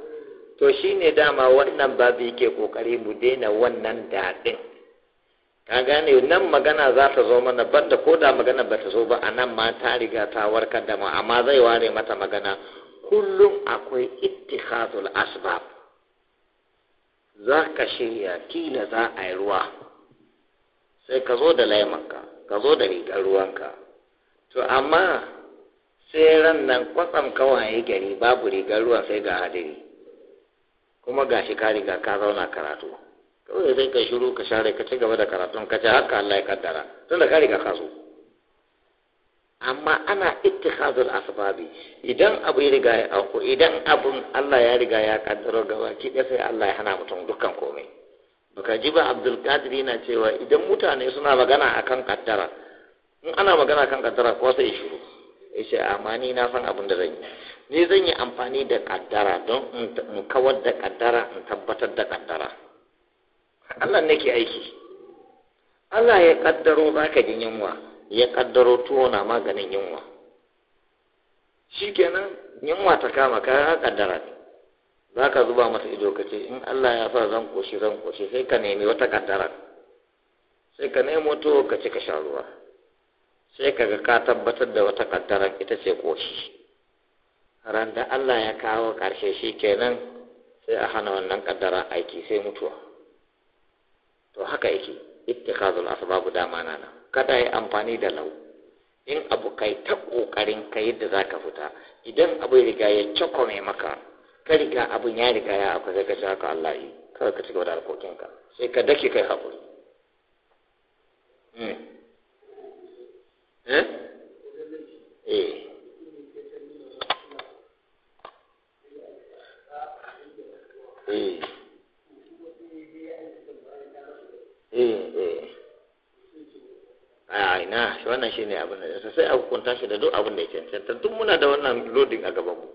to shi ne dama wannan babu yake kokari mu daina wannan daɗin ka gane nan magana za ta zo mana banda ko da magana ba ta zo ba a nan ma ta riga ta warkar da mu amma zai ware mata magana kullum akwai ittikhadul asbab za ka shirya kila za a yi ruwa sai ka zo da laimanka ka zo da rigar ruwanka to amma sai ran nan kwatsam kawai gari babu rigar ruwa sai ga hadari kuma ga shi ka riga ka zauna karatu kawai sai ka shiru ka share ka ci gaba da karatun ka ci haka Allah ya kaddara tun da ka riga ka so amma ana ittikhazul asbabi idan abu ya riga ya auku idan abun Allah ya riga ya kaddaro gaba ki da sai Allah ya hana mutum dukkan komai baka ji ba Abdul Qadir yana cewa idan mutane suna magana akan kaddara in ana magana akan kaddara ko sai shiru ya ce amma ni na san abin da zan yi ni zan yi amfani da kaddara don in kawar da kaddara in tabbatar da kaddara Allah ne ke aiki Allah ya kaddaro za ka ji yunwa ya kaddaro tuwo na maganin yunwa shikenan yunwa ta kama ka kaddara zaka za ka zuba masa ido kace in Allah ya sa zan koshi zan koshi sai ka nemi wata kaddara sai ka nemo tuwo ka ci ka sha ruwa sai kaga ka tabbatar da wata kaddarar ita ce koshi ran da Allah ya kawo ƙarshe shi kenan sai a hana wannan kaddara aiki sai mutuwa to haka yake ittikhazul asbabu dama nan kada yi amfani da lau in abu kai ta kokarin ka yadda zaka fita idan abu ya riga ya cakome maka ka riga abin ya riga ya akwai sai ka ci haka Allah yi kawai ka ci gaba da harkokinka sai ka dake kai haƙuri hmm. eh, eh. eh. eh a ah, ina shi wannan shi ne abin da sai a hukunta shi da duk abin da ya cancanta duk muna da wannan lodin a gabanmu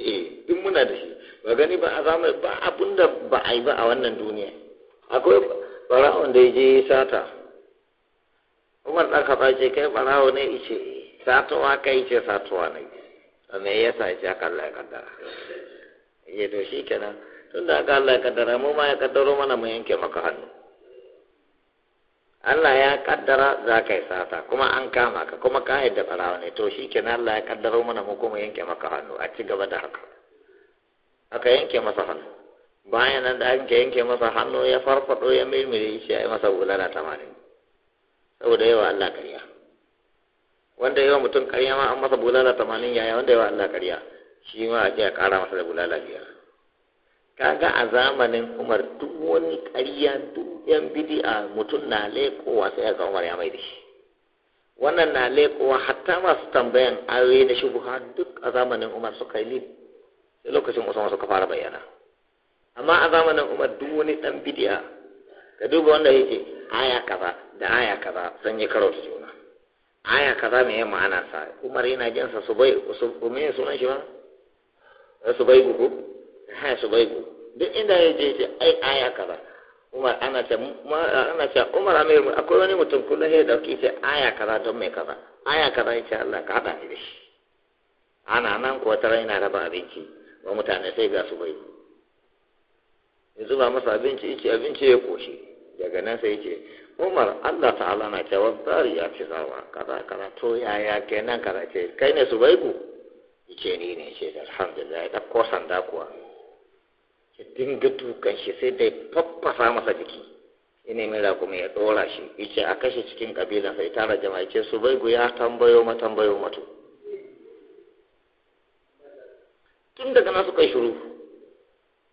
eh duk muna da shi ba gani ba a zamani ba abin da ba a yi ba a wannan duniya akwai barawon da ya je sata umar ɗan kafa ce kai ɓarawo ne ice satuwa kai ce satuwa ne to me yasa sa ce aka Allah ya kaddara ya to shi kenan tun da aka Allah ya kaddara mu ma ya kaddaro mana mu yanke maka hannu Allah ya kaddara za ka yi sata kuma an kama ka kuma ka yadda ɓarawo ne to shi kenan Allah ya kaddaro mana mu kuma yanke maka hannu a ci gaba da haka aka yanke masa hannu bayan nan da aka yanke masa hannu ya farfado ya mirmire shi ya yi masa bulala tamanin saboda yawa Allah karya wanda yawa mutum karya ma an masa bulala tamanin yaya wanda yawa Allah karya shi ma a ce a kara masa da bulala biyar kaga a zamanin Umar duk wani karya duk yan bidi'a mutum na lekowa sai ga Umar ya mai da shi wannan na lekowa hatta masu tambayan ayoyi na shubuha duk a zamanin Umar suka yi lid sai lokacin Usman suka fara bayyana amma a zamanin Umar duk wani dan bidi'a ka duba wanda yake aya kaza da aya kaza sun yi karo da juna aya kaza me ya ma'ana sa umar yana jin sa su bai su me sunan shi ba eh, su bai buku ha su bai buku duk inda ya je ce ai aya kaza umar ana ce ana ce umar amir akwai wani mutum kullum ya dauki ce aya kaza don mai kaza aya kaza ya ce Allah ka hada da shi ana nan kuwa tara yana raba abinci wa mutane sai ga su bai ya zuba masa abinci yace abinci ya koshi daga nan sai yace umar allah ta'ala na cewa tsari ya ce zawa kaza kaza to yaya kenan kaza ce kai ne su bai ku ce ni ne ce alhamdulillah ya ɗauko sanda kuwa ya dinga dukan shi sai dai faffasa masa jiki ina mila kuma ya ɗora shi yace a kashe cikin ƙabilan sai tara jama'a ce su bai ya tambayo ma tambayo mato tun daga nan kai shuru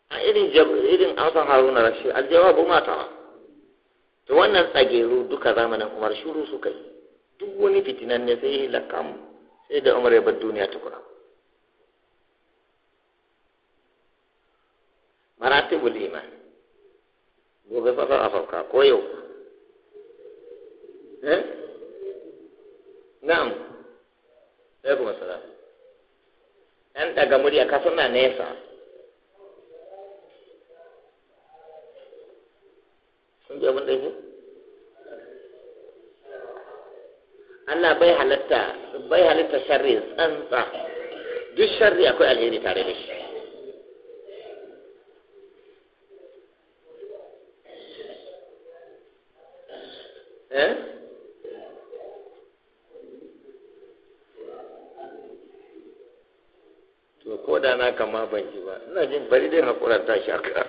a irin irin an san haruna rashi aljawabu matawa to wannan tsageru duka zamanin umar shuru suka yi duk wani fitinan ne sai yi lakam sai da umar ya bar duniya kura maratibul iman gobe fa a fauka ko yau eh na'am kuma assalam ɗan daga murya ka suna nesa akwai abin ɗaya Allah bai halatta bai halatta sharri tsantsa duk sharri akwai alheri tare da shi eh? to ko da na kama ban ji ba ina jin bari dai haƙurar tashi aka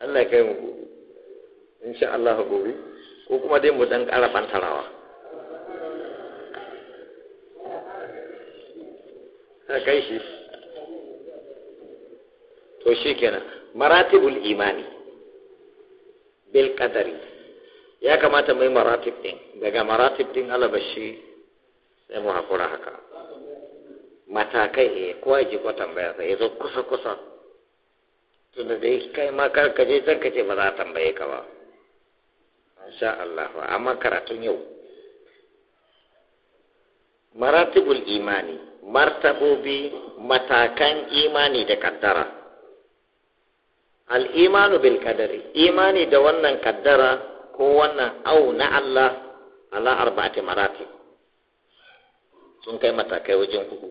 Allah ya kai mu insha Allah gobe ko kuma dai mu dan karaban bantarawa ha kai shi to shi kenan maratibul imani bil qadari ya kamata mai maratib din daga maratib din alabashi sai mu hakura haka matakai eh, ko ya ji ko tambaya sai ya zo kusa kusa tunda dai kai ma kar ka je zan ka ce ba za a tambaye ka ba insha Allah amma karatun yau maratibul imani martabobi matakan imani da kaddara al'imanu bil kadari imani da wannan kaddara ko wannan au na Allah ala arba'ati maratib sun kai matakai wajen hudu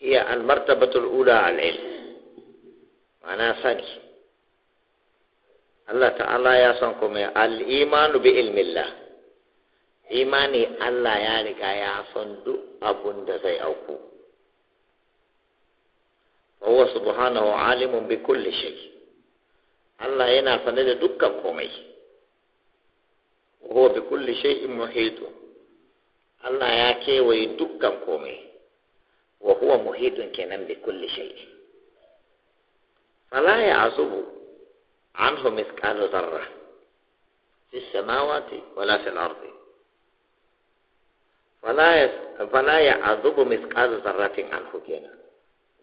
hiya al martabatul ula al ilm ma'ana sani Allah ta'ala ya san kuma al'imanu bi ilmillah imani Allah ya riga ya san duk abun da zai auku wa subhanahu alimun bi kulli shay Allah yana sane da dukkan komai huwa bi kulli shay'in muhit Allah ya kewaye dukkan komai wa huwa muhitun kenan bi kulli shay fala ya asubu anhu miskalu zarra fi samawati wala fil ardi fala ya azubu miskalu zarratin anhu kenan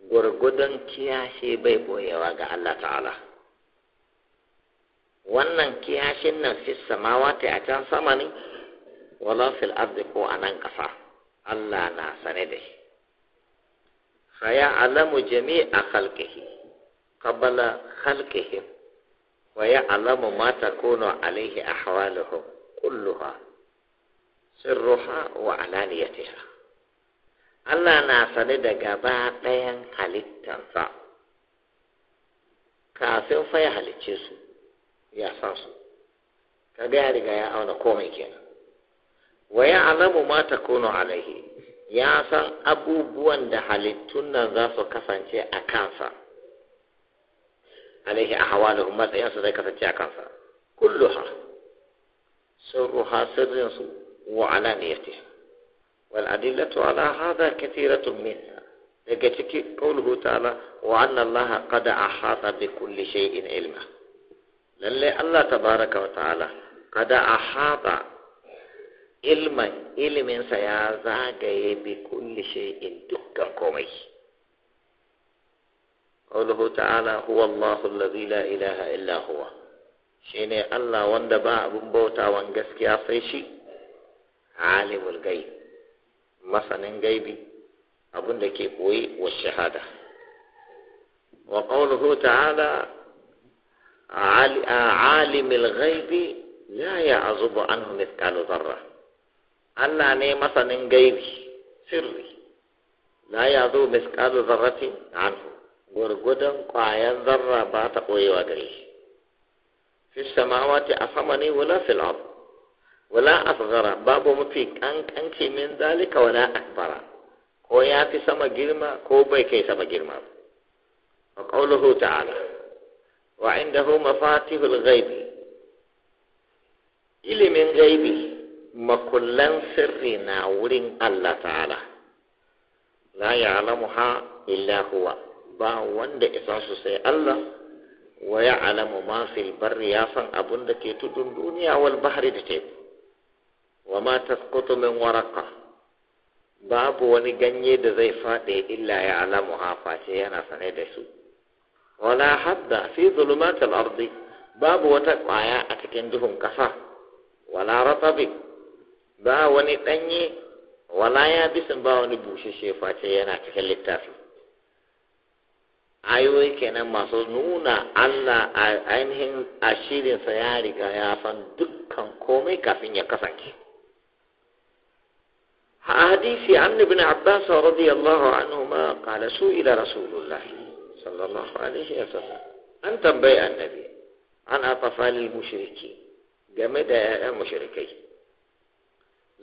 gwargwadon kiyashe bai boyewa ga Allah ta'ala wannan kiyashin nan fi ta a can sama ne wala fil ardi ko a nan ƙasa Allah na sane da shi fa ya alamu jami'a khalqihi qabla khalqihim ويعلم ما تكون عليه أحوالهم كلها سرها وعلانيتها Allah na sane da gaba ɗayan halittansa kafin fa ya halicce su ya san su Ka ya riga ya auna komai kenan wa ya alamu ma takunu alaihi ya san abubuwan da halittun nan za su kasance a kansa alaihi ahwaluhum matsayin su zai kasance a kansa kulluha sirruha sirrin su wa alaniyati wal adillatu ala hadha kathiratun minha daga ciki qawluhu ta'ala wa anna allaha qad ahata bi kulli shay'in ilma lalle allah tabaraka wa ta'ala qad ahata ilman ilimin sa ya zagaye bi kulli shay'in dukkan komai قوله تعالى هو الله الذي لا إله إلا هو شيني الله واندباع بمبوتا وانقسكي أفيشي عالم الغيب مثلا غيبي أبن لكي قوي والشهادة وقوله تعالى عالم الغيب لا يعزب عنه مثقال ذرة ألا ني مثلا غيبي سري لا يعزب مثقال ذرة عنه gwargwadon ƙwayar zarra ba ta ɓoyewa gare shi fi samawati a sama ne wala fil ard wala asghara babu mafi kankanci min zalika wala akbara ko ya fi sama girma ko bai kai sama girma wa qawluhu ta'ala wa indahu mafatihul ghaibi ilimin gaibi makullan sirri na wurin Allah ta'ala la ya'lamuha illa huwa ba wanda isa su sai Allah wa ya'lamu ma fil barri ya san abun da ke tudun duniya wal bahri da teku wa ma tasqutu min waraqa babu wani ganye da zai fade illa ya alamu ha face yana sane da su wala hadda fi zulumatil ardi babu wata kwaya a cikin duhun kasa wala ratabi ba wani danye wala ya bisin ba wani bushashe face yana cikin littafi ayoyi kenan masu nuna Allah a ainihin ashirinsa ya riga ya dukkan komai kafin ya kasance. A hadisi an bin Abbas radiyallahu anhu ma kala su ila Rasulullah sallallahu alaihi wa sallam. An tambaye annabi an atafali mushriki game da ‘ya’yan mushrikai.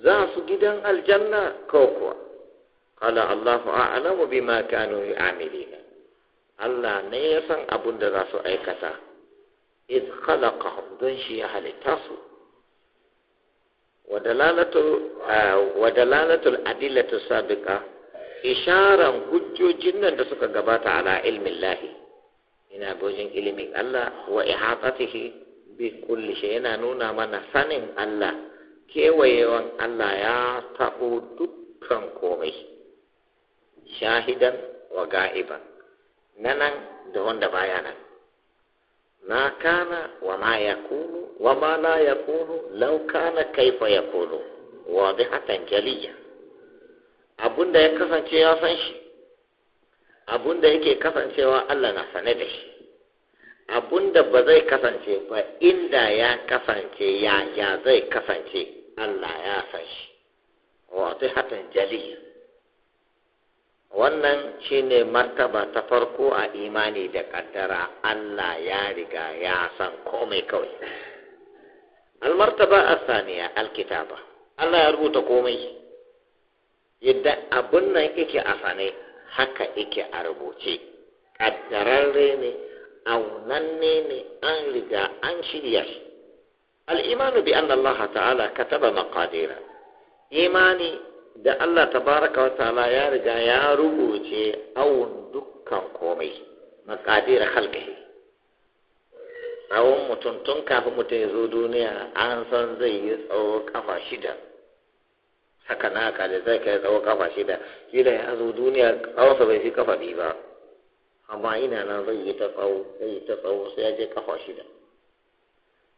Za su gidan aljanna ko kuwa, kala Allahu a’alamu bi ma kanu yi amilina. Allah ne ya san abin da za su aikata iz khalaqahum don shi ya halitta su wa dalalatul sabiqa isharan hujjojin nan da suka gabata ala ilmin lahi ina gojin ilimin Allah wa ihatatihi bi kulli yana nuna mana sanin Allah kewayewan Allah ya taɓo dukkan komai shahidan wa ga'iban na nan da wanda baya nan Na kana wa ma ya kunu wa ma la kunu Lau kana kaifa bi hatan jaliya abunda ya kasance ya san shi abunda yake kasancewa Allah na sane da shi abunda ba zai kasance ba inda ya kasance ya ya zai kasance Allah ya san shi hatan jaliya wannan shine martaba ta farko a imani da kaddara Allah ya riga ya san komai kawai almartaba a saniya alkitaba Allah ya rubuta komai yadda abun nan yake a sane haka yake a rubuce kaddararre ne aunanne ne an riga an shirya shi al'imanu bi anna Allah ta'ala kataba maqadira imani da Allah ta wa ta'ala ya riga ya rubuce awon dukkan komai na ƙadir khalqihi tsawon mutum tun kafin mutum ya zo duniya an san zai yi tsawo kafa shida haka na haka da zai kai tsawo kafa shida shi da ya zo duniya tsawonsa bai fi kafa biyu ba amma ina nan zai yi ta tsawo zai yi ta tsawo sai ya je kafa shida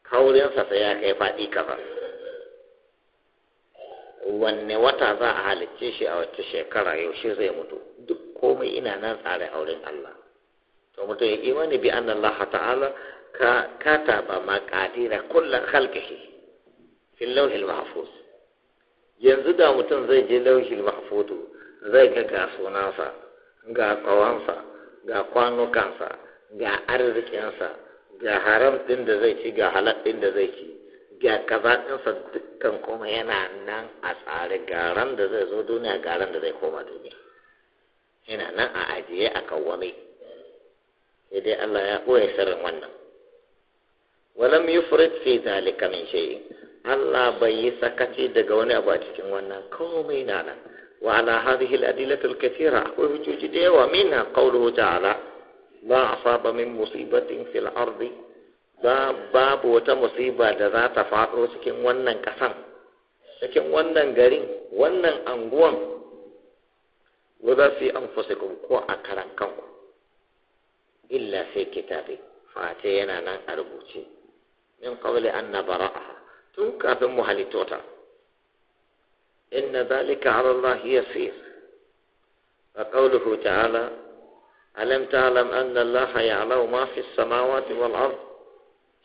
kaurinsa sai ya kai faɗi kafa wanne wata za a halicce shi a wacce shekara yaushe zai mutu duk komai ina nan tsare auren Allah to mutum ya imani bi an Allah ta'ala ka ma maqadira kullu khalqihi fil lawhil mahfuz yanzu da mutum zai je lawhil mahfuz zai ga ga sunansa ga kawansa ga kwanukansa ga arzikinsa ga haram din da zai ci ga halal din da zai ci ga kaza ɗinsa dukkan kuma yana nan a tsare garan da zai zo duniya garan da zai koma duniya yana nan a ajiye a kawwame sai dai Allah ya ɓoye sirrin wannan walam furit fi zalika min shay'in Allah bai yi sakaci daga wani abu a cikin wannan komai na nan wa ala hadhihi al-adilatul kathira akwai hujjoji da yawa minha qawluhu ta'ala ma asaba min musibatin fil ardi babu wata musiba da za ta faɗo cikin wannan ƙasan cikin wannan garin wannan anguwan wadda an fusikun ko a karan kanku illa sai kitabe face yana nan a rubuce min kawai an na bara'a tun kafin mu halittota inna zalika ala Allah sayar. A qawluhu ta'ala alam ta'lam anna Allah ya'lamu ma fi samawati wal ard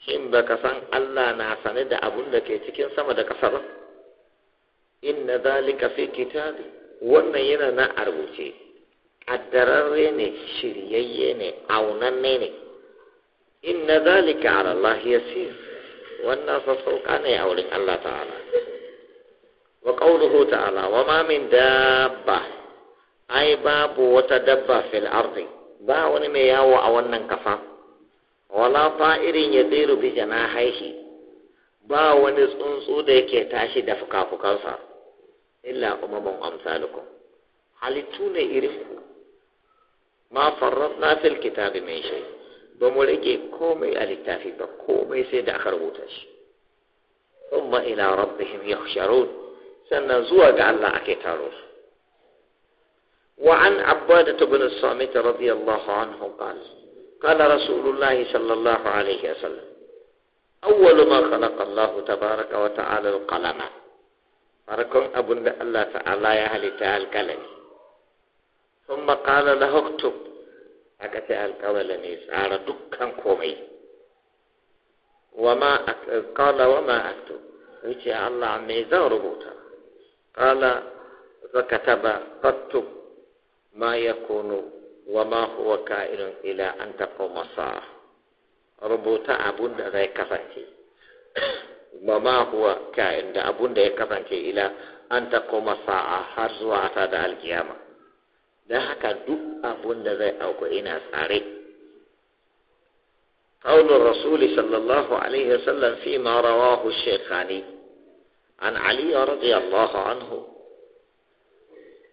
shin baka san Allah na sane da abun da ke cikin sama da ƙasa ba inna zalika fi kitabi wannan yana na a rubuce addararre ne shiryayye ne aunanne ne inna zalika ala Allah yasir wannan sassauka ne a wurin Allah ta'ala wa qawluhu ta'ala wa ma min dabba ai babu wata dabba fil ardi ba wani mai yawo a wannan kafa wala fa'irin ya tsere bi jana haihi ba wani tsuntsu da yake tashi da fuka-fukansa illa umaman amsalukum halittu ne irin ku ma farratna fil kitabi mai shai ba mu rage komai a littafi ba komai sai da aka rubuta shi thumma ila rabbihim yakhsharun sannan zuwa ga Allah ake taro su wa an abbadatu bin samit radiyallahu anhu qala قال رسول الله صلى الله عليه وسلم أول ما خلق الله تبارك وتعالى القلم فركم أبن الله تعالى يا أهل تعالى الكلم ثم قال له اكتب أكت القلم سار دكا كومي وما قال وما أكتب وجه الله عمي ذا ربوتا قال فكتب فاكتب ما يكون wama huwa ka'inun ila an taquma sa'a rubuta abun da zai kasance wama huwa ka'in da abun da ya kasance ila an taquma sa'a har zuwa ta da alkiyama dan haka duk abun da zai auku ina tsare قول الرسول صلى الله عليه وسلم فيما رواه الشيخاني عن علي رضي الله عنه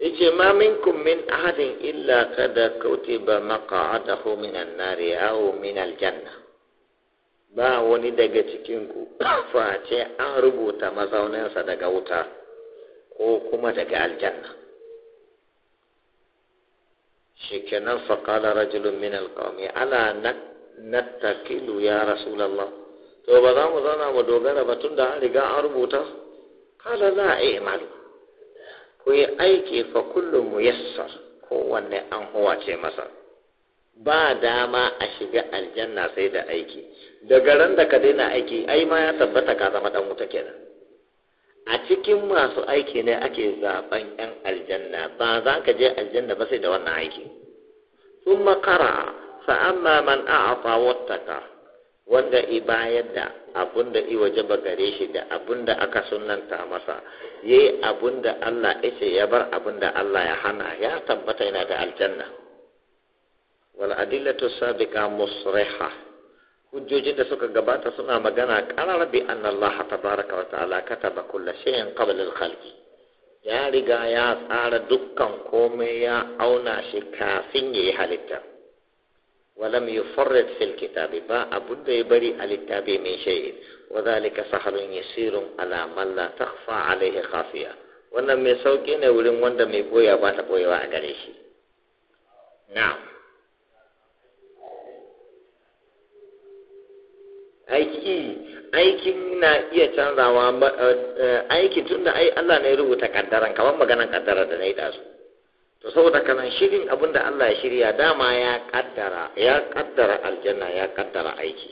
yace ma minkum min ahadin illa kada kutiba maq'adahu min an-nari aw min al-janna ba wani daga cikin ku face an rubuta mazauninsa daga wuta ko kuma daga aljanna shikenan faqala rajulun min al-qawmi ala nattakilu ya rasulullah to ba za mu zauna mu dogara ba tunda an riga an rubuta kala la a'malu ku yi aiki fa kullum muyassar kowanne an ce masa ba dama a shiga aljanna sai da aiki daga ran da ka daina aiki ai ma ya tabbata ka zama dan wuta kenan a cikin masu aiki ne ake zaben yan aljanna ba za ka je aljanna ba sai da wannan aiki sun makara fa amma man a'ata wattaka wanda i bayar da abunda i waje ba gare shi da abunda aka sunanta masa yayi abunda da Allah ya ce ya bar abunda Allah ya hana ya tabbata yana da aljanna wal adillatu sabiqa musriha hujjojin da suka gabata suna magana qarar bi anna Allah tabaaraka wa ta'ala kataba kulla shay'in qabla al-khalqi ya riga ya tsara dukkan komai ya auna shi kafin yayi halitta wala mi yi forret fil kitaabi ba a budda yi bari a littafi mai sha'i, wa zaali ka saxalu ni siirum ala malla tax fa ale yi xaafiya ne wuli wanda mi boya ba ta boya waa gare shi naam. aiki aiki na aiki tunda ai allah na rubuta kaddaran kamar maganar kaddara da na yi tasu to saboda kanan shirin abin da Allah ya shirya dama ya kaddara ya kaddara aljanna ya kaddara aiki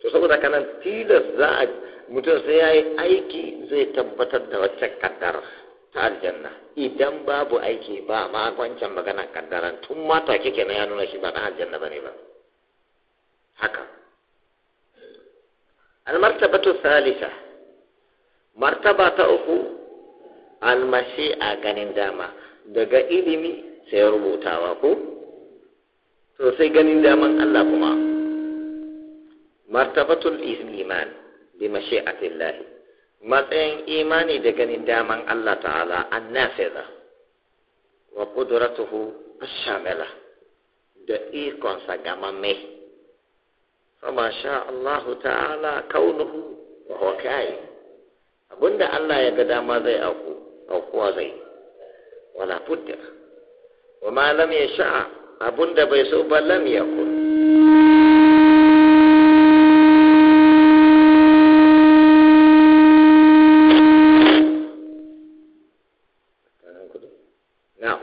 to saboda kanan tilas za a mutum sai ya yi aiki zai tabbatar da wacce kaddara ta aljanna idan babu aiki ba ma wancan magana kaddara tun ma kike na ya nuna shi ba na aljanna bane ba haka almartabatu salisa martaba ta uku almasi a ganin dama daga ilimi sai rubutawa ko to sai ganin daman Allah kuma martabatul iman bi mashi'atillah matsayin imani da ganin daman Allah ta'ala annafida wa qudratuhu ashamila da ikonsa mai. fama sha Allah ta'ala kaunuhu wa huwa kai abinda Allah ya ga dama zai auku aukuwa zai ولا قدر وما لم يشاء أبند بيسوب لم يكن نعم.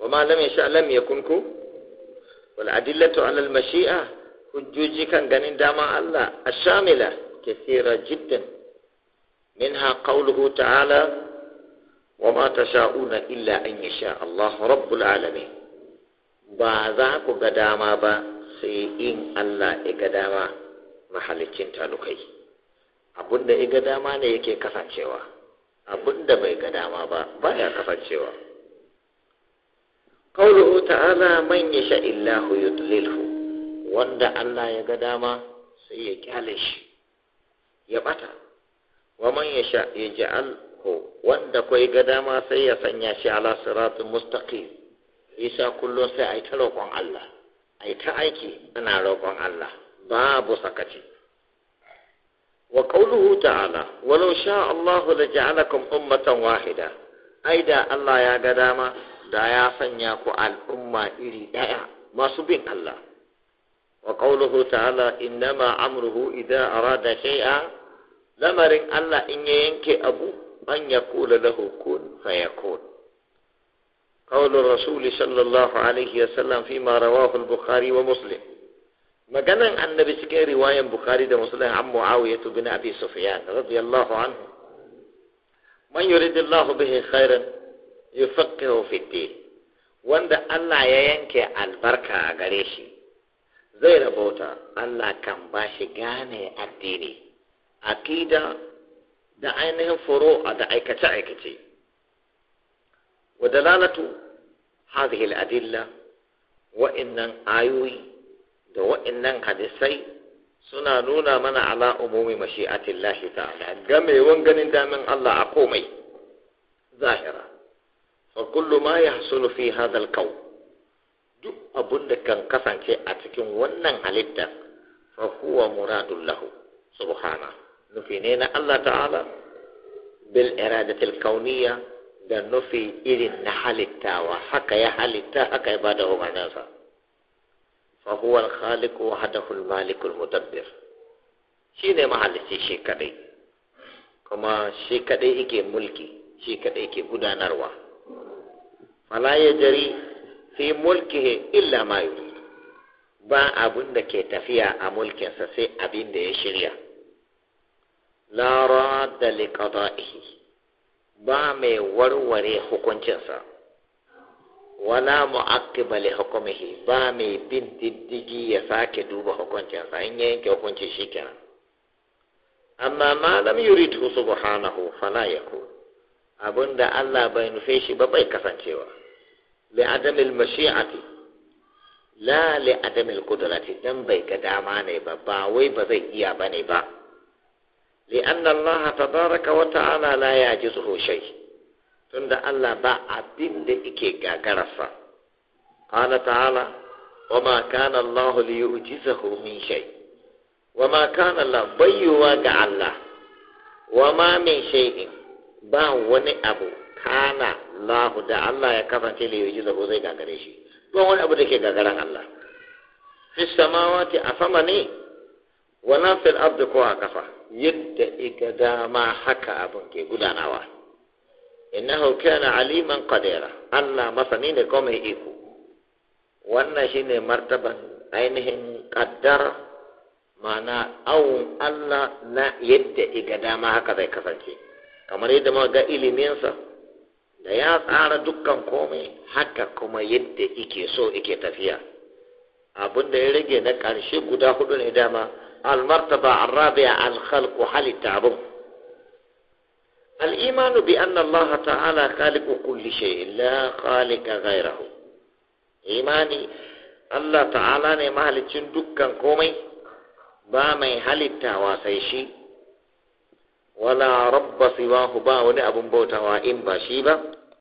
وما لم يشاء لم يكنكو والعدلة على المشيئة حجوجي كان غنين داما الله الشاملة كثيرة جدا منها قوله تعالى وما تشاءون إلا أن يشاء الله ba العالمين بعضاك قداما با سيئين الله إقداما mahalicin talukai abinda ya ga dama ne yake kasancewa abinda bai ga dama ba ya kasancewa qauluhu ta'ala man yasha illahu yudlilhu wanda Allah ya ga dama sai ya kyale shi ya bata wa man yasha ko wanda kai ga dama sai ya sanya shi ala siratul mustaqim isa kullum sai ai ta roƙon Allah ai ta aiki ana roƙon Allah babu sakaci wa qawluhu ta'ala walau sha Allah la ja'alakum ummatan wahida ai da Allah ya ga dama da ya sanya ku al'umma iri daya masu bin Allah wa qawluhu ta'ala innama amruhu idza arada shay'a lamarin Allah in ya yanke abu an ya kula lahu kun fayakun قول الرسول صلى الله عليه وسلم فيما رواه البخاري ومسلم maganan annabi cikin riwayan bukhari da muslim an muawiyatu bin abi sufyan radiyallahu anhu man yuridillahu bihi khairan yufaqihu fi din wanda Allah ya yanke albarka a gare shi zai rabota Allah kan ba shi gane addini aƙida da ainihin a da aikace-aikace wa dalalatu hadhihi al-adilla wa'annan ayoyi da wa'annan hadisai suna nuna mana ala umumi mashi'atillahi ta'ala gamewan ganin damin Allah a komai zahira fa kullu ma yahsulu fi hadha al duk abun da kan kasance a cikin wannan halitta fa huwa muradul subhanahu nufi ne na Allah ta'ala bil iradatil kauniya da nufi irin na halittawa haka ya halitta haka ya bada umarninsa fa huwa al-khaliq wa hadahu al-malik al-mudabbir shine mahalicci shi kadai kuma shi kadai yake mulki shi kadai yake gudanarwa fala ya jari fi mulkihi illa ma yuri ba abun da ke tafiya a mulkinsa sai abin da ya shirya la radda li qada'ihi ba mai warware hukuncinsa wala mu'aqqiba li hukmihi ba mai bin diddigi ya sake duba hukuncinsa in ya yanke hukunci shikenan amma ma lam yuridhu subhanahu fala yakun abinda Allah bai nufe shi ba bai kasancewa li adamil mashi'ati la li adamil qudrati dan bai ga dama ne ba ba wai ba zai iya bane ba, ne ba. li'anna Allah tabaraka wa ta'ala la yajizuhu shay tunda Allah ba abin da yake sa qala ta'ala wa ma kana Allah yu'jizahu min shay wa ma kana la bayyuwa ga Allah wa ma min shay'in ba wani abu kana Allah da Allah ya li yu'jizahu zai gagare shi ba wani abu da ke gagaran Allah fi samawati afama ne wannan fil abdu ko a kafa yadda iga dama haka abin ke gudanawa innahu kana aliman qadira Allah masani ne ko mai iko wannan shine martaban ainihin qaddar mana awun Allah na yadda iga dama haka zai kasance kamar yadda ma ga iliminsa da ya tsara dukkan komai haka kuma yadda ike so ike tafiya abin da ya rage na ƙarshe guda hudu ne dama المرتبة الرابعة الخلق حال التعبد الإيمان بأن الله تعالى خالق كل شيء لا خالق غيره إيماني الله تعالى ما هل دكا كومي با مي هل التواسيشي ولا رب سواه با وني أبن بوتا وإن باشيبا